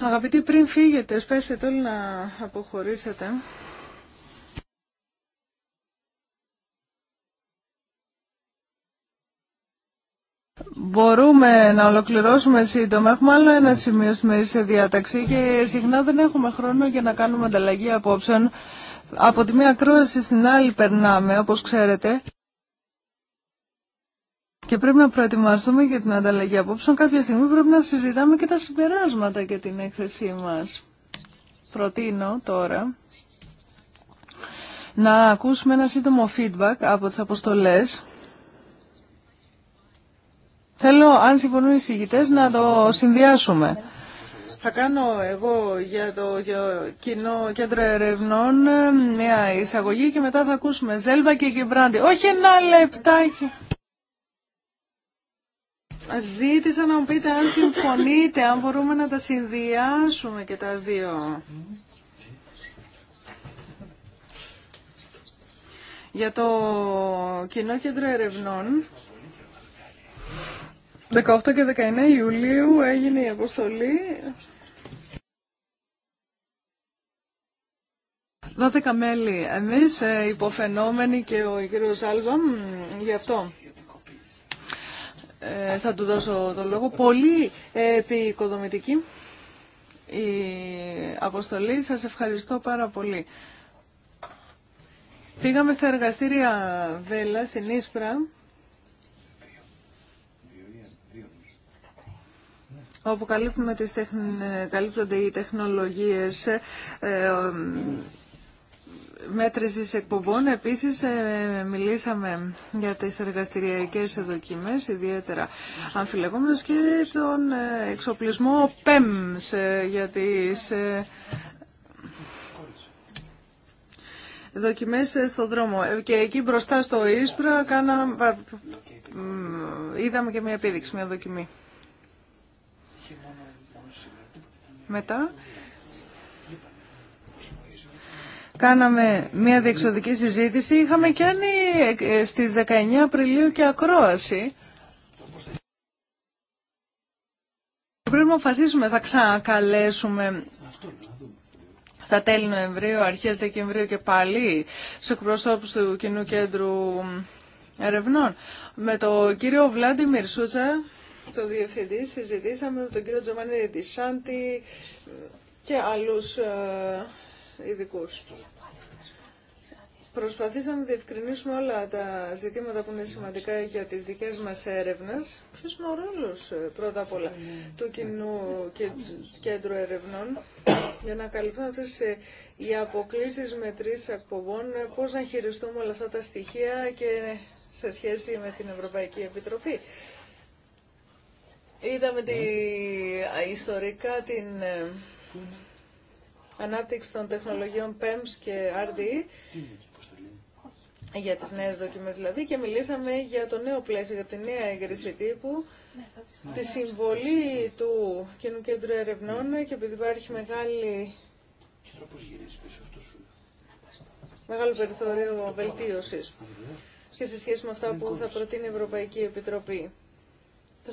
Αγαπητοί, πριν φύγετε, σπέστε όλοι να αποχωρήσετε. Μπορούμε να ολοκληρώσουμε σύντομα. Έχουμε άλλο ένα σημείο στη σε διάταξη και συχνά δεν έχουμε χρόνο για να κάνουμε ανταλλαγή απόψεων. Από τη μία κρούση στην άλλη περνάμε, όπως ξέρετε. Και πρέπει να προετοιμαστούμε για την ανταλλαγή απόψεων. Κάποια στιγμή πρέπει να συζητάμε και τα συμπεράσματα και την έκθεσή μας. Προτείνω τώρα να ακούσουμε ένα σύντομο feedback από τις αποστολές. Θέλω, αν συμφωνούν οι συγητές, να το συνδυάσουμε. Θα κάνω εγώ για το, κοινό κέντρο ερευνών ε, μια εισαγωγή και μετά θα ακούσουμε Ζέλβα και Γκεμπράντι. Όχι ένα λεπτάκι. Ζήτησα να μου πείτε αν συμφωνείτε, αν μπορούμε να τα συνδυάσουμε και τα δύο. Για το Κοινό Κέντρο Ερευνών, 18 και 19 Ιουλίου έγινε η αποστολή. 12 μέλη. Εμείς ε, υποφαινόμενοι και ο κύριος Άλβαμ γι' αυτό. Ε, θα του δώσω το λόγο. Πολύ ε, επικοδομητική η αποστολή. Σας ευχαριστώ πάρα πολύ. Φύγαμε στα εργαστήρια Βέλα στην Ίσπρα. όπου καλύπτουμε τις καλύπτονται οι τεχνολογίες ε, μέτρησης εκπομπών. Επίσης ε, μιλήσαμε για τις εργαστηριακές δοκιμές, ιδιαίτερα αμφιλεγόμενες και τον ε, εξοπλισμό PEMS ε, για τις δοκιμές στον δρόμο. Και εκεί μπροστά στο Ίσπρα κάνα... είδαμε και μια επίδειξη, μια δοκιμή. Μετά κάναμε μια διεξοδική συζήτηση. Είχαμε και αν ε, στις 19 Απριλίου και ακρόαση. Πρέπει να αποφασίσουμε, θα ξανακαλέσουμε στα τέλη Νοεμβρίου, αρχές Δεκεμβρίου και πάλι στους εκπροσώπους του Κοινού Κέντρου Ερευνών. Με τον κύριο Βλάντι Μυρσούτσα, το διευθυντή, συζητήσαμε με τον κύριο Τζομανίδη Τισάντη και άλλους ε, ειδικού. Προσπαθήσαμε να διευκρινίσουμε όλα τα ζητήματα που είναι σημαντικά για τις δικές μας έρευνες. Ποιος είναι ο ρόλος ε, πρώτα απ' όλα του κοινού κέντρου ερευνών για να καλυφθούν αυτές ε, οι αποκλήσεις τρεις εκπομπών, πώς να χειριστούμε όλα αυτά τα στοιχεία και σε σχέση με την Ευρωπαϊκή Επιτροπή. Είδαμε τη, ε, ιστορικά την ανάπτυξη των τεχνολογιών PEMS και RDE για τις νέες δοκιμές δηλαδή και μιλήσαμε για το νέο πλαίσιο, για τη νέα έγκριση τύπου, τη συμβολή του Κοινού Κέντρου Ερευνών και επειδή υπάρχει μεγάλη... Μεγάλο περιθώριο βελτίωσης και σε σχέση με αυτά που θα προτείνει η Ευρωπαϊκή Επιτροπή.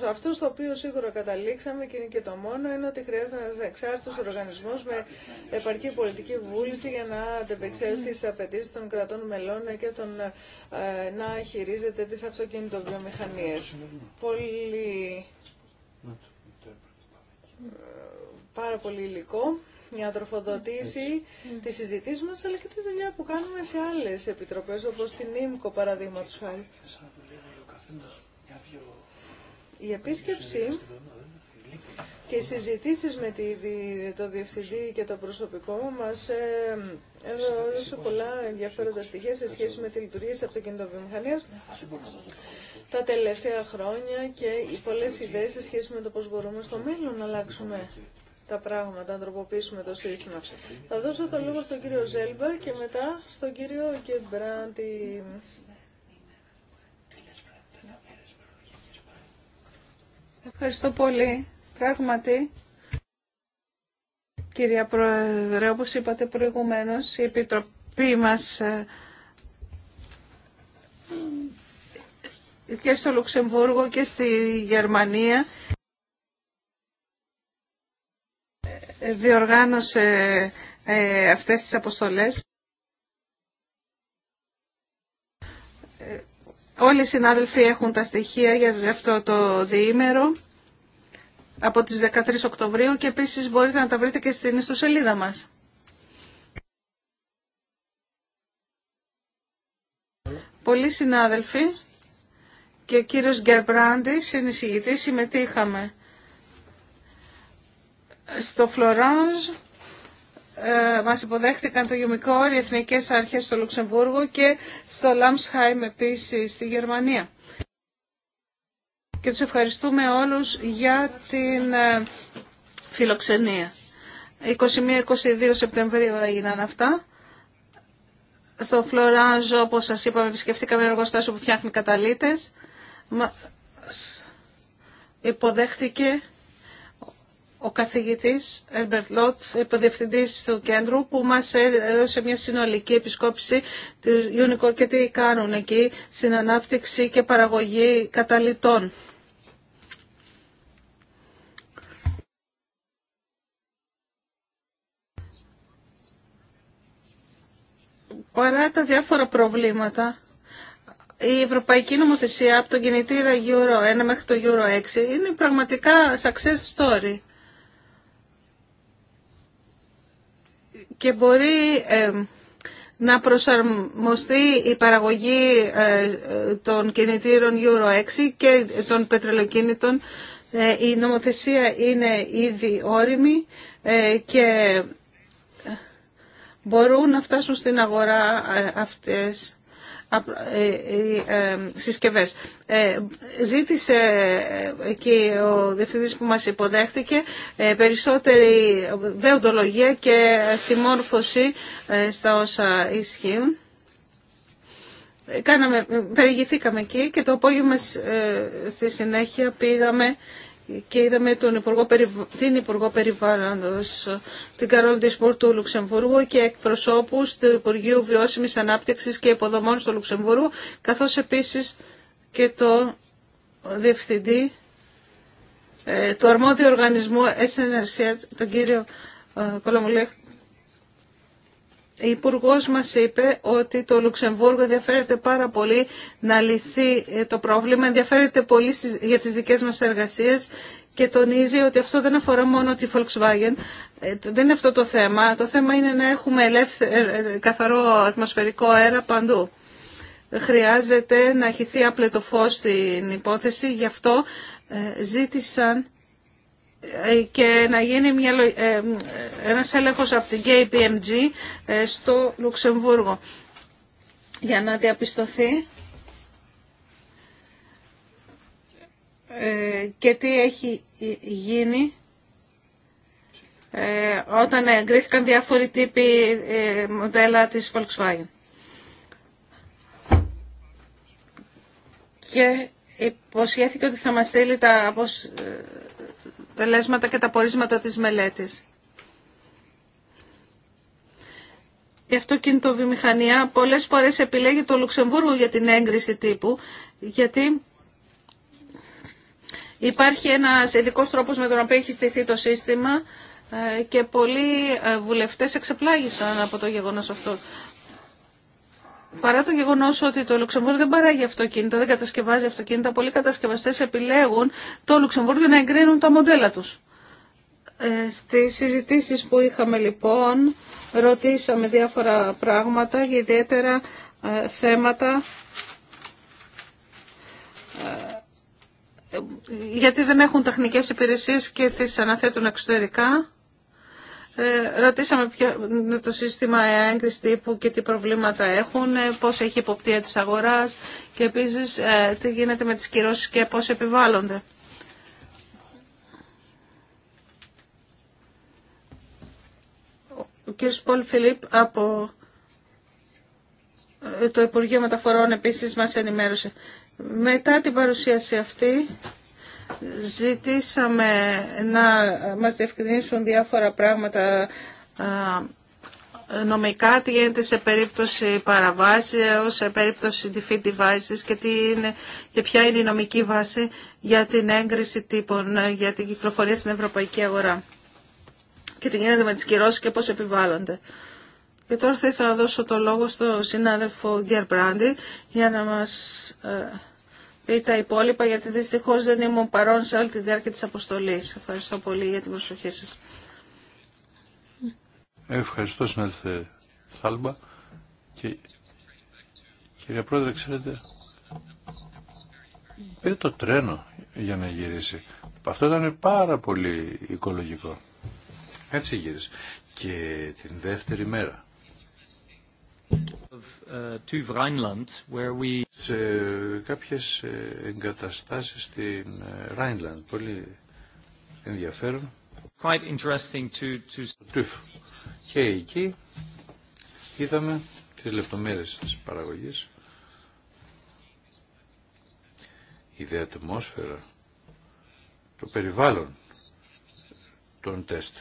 Αυτό στο οποίο σίγουρα καταλήξαμε και είναι και το μόνο είναι ότι χρειάζεται ένα εξάρτητο οργανισμό με επαρκή πολιτική βούληση για να αντεπεξέλθει στι απαιτήσει των κρατών μελών και ε, να χειρίζεται τι αυτοκινητοβιομηχανίε. Πολύ. Ε, πάρα πολύ υλικό για να τροφοδοτήσει τι συζητήσει μα αλλά και τη δουλειά που κάνουμε σε άλλε επιτροπέ όπω την ΙΜΚΟ παραδείγματο χάρη. Η επίσκεψη και οι συζητήσεις με το Διευθυντή και το προσωπικό μας ε, έδωσαν πολλά ενδιαφέροντα στοιχεία σε σχέση με τη λειτουργία τη αυτοκινητοβιομηχανία τα τελευταία χρόνια και οι πολλές ιδέες σε σχέση με το πώ μπορούμε στο μέλλον να αλλάξουμε τα πράγματα, να τροποποιήσουμε το σύστημα. Θα δώσω το λόγο στον κύριο Ζέλμπα και μετά στον κύριο Γκεμπράντη. Ευχαριστώ πολύ. Πράγματι, κυρία Πρόεδρε, όπως είπατε προηγουμένως, η Επιτροπή μας ε, και στο Λουξεμβούργο και στη Γερμανία ε, διοργάνωσε ε, αυτές τις αποστολές. Όλοι οι συνάδελφοι έχουν τα στοιχεία για αυτό το διήμερο από τις 13 Οκτωβρίου και επίσης μπορείτε να τα βρείτε και στην ιστοσελίδα μας. Πολλοί συνάδελφοι και ο κύριος Γκέρμπραντι, συνεισηγητής, συμμετείχαμε στο Φλωράνζ ε, μας υποδέχτηκαν το Γιουμικόρ, οι Εθνικές Αρχές στο Λουξεμβούργο και στο Λάμσχάιμ επίσης στη Γερμανία. Και τους ευχαριστούμε όλους για την ε, φιλοξενία. 21-22 Σεπτεμβρίου έγιναν αυτά. Στο Φλωράζο, όπως σας είπαμε, επισκεφτήκαμε ένα εργοστάσιο που φτιάχνει καταλήτες. υποδέχτηκε ο καθηγητής Ερμπερτ Λότ, υποδιευθυντής του κέντρου, που μας έδωσε μια συνολική επισκόπηση του Unicorn και τι κάνουν εκεί στην ανάπτυξη και παραγωγή καταλυτών. Παρά τα διάφορα προβλήματα, η ευρωπαϊκή νομοθεσία από τον κινητήρα Euro 1 μέχρι το Euro 6 είναι πραγματικά success story. και μπορεί να προσαρμοστεί η παραγωγή ε, των κινητήρων Euro 6 και των πετρελοκίνητων. Ε, η νομοθεσία είναι ήδη όριμη ε, και μπορούν να φτάσουν στην αγορά αυτές ε, ε, ε, συσκευές. Ζήτησε εκεί ο διευθυντής που μας υποδέχτηκε περισσότερη δεοντολογία και συμμόρφωση στα όσα ισχύουν. Κάναμε, περιηγηθήκαμε εκεί και το απόγευμα στη συνέχεια πήγαμε και είδαμε τον Υπουργό, την Υπουργό Περιβάλλοντος, την Καρόλ του Λουξεμβούργου και εκπροσώπους του Υπουργείου Βιώσιμης Ανάπτυξης και Υποδομών στο Λουξεμβούργο, καθώς επίσης και το Διευθυντή ε, του Αρμόδιου Οργανισμού SNRC, τον κύριο ε, Κολομουλέχ, ο υπουργό μα είπε ότι το Λουξεμβούργο ενδιαφέρεται πάρα πολύ να λυθεί ε, το πρόβλημα, ενδιαφέρεται πολύ για τι δικές μας εργασίες και τονίζει ότι αυτό δεν αφορά μόνο τη Volkswagen, ε, δεν είναι αυτό το θέμα. Το θέμα είναι να έχουμε ε, καθαρό ατμοσφαιρικό αέρα παντού. Χρειάζεται να χυθεί άπλετο φως στην υπόθεση, γι' αυτό ζήτησαν ε, και να γίνει μια, ε, ε, ένας έλεγχος από την KPMG στο Λουξεμβούργο για να διαπιστωθεί και τι έχει γίνει όταν εγκρίθηκαν διάφοροι τύποι μοντέλα της Volkswagen. Και υποσχέθηκε ότι θα μας στείλει τα αποτελέσματα και τα πορίσματα της μελέτης. Η αυτοκινητοβιομηχανία πολλές φορές επιλέγει το Λουξεμβούργο για την έγκριση τύπου, γιατί υπάρχει ένας ειδικός τρόπος με τον οποίο έχει στηθεί το σύστημα ε, και πολλοί ε, βουλευτές εξεπλάγησαν από το γεγονός αυτό παρά το γεγονό ότι το Λουξεμβούργο δεν παράγει αυτοκίνητα, δεν κατασκευάζει αυτοκίνητα, πολλοί κατασκευαστέ επιλέγουν το Λουξεμβούργο να εγκρίνουν τα μοντέλα του. Ε, Στι συζητήσει που είχαμε λοιπόν, ρωτήσαμε διάφορα πράγματα, ιδιαίτερα ε, θέματα. Ε, ε, γιατί δεν έχουν τεχνικές υπηρεσίες και τις αναθέτουν εξωτερικά. Ε, ρωτήσαμε ποιο, το σύστημα έγκρισης τύπου και τι προβλήματα έχουν, ε, πώς έχει υποπτία της αγοράς και επίσης ε, τι γίνεται με τις κυρώσεις και πώς επιβάλλονται. Ο κ. Πολ Φιλίπ από το Υπουργείο Μεταφορών επίσης μας ενημέρωσε. Μετά την παρουσίαση αυτή Ζητήσαμε να μας διευκρινίσουν διάφορα πράγματα νομικά, τι γίνεται σε περίπτωση παραβάσεως, σε περίπτωση defeat devices και, τι είναι, και ποια είναι η νομική βάση για την έγκριση τύπων, ε, για την κυκλοφορία στην ευρωπαϊκή αγορά και τι γίνεται με τις κυρώσεις και πώς επιβάλλονται. Και τώρα θα ήθελα να δώσω το λόγο στον συνάδελφο Γκέρ Μπράντι για να μας ε, πει τα υπόλοιπα γιατί δυστυχώς δεν ήμουν παρόν σε όλη τη διάρκεια της αποστολής. Ευχαριστώ πολύ για την προσοχή σας. Ευχαριστώ συνάδελφε Θάλμπα και κυρία Πρόεδρε ξέρετε πήρε το τρένο για να γυρίσει. Αυτό ήταν πάρα πολύ οικολογικό. Έτσι γύρισε. Και την δεύτερη μέρα. Ε, σε κάποιες ε, εγκαταστάσεις στην ε, Ράινλαντ. Πολύ ενδιαφέρον. Quite interesting to, to... Και εκεί είδαμε τις λεπτομέρειες της παραγωγής. Η διατμόσφαιρα το περιβάλλον των τεστ.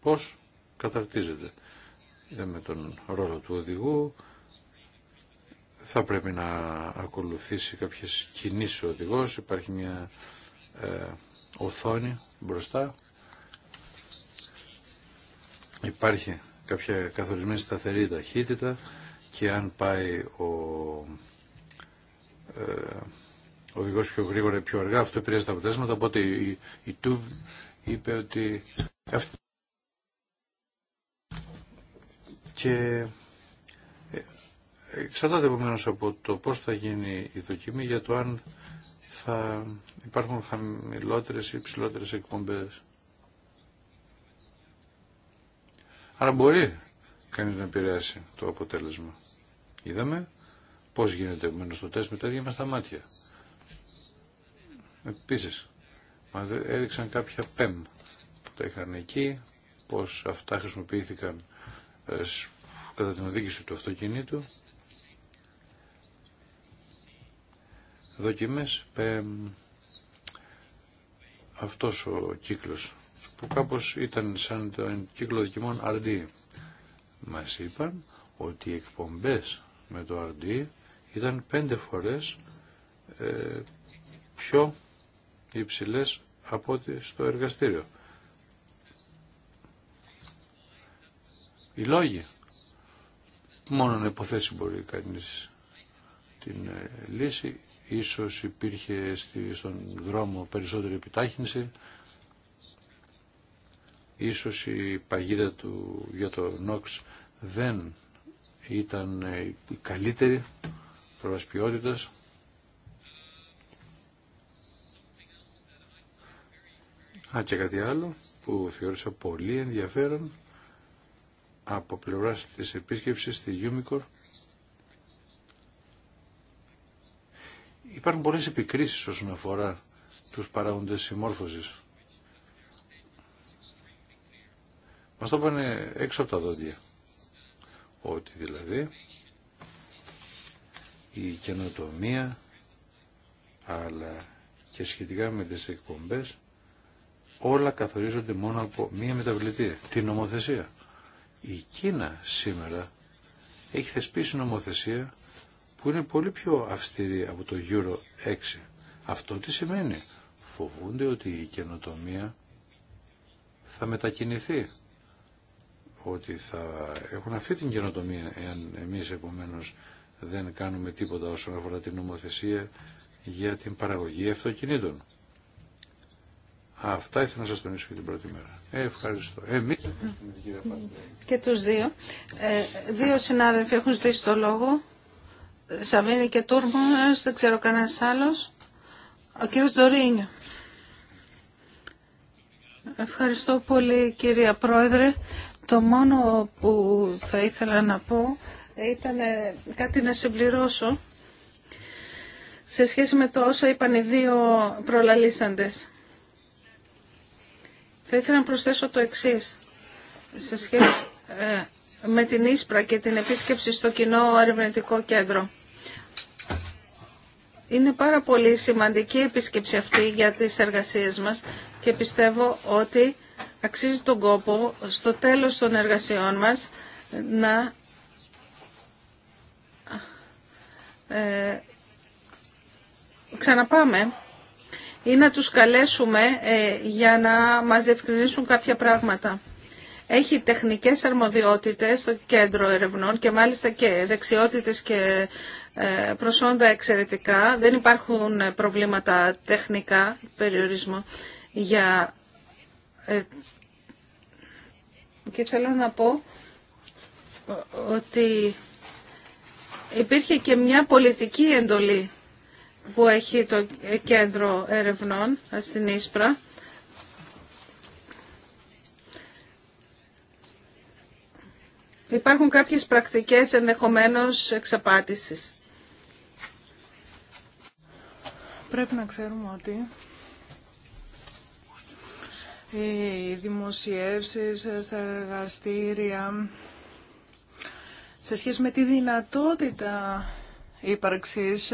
Πώς καταρτίζεται. Είδαμε τον ρόλο του οδηγού, θα πρέπει να ακολουθήσει κάποιες κινήσεις ο οδηγός. Υπάρχει μια ε, οθόνη μπροστά. Υπάρχει κάποια καθορισμένη σταθερή ταχύτητα και αν πάει ο ε, ο οδηγός πιο γρήγορα ή πιο αργά, αυτό επηρεάζει τα αποτέλεσματα, οπότε η, η Τουβ είπε ότι... Και Εξαρτάται επομένω από το πώς θα γίνει η δοκιμή για το αν θα υπάρχουν χαμηλότερες ή υψηλότερες εκπομπές. Άρα μπορεί κανείς να επηρεάσει το αποτέλεσμα. Είδαμε πώς γίνεται επομένως το τεστ με τα ίδια μας τα μάτια. Επίσης, μα έδειξαν κάποια PEM που τα είχαν εκεί, πώς αυτά χρησιμοποιήθηκαν ε, κατά την οδήγηση του αυτοκινήτου δοκιμές αυτός ο κύκλος που κάπως ήταν σαν τον κύκλο δοκιμών RD. Μας είπαν ότι οι εκπομπές με το RD ήταν πέντε φορές ε, πιο υψηλές από ό,τι στο εργαστήριο. Οι λόγοι. Μόνο να υποθέσει μπορεί κανείς την ε, λύση ίσως υπήρχε στον δρόμο περισσότερη επιτάχυνση, ίσως η παγίδα του για το Νόξ δεν ήταν η καλύτερη ποιότητας. Α, και κάτι άλλο που θεώρησα πολύ ενδιαφέρον από πλευράς της επίσκεψης στη Γιούμικορ Υπάρχουν πολλές επικρίσεις όσον αφορά τους παράγοντες συμμόρφωσης. Μας το είπανε έξω από τα δόντια. Ότι δηλαδή η καινοτομία αλλά και σχετικά με τις εκπομπές όλα καθορίζονται μόνο από μία μεταβλητή, την νομοθεσία. Η Κίνα σήμερα έχει θεσπίσει νομοθεσία που είναι πολύ πιο αυστηρή από το Euro 6. Αυτό τι σημαίνει. Φοβούνται ότι η καινοτομία θα μετακινηθεί. Ότι θα έχουν αυτή την καινοτομία εάν εμείς επομένως δεν κάνουμε τίποτα όσον αφορά την νομοθεσία για την παραγωγή αυτοκινήτων. Αυτά ήθελα να σας τονίσω και την πρώτη μέρα. Ε, ευχαριστώ. Εμείς... Και τους δύο. Ε, δύο συνάδελφοι έχουν ζητήσει το λόγο. Σαβίνη και Τούρμος, δεν ξέρω κανένας άλλο. Ο κύριος Τζορίνι. Ευχαριστώ πολύ κυρία Πρόεδρε. Το μόνο που θα ήθελα να πω ήταν κάτι να συμπληρώσω σε σχέση με το όσα είπαν οι δύο προλαλήσαντες. Θα ήθελα να προσθέσω το εξής σε σχέση ε, με την Ίσπρα και την επίσκεψη στο κοινό ερευνητικό κέντρο. Είναι πάρα πολύ σημαντική επίσκεψη αυτή για τις εργασίες μας και πιστεύω ότι αξίζει τον κόπο στο τέλος των εργασιών μας να ε, ξαναπάμε ή να τους καλέσουμε ε, για να μας διευκρινίσουν κάποια πράγματα έχει τεχνικές αρμοδιότητες στο κέντρο ερευνών και μάλιστα και δεξιότητες και ε, προσόντα εξαιρετικά. Δεν υπάρχουν ε, προβλήματα τεχνικά περιορισμό. για... Ε, και θέλω να πω ότι υπήρχε και μια πολιτική εντολή που έχει το κέντρο ερευνών στην Ίσπρα Υπάρχουν κάποιες πρακτικές ενδεχομένως εξαπάτησης. Πρέπει να ξέρουμε ότι οι δημοσιεύσεις στα εργαστήρια σε σχέση με τη δυνατότητα ύπαρξης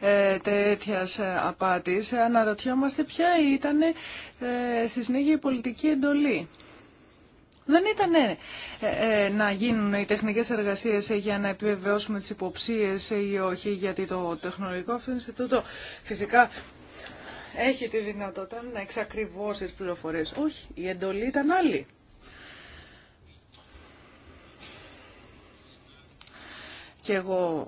ε, τέτοιας απάτης αναρωτιόμαστε ποια ήταν ε, στη συνέχεια η πολιτική εντολή. Δεν ήταν ε, ε, να γίνουν οι τεχνικές εργασίες για να επιβεβαιώσουμε τις υποψίες ή όχι, γιατί το τεχνολογικό αυτό Ινστιτούτο φυσικά έχει τη δυνατότητα να εξακριβώσει τις πληροφορίες. Όχι, η εντολή ήταν άλλη. Και εγώ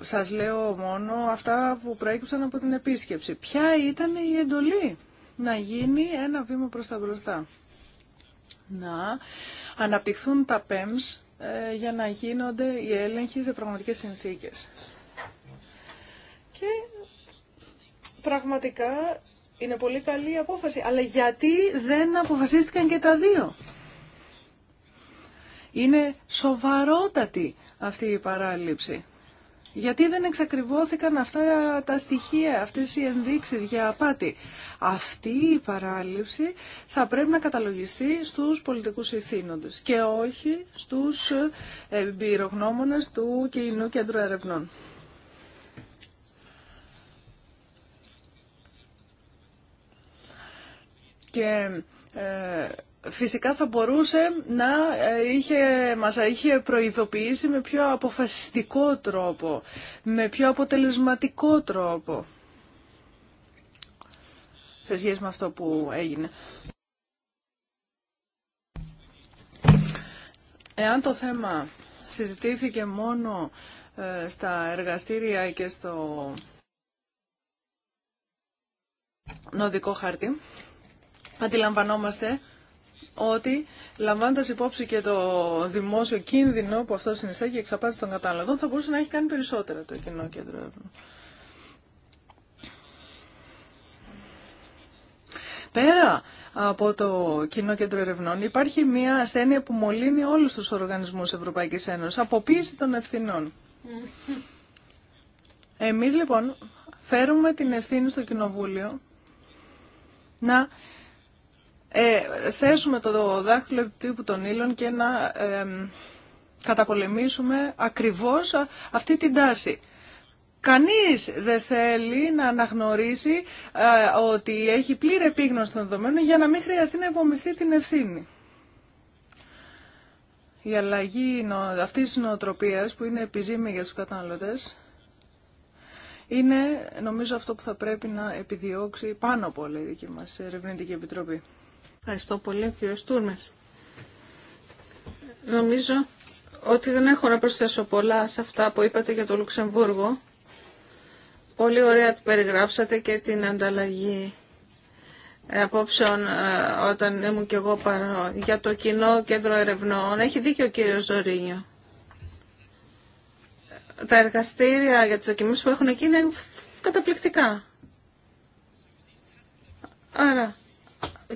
ε, σας λέω μόνο αυτά προέκυψαν από την επίσκεψη. Ποια ήταν η εντολή να γίνει ένα βήμα προς τα μπροστά να αναπτυχθούν τα PEMS ε, για να γίνονται οι έλεγχοι σε πραγματικές συνθήκες. Και πραγματικά είναι πολύ καλή η απόφαση. Αλλά γιατί δεν αποφασίστηκαν και τα δύο. Είναι σοβαρότατη αυτή η παράληψη. Γιατί δεν εξακριβώθηκαν αυτά τα στοιχεία, αυτές οι ενδείξεις για απάτη. Αυτή η παράληψη θα πρέπει να καταλογιστεί στους πολιτικούς ηθήνοντες και όχι στους εμπειρογνώμονες του Κοινού Κέντρου Ερευνών. Και... Ε, φυσικά θα μπορούσε να ε, είχε, μας είχε προειδοποιήσει με πιο αποφασιστικό τρόπο, με πιο αποτελεσματικό τρόπο σε σχέση με αυτό που έγινε. Εάν το θέμα συζητήθηκε μόνο ε, στα εργαστήρια και στο νοδικό χάρτη, αντιλαμβανόμαστε ότι λαμβάνοντα υπόψη και το δημόσιο κίνδυνο που αυτό συνιστά και εξαπάτηση των καταναλωτών θα μπορούσε να έχει κάνει περισσότερα το κοινό κέντρο έρευνα. Πέρα από το Κοινό Κέντρο Ερευνών υπάρχει μια ασθένεια που μολύνει όλους τους οργανισμούς Ευρωπαϊκής Ένωσης, αποποίηση των ευθυνών. Εμείς λοιπόν φέρουμε την ευθύνη στο Κοινοβούλιο να ε, θέσουμε το δάχτυλο τύπου των ύλων και να ε, καταπολεμήσουμε ακριβώς αυτή την τάση. Κανείς δεν θέλει να αναγνωρίσει ότι έχει πλήρη επίγνωση των δεδομένων για να μην χρειαστεί να υπομειστεί την ευθύνη. Η αλλαγή αυτής της νοοτροπίας που είναι επιζήμη για τους καταναλωτές είναι νομίζω αυτό που θα πρέπει να επιδιώξει πάνω από όλα η δική μας ερευνητική επιτροπή. Ευχαριστώ πολύ, κύριο Στούρμες. Νομίζω ότι δεν έχω να προσθέσω πολλά σε αυτά που είπατε για το Λουξεμβούργο. Πολύ ωραία περιγράψατε και την ανταλλαγή ε, απόψεων ε, όταν ήμουν και εγώ παρόν για το κοινό κέντρο ερευνών. Έχει δίκιο ο κύριος Ζωρίνιο. Τα εργαστήρια για τις δοκιμές που έχουν εκεί είναι καταπληκτικά. Άρα,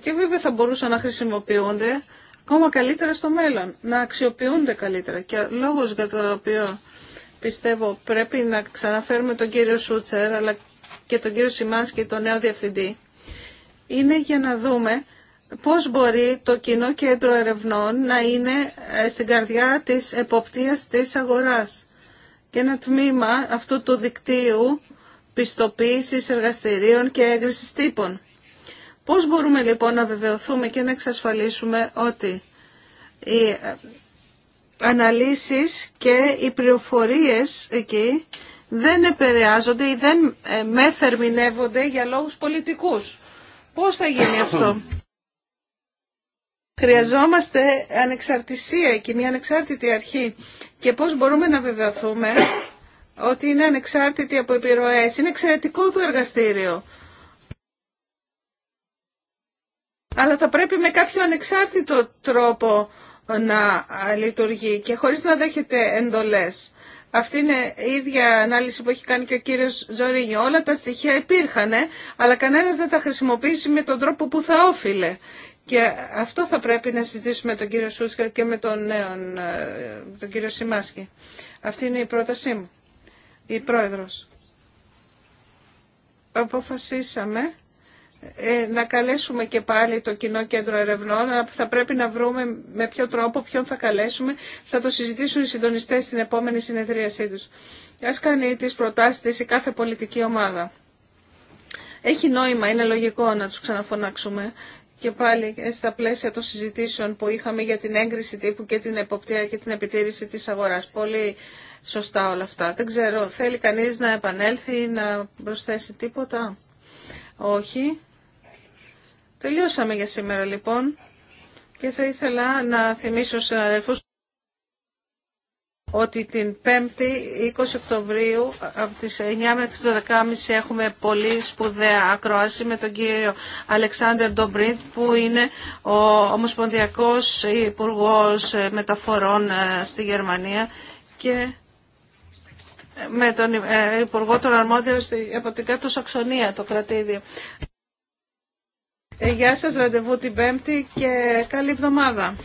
και βέβαια θα μπορούσαν να χρησιμοποιούνται ακόμα καλύτερα στο μέλλον, να αξιοποιούνται καλύτερα. Και λόγος για τον οποίο πιστεύω πρέπει να ξαναφέρουμε τον κύριο Σούτσερ αλλά και τον κύριο Σιμάς και τον νέο διευθυντή, είναι για να δούμε πώς μπορεί το κοινό κέντρο ερευνών να είναι ε, στην καρδιά της εποπτείας της αγοράς και ένα τμήμα αυτού του δικτύου πιστοποίησης εργαστηρίων και έγκρισης τύπων. Πώς μπορούμε λοιπόν να βεβαιωθούμε και να εξασφαλίσουμε ότι οι ε, αναλύσεις και οι πληροφορίες εκεί δεν επηρεάζονται ή δεν ε, μεθερμινεύονται για λόγους πολιτικούς. Πώς θα γίνει αυτό. Χρειαζόμαστε ανεξαρτησία και μια ανεξάρτητη αρχή και πώς μπορούμε να βεβαιωθούμε ότι είναι ανεξάρτητη από επιρροές. Είναι εξαιρετικό το εργαστήριο. αλλά θα πρέπει με κάποιο ανεξάρτητο τρόπο να λειτουργεί και χωρίς να δέχεται εντολές. Αυτή είναι η ίδια ανάλυση που έχει κάνει και ο κύριος Ζωρίνιο. Όλα τα στοιχεία υπήρχαν, ε, αλλά κανένας δεν τα χρησιμοποιήσει με τον τρόπο που θα όφιλε. Και αυτό θα πρέπει να συζητήσουμε με τον κύριο Σούσκερ και με τον, ε, τον κύριο Σιμάσκη. Αυτή είναι η πρότασή μου. Η πρόεδρος. Αποφασίσαμε ε, να καλέσουμε και πάλι το Κοινό Κέντρο Ερευνών, αλλά θα πρέπει να βρούμε με ποιο τρόπο, ποιον θα καλέσουμε. Θα το συζητήσουν οι συντονιστές στην επόμενη συνεδρίασή τους. Ας κάνει τις προτάσεις της η κάθε πολιτική ομάδα. Έχει νόημα, είναι λογικό να τους ξαναφωνάξουμε. Και πάλι ε, στα πλαίσια των συζητήσεων που είχαμε για την έγκριση τύπου και την εποπτεία και την επιτήρηση της αγοράς. Πολύ σωστά όλα αυτά. Δεν ξέρω, θέλει κανείς να επανέλθει ή να προσθέσει τίποτα. Όχι. Τελειώσαμε για σήμερα λοιπόν και θα ήθελα να θυμίσω στους συναδελφούς ότι την 5η 20 Οκτωβρίου από τις 9 μέχρι τις 12.30 έχουμε πολύ σπουδαία ακροάση με τον κύριο Αλεξάνδρ Ντομπρίντ που είναι ο Ομοσπονδιακός Υπουργός Μεταφορών ε, στη Γερμανία και με τον ε, Υπουργό των Αρμόδιων από την Κάτω Σαξονία το κρατήδιο. Ε, γεια σας, ραντεβού την Πέμπτη και καλή εβδομάδα.